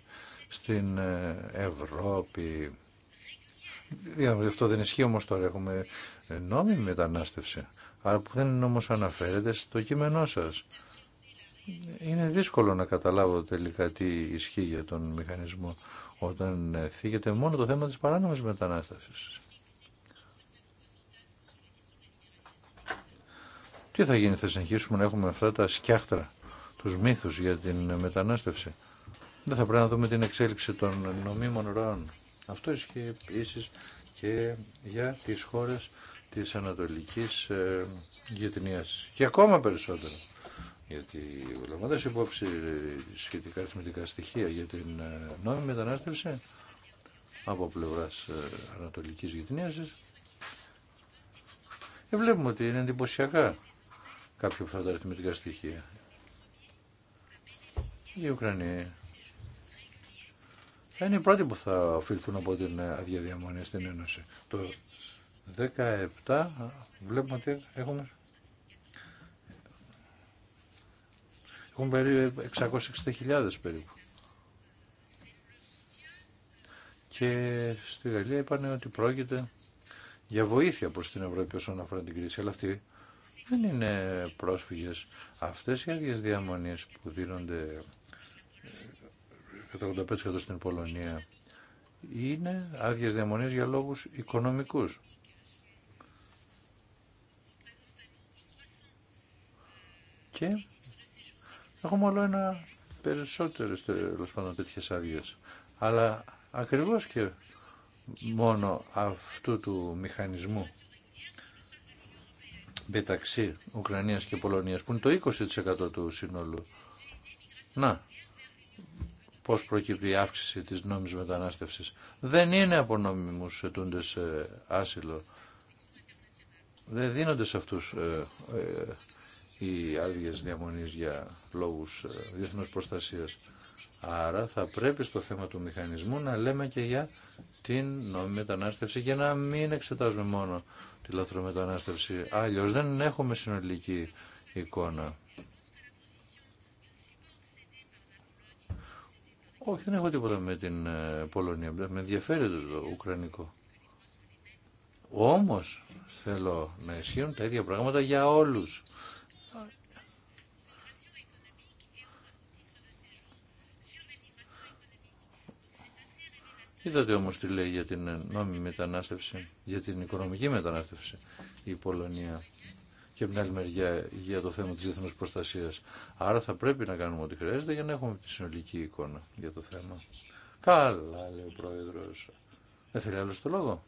στην ε, Ευρώπη. Αυτό δεν ισχύει όμως τώρα. Έχουμε νόμιμη μετανάστευση. Αλλά που δεν όμως αναφέρεται στο κείμενό σας. Είναι δύσκολο να καταλάβω τελικά τι ισχύει για τον μηχανισμό όταν θίγεται μόνο το θέμα της παράνομης μετανάστευσης. Τι θα γίνει, θα συνεχίσουμε να έχουμε αυτά τα σκιάχτρα, τους μύθους για την μετανάστευση. Δεν θα πρέπει να δούμε την εξέλιξη των νομίμων ροών. Αυτό ισχύει επίση και για τις χώρες της Ανατολικής ε, Και ακόμα περισσότερο. Γιατί λαμβάνοντα υπόψη σχετικά αριθμητικά στοιχεία για την ε, νόμιμη μετανάστευση από πλευράς ε, Ανατολικής Γετνίας, ε, βλέπουμε ότι είναι εντυπωσιακά κάποια από αυτά τα αριθμητικά στοιχεία. Η Ουκρανία ε, είναι οι πρώτοι που θα οφειλθούν από την άδεια ε, διαμονή στην Ένωση. Το 17 βλέπουμε ότι έχουμε Έχουν περίπου 660.000 περίπου. Και στη Γαλλία είπαν ότι πρόκειται για βοήθεια προς την Ευρώπη όσον αφορά την κρίση. Αλλά αυτοί δεν είναι πρόσφυγες. Αυτές οι άδειες που δίνονται 85% στην Πολωνία είναι άδειε διαμονή για λόγους οικονομικούς. Και έχουμε όλο ένα περισσότερες τέλο πάντων τέτοιες άδειες. Αλλά ακριβώς και μόνο αυτού του μηχανισμού μεταξύ Ουκρανίας και Πολωνίας που είναι το 20% του συνόλου. Να, πώς προκύπτει η αύξηση της νόμιμης μετανάστευσης. Δεν είναι από νόμιμους ετούντες ε, άσυλο. Δεν δίνονται σε αυτούς ε, ε, οι άδειε διαμονής για λόγους διεθνούς προστασίας. Άρα θα πρέπει στο θέμα του μηχανισμού να λέμε και για την νόμιμη μετανάστευση και να μην εξετάζουμε μόνο τη λαθρομετανάστευση. Άλλιως δεν έχουμε συνολική εικόνα. Όχι, δεν έχω τίποτα με την ε, Πολωνία. Με ενδιαφέρει το Ουκρανικό. Όμως θέλω να ισχύουν τα ίδια πράγματα για όλους. Είδατε όμως τι λέει για την νόμιμη μετανάστευση, για την οικονομική μετανάστευση η Πολωνία και από την άλλη μεριά για το θέμα της διεθνούς προστασίας. Άρα θα πρέπει να κάνουμε ό,τι χρειάζεται για να έχουμε τη συνολική εικόνα για το θέμα. Καλά, λέει ο Πρόεδρος. Δεν θέλει άλλο το λόγο.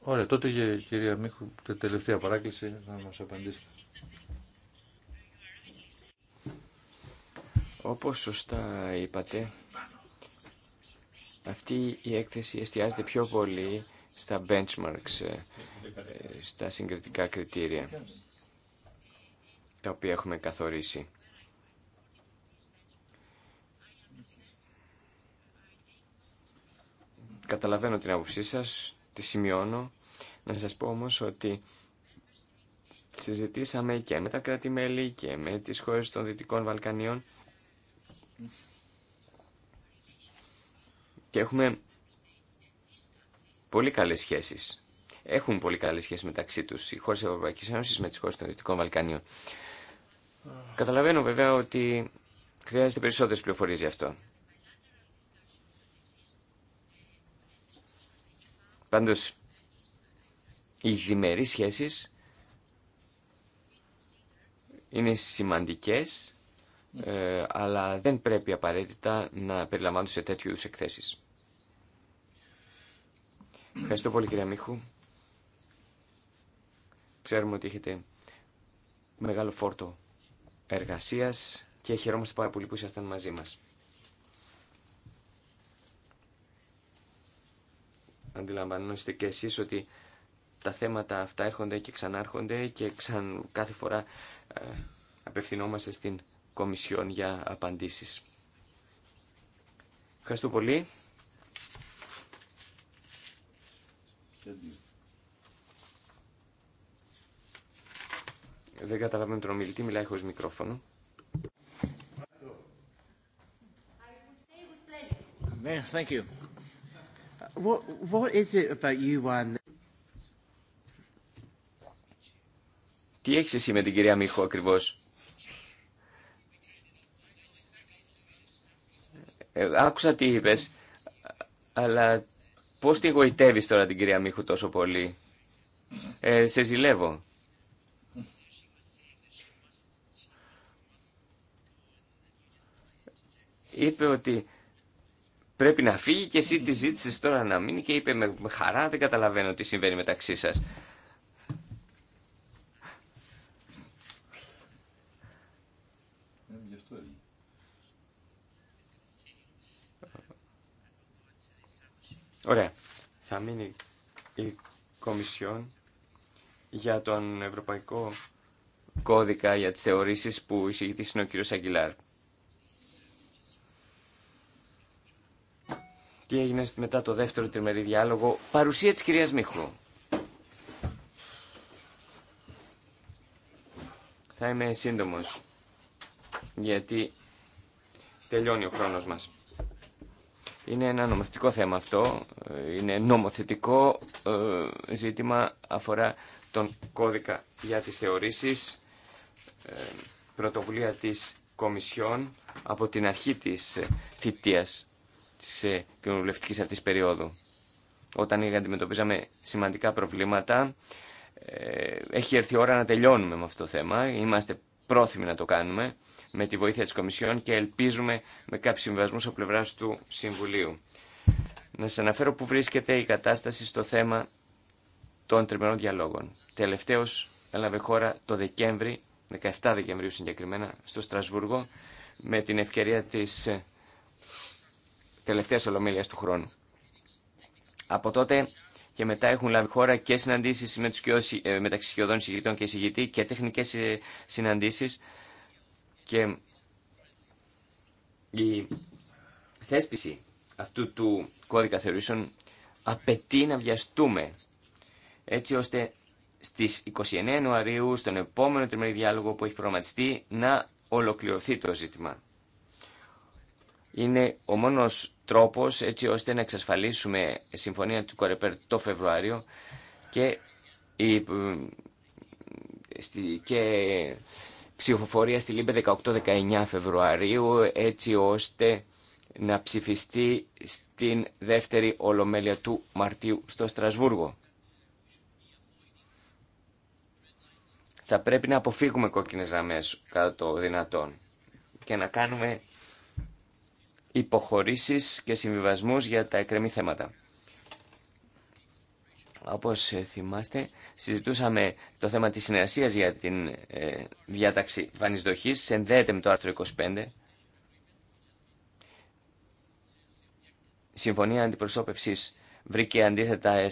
Ωραία, τότε για κυρία Μίχου, τελευταία παράκληση να μας απαντήσει. Όπως σωστά είπατε, αυτή η έκθεση εστιάζεται πιο πολύ στα benchmarks, ε, στα συγκριτικά κριτήρια τα οποία έχουμε καθορίσει. Καταλαβαίνω την άποψή σας, τη σημειώνω. Να σας πω όμως ότι συζητήσαμε και με τα κράτη-μέλη και με τις χώρες των Δυτικών Βαλκανίων και έχουμε πολύ καλές σχέσεις. Έχουν πολύ καλές σχέσεις μεταξύ τους οι χώρε τη ευρωπαϊκή Ένωση, με τις χώρες των Δυτικών Βαλκανίων. Καταλαβαίνω βέβαια ότι χρειάζεται περισσότερες πληροφορίε γι' αυτό. Πάντως, οι διμερείς σχέσεις είναι σημαντικές, ε, αλλά δεν πρέπει απαραίτητα να περιλαμβάνονται σε τέτοιου Ευχαριστώ πολύ κυρία Μίχου. Ξέρουμε ότι έχετε μεγάλο φόρτο εργασίας και χαιρόμαστε πάρα πολύ που ήσασταν μαζί μας. Αντιλαμβανόμαστε και εσείς ότι τα θέματα αυτά έρχονται και ξανάρχονται και ξαν... κάθε φορά ε, απευθυνόμαστε στην Κομισιόν για απαντήσεις. Ευχαριστώ πολύ. Δεν καταλαβαίνω τον ομιλητή, μιλάει χωρίς μικρόφωνο. Ναι, thank you. What, what is it about you, Juan? Τι έχεις εσύ με την κυρία Μίχο ακριβώς. Ε, άκουσα τι είπες, αλλά Πώς τη γοητεύεις τώρα την κυρία Μίχου τόσο πολύ. Ε, σε ζηλεύω. Είπε ότι πρέπει να φύγει και εσύ τη ζήτησες τώρα να μείνει και είπε με χαρά δεν καταλαβαίνω τι συμβαίνει μεταξύ σας. Ωραία. Θα μείνει η Κομισιόν για τον Ευρωπαϊκό Κώδικα για τις θεωρήσεις που εισηγητή είναι ο κ. Αγγιλάρ. Τι έγινε μετά το δεύτερο τριμερή διάλογο. Παρουσία της κυρίας Μίχου. Θα είμαι σύντομος. Γιατί τελειώνει ο χρόνος μας. Είναι ένα νομοθετικό θέμα αυτό, είναι νομοθετικό ε, ζήτημα, αφορά τον κώδικα για τις θεωρήσεις, ε, πρωτοβουλία της Κομισιόν από την αρχή της θητείας της ε, κοινοβουλευτικής αυτής περίοδου. Όταν αντιμετωπίζαμε σημαντικά προβλήματα, ε, έχει έρθει η ώρα να τελειώνουμε με αυτό το θέμα. Είμαστε πρόθυμοι να το κάνουμε με τη βοήθεια της Κομισιόν και ελπίζουμε με κάποιους συμβασμούς από πλευρά του Συμβουλίου. Να σας αναφέρω που βρίσκεται η κατάσταση στο θέμα των τριμερών διαλόγων. Τελευταίος έλαβε χώρα το Δεκέμβρη, 17 Δεκεμβρίου συγκεκριμένα, στο Στρασβούργο, με την ευκαιρία της τελευταίας ολομέλειας του χρόνου. Από τότε και μετά έχουν λάβει χώρα και συναντήσεις με τους ε, μεταξύ σχεδόν συγκριτών και συγκριτή και τεχνικές ε, συναντήσεις και η θέσπιση αυτού του κώδικα θεωρήσεων απαιτεί να βιαστούμε έτσι ώστε στις 29 Ιανουαρίου στον επόμενο τριμερή διάλογο που έχει προγραμματιστεί να ολοκληρωθεί το ζήτημα είναι ο μόνος τρόπος έτσι ώστε να εξασφαλίσουμε συμφωνία του Κορεπέρ το Φεβρουάριο και, η, και ψηφοφορία στη Λίμπε 18-19 Φεβρουαρίου έτσι ώστε να ψηφιστεί στην δεύτερη Ολομέλεια του Μαρτίου στο Στρασβούργο. Θα πρέπει να αποφύγουμε κόκκινες γραμμές κατά το δυνατόν και να κάνουμε υποχωρήσεις και συμβιβασμούς για τα εκκρεμή θέματα. Όπως θυμάστε, συζητούσαμε το θέμα της συνεργασίας για την ε, διάταξη βανισδοχής, ενδέεται με το άρθρο 25. Συμφωνία αντιπροσώπευσης βρήκε αντίθετα,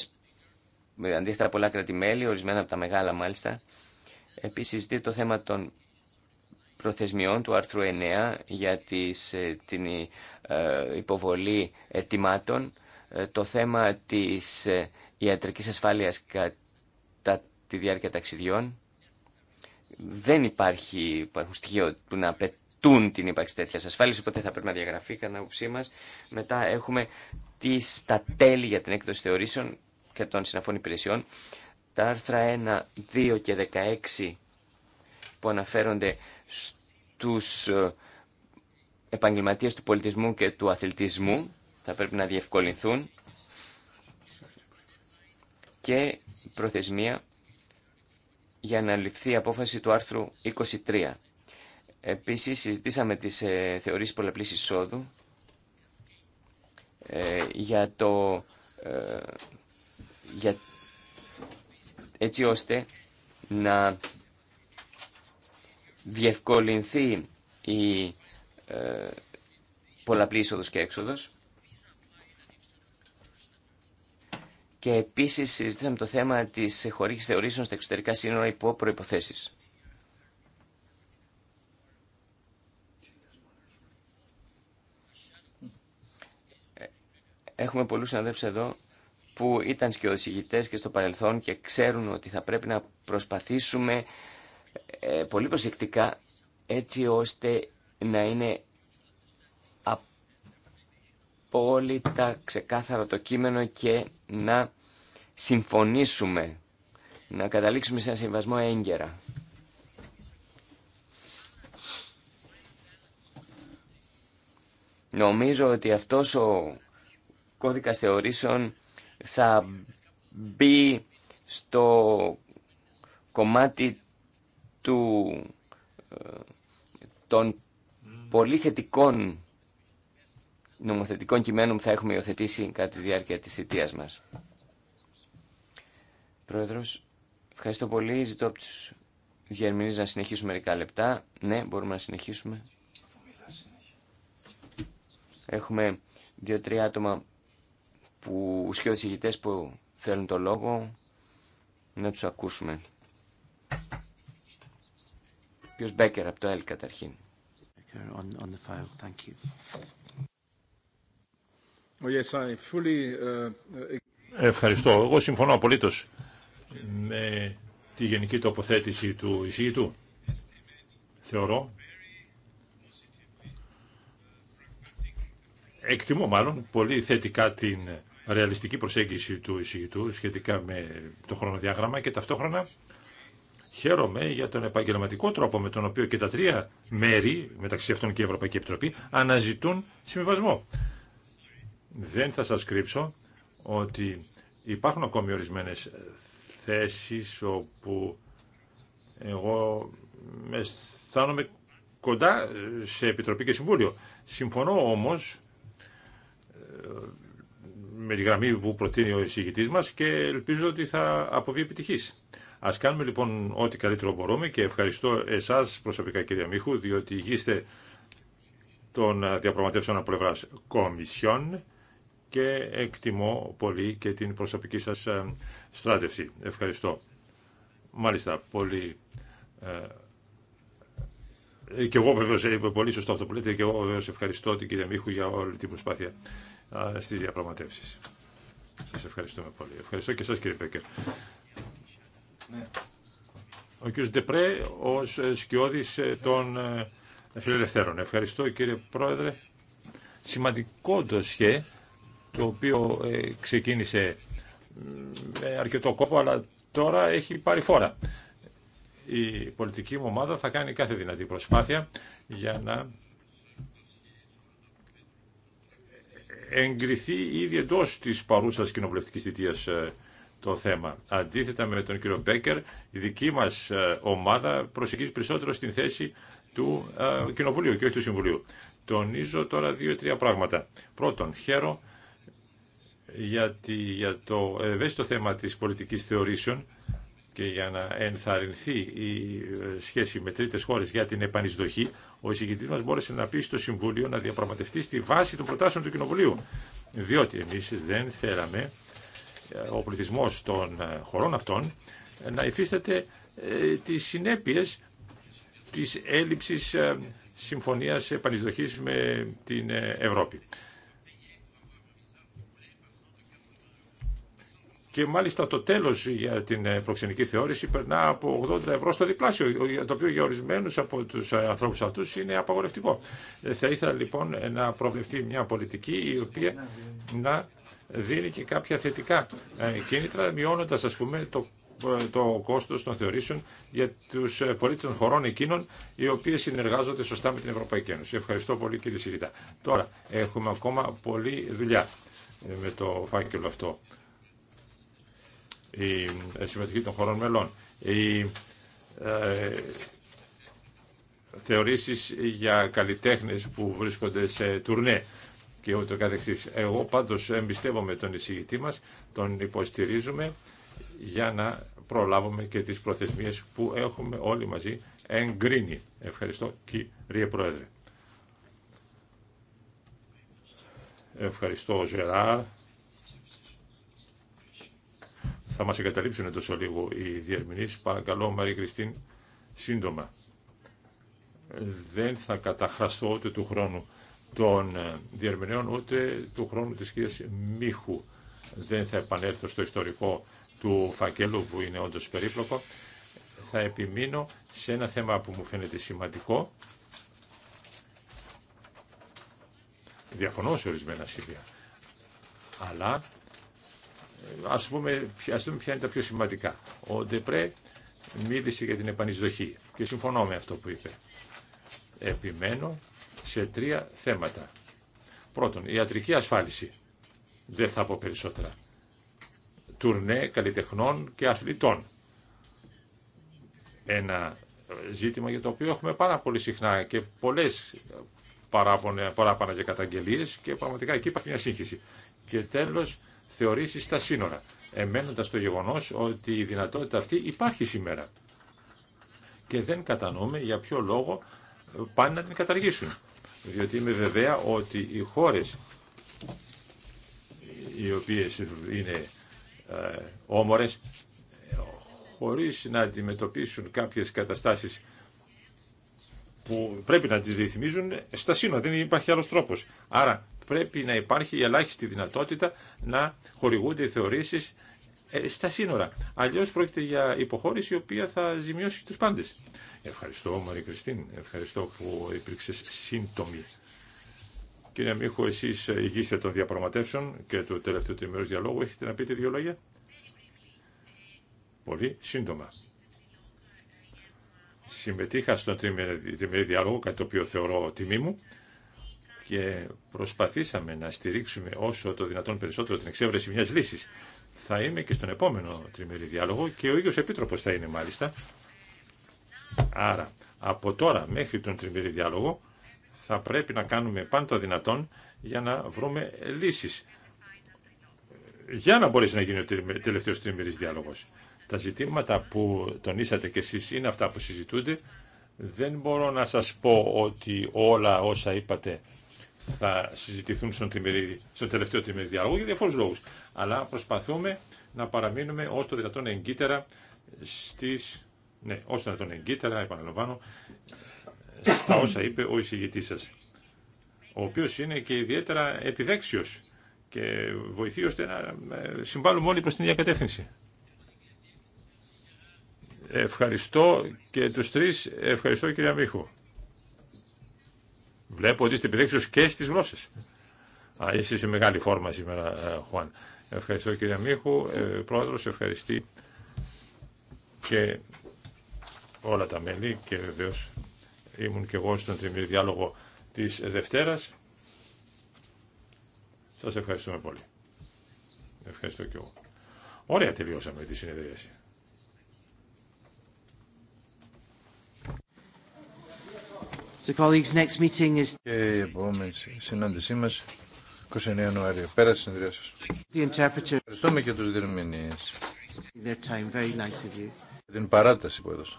αντίθετα πολλά κρατημέλη, ορισμένα από τα μεγάλα μάλιστα. Επίσης, συζητεί το θέμα των προθεσμιών του άρθρου 9 για τις, ε, την ε, υποβολή ετοιμάτων, ε, το θέμα της ιατρικής ασφάλειας κατά τη διάρκεια ταξιδιών. Δεν υπάρχει, υπάρχουν στοιχείο που να απαιτούν την ύπαρξη τέτοια ασφάλεια, οπότε θα πρέπει να διαγραφεί κατά άποψή μα. Μετά έχουμε τις, τα τέλη για την έκδοση θεωρήσεων και των συναφών υπηρεσιών. Τα άρθρα 1, 2 και 16 που αναφέρονται στους ε, επαγγελματίες του πολιτισμού και του αθλητισμού θα πρέπει να διευκολυνθούν και προθεσμία για να ληφθεί η απόφαση του άρθρου 23. Επίσης συζητήσαμε τις ε, θεωρίες πολλαπλής εισόδου ε, για το... Ε, για, έτσι ώστε να διευκολυνθεί η ε, πολλαπλή είσοδος και έξοδος. Και επίσης συζητήσαμε το θέμα της χορήγησης θεωρήσεων στα εξωτερικά σύνορα υπό προϋποθέσεις. Έχουμε πολλούς συναδέλφους εδώ που ήταν σκιοδησηγητές και στο παρελθόν και ξέρουν ότι θα πρέπει να προσπαθήσουμε ε, πολύ προσεκτικά έτσι ώστε να είναι απόλυτα ξεκάθαρο το κείμενο και να συμφωνήσουμε, να καταλήξουμε σε ένα συμβασμό έγκαιρα. Νομίζω ότι αυτός ο κώδικας θεωρήσεων θα μπει στο κομμάτι του, ε, των πολύ θετικών νομοθετικών κειμένων που θα έχουμε υιοθετήσει κατά τη διάρκεια της θητείας μας. Πρόεδρος, ευχαριστώ πολύ. Ζητώ από τους διερμηνείς να συνεχίσουμε μερικά λεπτά. Ναι, μπορούμε να συνεχίσουμε. Έχουμε δύο-τρία άτομα που ουσιαστικά που θέλουν το λόγο να τους ακούσουμε. Ποιος Μπέκερ από το ΕΛ καταρχήν. Ευχαριστώ. Εγώ συμφωνώ απολύτως με τη γενική τοποθέτηση του εισηγητού. Θεωρώ εκτιμώ μάλλον πολύ θετικά την ρεαλιστική προσέγγιση του εισηγητού σχετικά με το χρονοδιάγραμμα και ταυτόχρονα Χαίρομαι για τον επαγγελματικό τρόπο με τον οποίο και τα τρία μέρη, μεταξύ αυτών και η Ευρωπαϊκή Επιτροπή, αναζητούν συμβιβασμό. Δεν θα σας κρύψω ότι υπάρχουν ακόμη ορισμένες θέσεις όπου εγώ αισθάνομαι κοντά σε Επιτροπή και Συμβούλιο. Συμφωνώ όμως ε, με τη γραμμή που προτείνει ο εισηγητής μας και ελπίζω ότι θα αποβεί επιτυχής. Ας κάνουμε λοιπόν ό,τι καλύτερο μπορούμε και ευχαριστώ εσάς προσωπικά κυρία Μίχου, διότι είστε των διαπραγματεύσεων από πλευρά Κομισιόν και εκτιμώ πολύ και την προσωπική σας ε, στράτευση. Ευχαριστώ. Μάλιστα, πολύ... Ε, και εγώ βεβαίως, ε, πολύ σωστό αυτό που λέτε, και εγώ βεβαίως ευχαριστώ την κυρία Μίχου για όλη την προσπάθεια ε, στις διαπραγματεύσεις. Σας ευχαριστούμε πολύ. Ευχαριστώ και εσάς κύριε Πέκερ. Ναι. Ο κ. Ντεπρέ ω σκιώδης ε, των ε, φιλελευθέρων. Ευχαριστώ κ. Πρόεδρε. Σημαντικό το το οποίο ε, ξεκίνησε με αρκετό κόπο, αλλά τώρα έχει πάρει φόρα. Η πολιτική μου ομάδα θα κάνει κάθε δυνατή προσπάθεια για να εγκριθεί ήδη εντό τη παρούσα κοινοβουλευτική θητεία το θέμα. Αντίθετα με τον κύριο Μπέκερ, η δική μας ε, ομάδα προσεγγίζει περισσότερο στην θέση του ε, Κοινοβουλίου και όχι του Συμβουλίου. Τονίζω τώρα δύο-τρία πράγματα. Πρώτον, χαίρο γιατί για το ευαίσθητο θέμα της πολιτικής θεωρήσεων και για να ενθαρρυνθεί η ε, σχέση με τρίτες χώρες για την επανεισδοχή, ο εισηγητής μας μπόρεσε να πει στο Συμβούλιο να διαπραγματευτεί στη βάση των προτάσεων του Κοινοβουλίου. Διότι εμείς δεν θέλαμε ε, ο πληθυσμός των ε, χωρών αυτών ε, να υφίσταται τις συνέπειες της έλλειψης συμφωνίας επανεισδοχής με την Ευρώπη. Και μάλιστα το τέλο για την προξενική θεώρηση περνά από 80 ευρώ στο διπλάσιο, το οποίο για ορισμένου από του ανθρώπου αυτού είναι απαγορευτικό. Θα ήθελα λοιπόν να προβλεφθεί μια πολιτική η οποία να δίνει και κάποια θετικά ε, κίνητρα, μειώνοντα α πούμε το ε, το κόστο των θεωρήσεων για του ε, πολίτε των χωρών εκείνων οι οποίε συνεργάζονται σωστά με την Ευρωπαϊκή Ένωση. Ευχαριστώ πολύ κύριε Σιρήτα. Τώρα έχουμε ακόμα πολλή δουλειά με το φάκελο αυτό. Η συμμετοχή των χωρών μελών. Οι ε, θεωρήσεις για καλλιτέχνες που βρίσκονται σε τουρνέ και ούτω καθεξής. Εγώ πάντως εμπιστεύομαι τον εισηγητή μας, τον υποστηρίζουμε για να προλάβουμε και τις προθεσμίες που έχουμε όλοι μαζί εγκρίνει. Ευχαριστώ κύριε Πρόεδρε. Ευχαριστώ Ζεράρ. Θα μας εγκαταλείψουν τόσο λίγο οι διερμηνείς. Παρακαλώ Μαρή Κριστίν σύντομα. Δεν θα καταχραστώ ούτε του χρόνου των ε, διερμηνέων ούτε του χρόνου της κυρίας Μίχου. Δεν θα επανέλθω στο ιστορικό του φακέλου που είναι όντως περίπλοκο. Θα επιμείνω σε ένα θέμα που μου φαίνεται σημαντικό. Διαφωνώ σε ορισμένα σημεία. Αλλά ε, ας πούμε, ας δούμε ποια είναι τα πιο σημαντικά. Ο Ντεπρέ μίλησε για την επανεισδοχή και συμφωνώ με αυτό που είπε. Επιμένω σε τρία θέματα. Πρώτον, η ιατρική ασφάλιση. Δεν θα πω περισσότερα. Τουρνέ καλλιτεχνών και αθλητών. Ένα ζήτημα για το οποίο έχουμε πάρα πολύ συχνά και πολλές παράπονα, παράπονα και καταγγελίες και πραγματικά εκεί υπάρχει μια σύγχυση. Και τέλος, θεωρήσεις στα σύνορα, εμένοντας το γεγονός ότι η δυνατότητα αυτή υπάρχει σήμερα. Και δεν κατανοούμε για ποιο λόγο πάνε να την καταργήσουν διότι είμαι βεβαία ότι οι χώρες οι οποίες είναι ε, όμορες χωρίς να αντιμετωπίσουν κάποιες καταστάσεις που πρέπει να τις ρυθμίζουν στα σύνορα. Δεν υπάρχει άλλος τρόπος. Άρα πρέπει να υπάρχει η ελάχιστη δυνατότητα να χορηγούνται οι θεωρήσεις ε, στα σύνορα. Αλλιώ πρόκειται για υποχώρηση η οποία θα ζημιώσει του πάντε. Ευχαριστώ, Μαρία Κριστίν. Ευχαριστώ που υπήρξε σύντομη. Κύριε Μίχο, εσεί ε, ηγείστε των διαπραγματεύσεων και του τελευταίου τριμερού διαλόγου. Έχετε να πείτε δύο λόγια. Πολύ σύντομα. Συμμετείχα στον τριμερή διάλογο, κάτι το οποίο θεωρώ τιμή μου και προσπαθήσαμε να στηρίξουμε όσο το δυνατόν περισσότερο την εξέβρεση μιας λύσης θα είμαι και στον επόμενο τριμερή διάλογο και ο ίδιος επίτροπος θα είναι μάλιστα. Άρα, από τώρα μέχρι τον τριμερή διάλογο θα πρέπει να κάνουμε πάντα δυνατόν για να βρούμε λύσεις. Για να μπορέσει να γίνει ο τελευταίος τριμερής διάλογος. Τα ζητήματα που τονίσατε κι εσείς είναι αυτά που συζητούνται. Δεν μπορώ να σας πω ότι όλα όσα είπατε θα συζητηθούν στον, τελευταίο τριμερή διάλογο για διαφόρους λόγους αλλά προσπαθούμε να παραμείνουμε ως το δυνατόν εγκύτερα στις... Ναι, όσο το δυνατόν εγκύτερα, επαναλαμβάνω, στα όσα είπε ο εισηγητής σας, ο οποίος είναι και ιδιαίτερα επιδέξιος και βοηθεί ώστε να ε, συμβάλλουμε όλοι προς την διακατεύθυνση. Ευχαριστώ και τους τρεις, ευχαριστώ κυρία Μίχου. Βλέπω ότι είστε επιδέξιος και στις γλώσσες. Α, σε μεγάλη φόρμα σήμερα, ε, Χουάν. Ευχαριστώ κύριε Μίχου. Ε, πρόεδρος, ευχαριστεί και όλα τα μέλη και βεβαίω ήμουν και εγώ στον τριμή διάλογο της Δευτέρας. Σας ευχαριστούμε πολύ. Ευχαριστώ και εγώ. Ωραία τελειώσαμε τη συνεδρίαση. colleagues, next meeting is... Και η επόμενη συνάντησή μας 29 Ιανουαρίου. Πέρα τη συνεδρία σα. Ευχαριστούμε και του διερμηνεί. Nice την παράταση που έδωσα.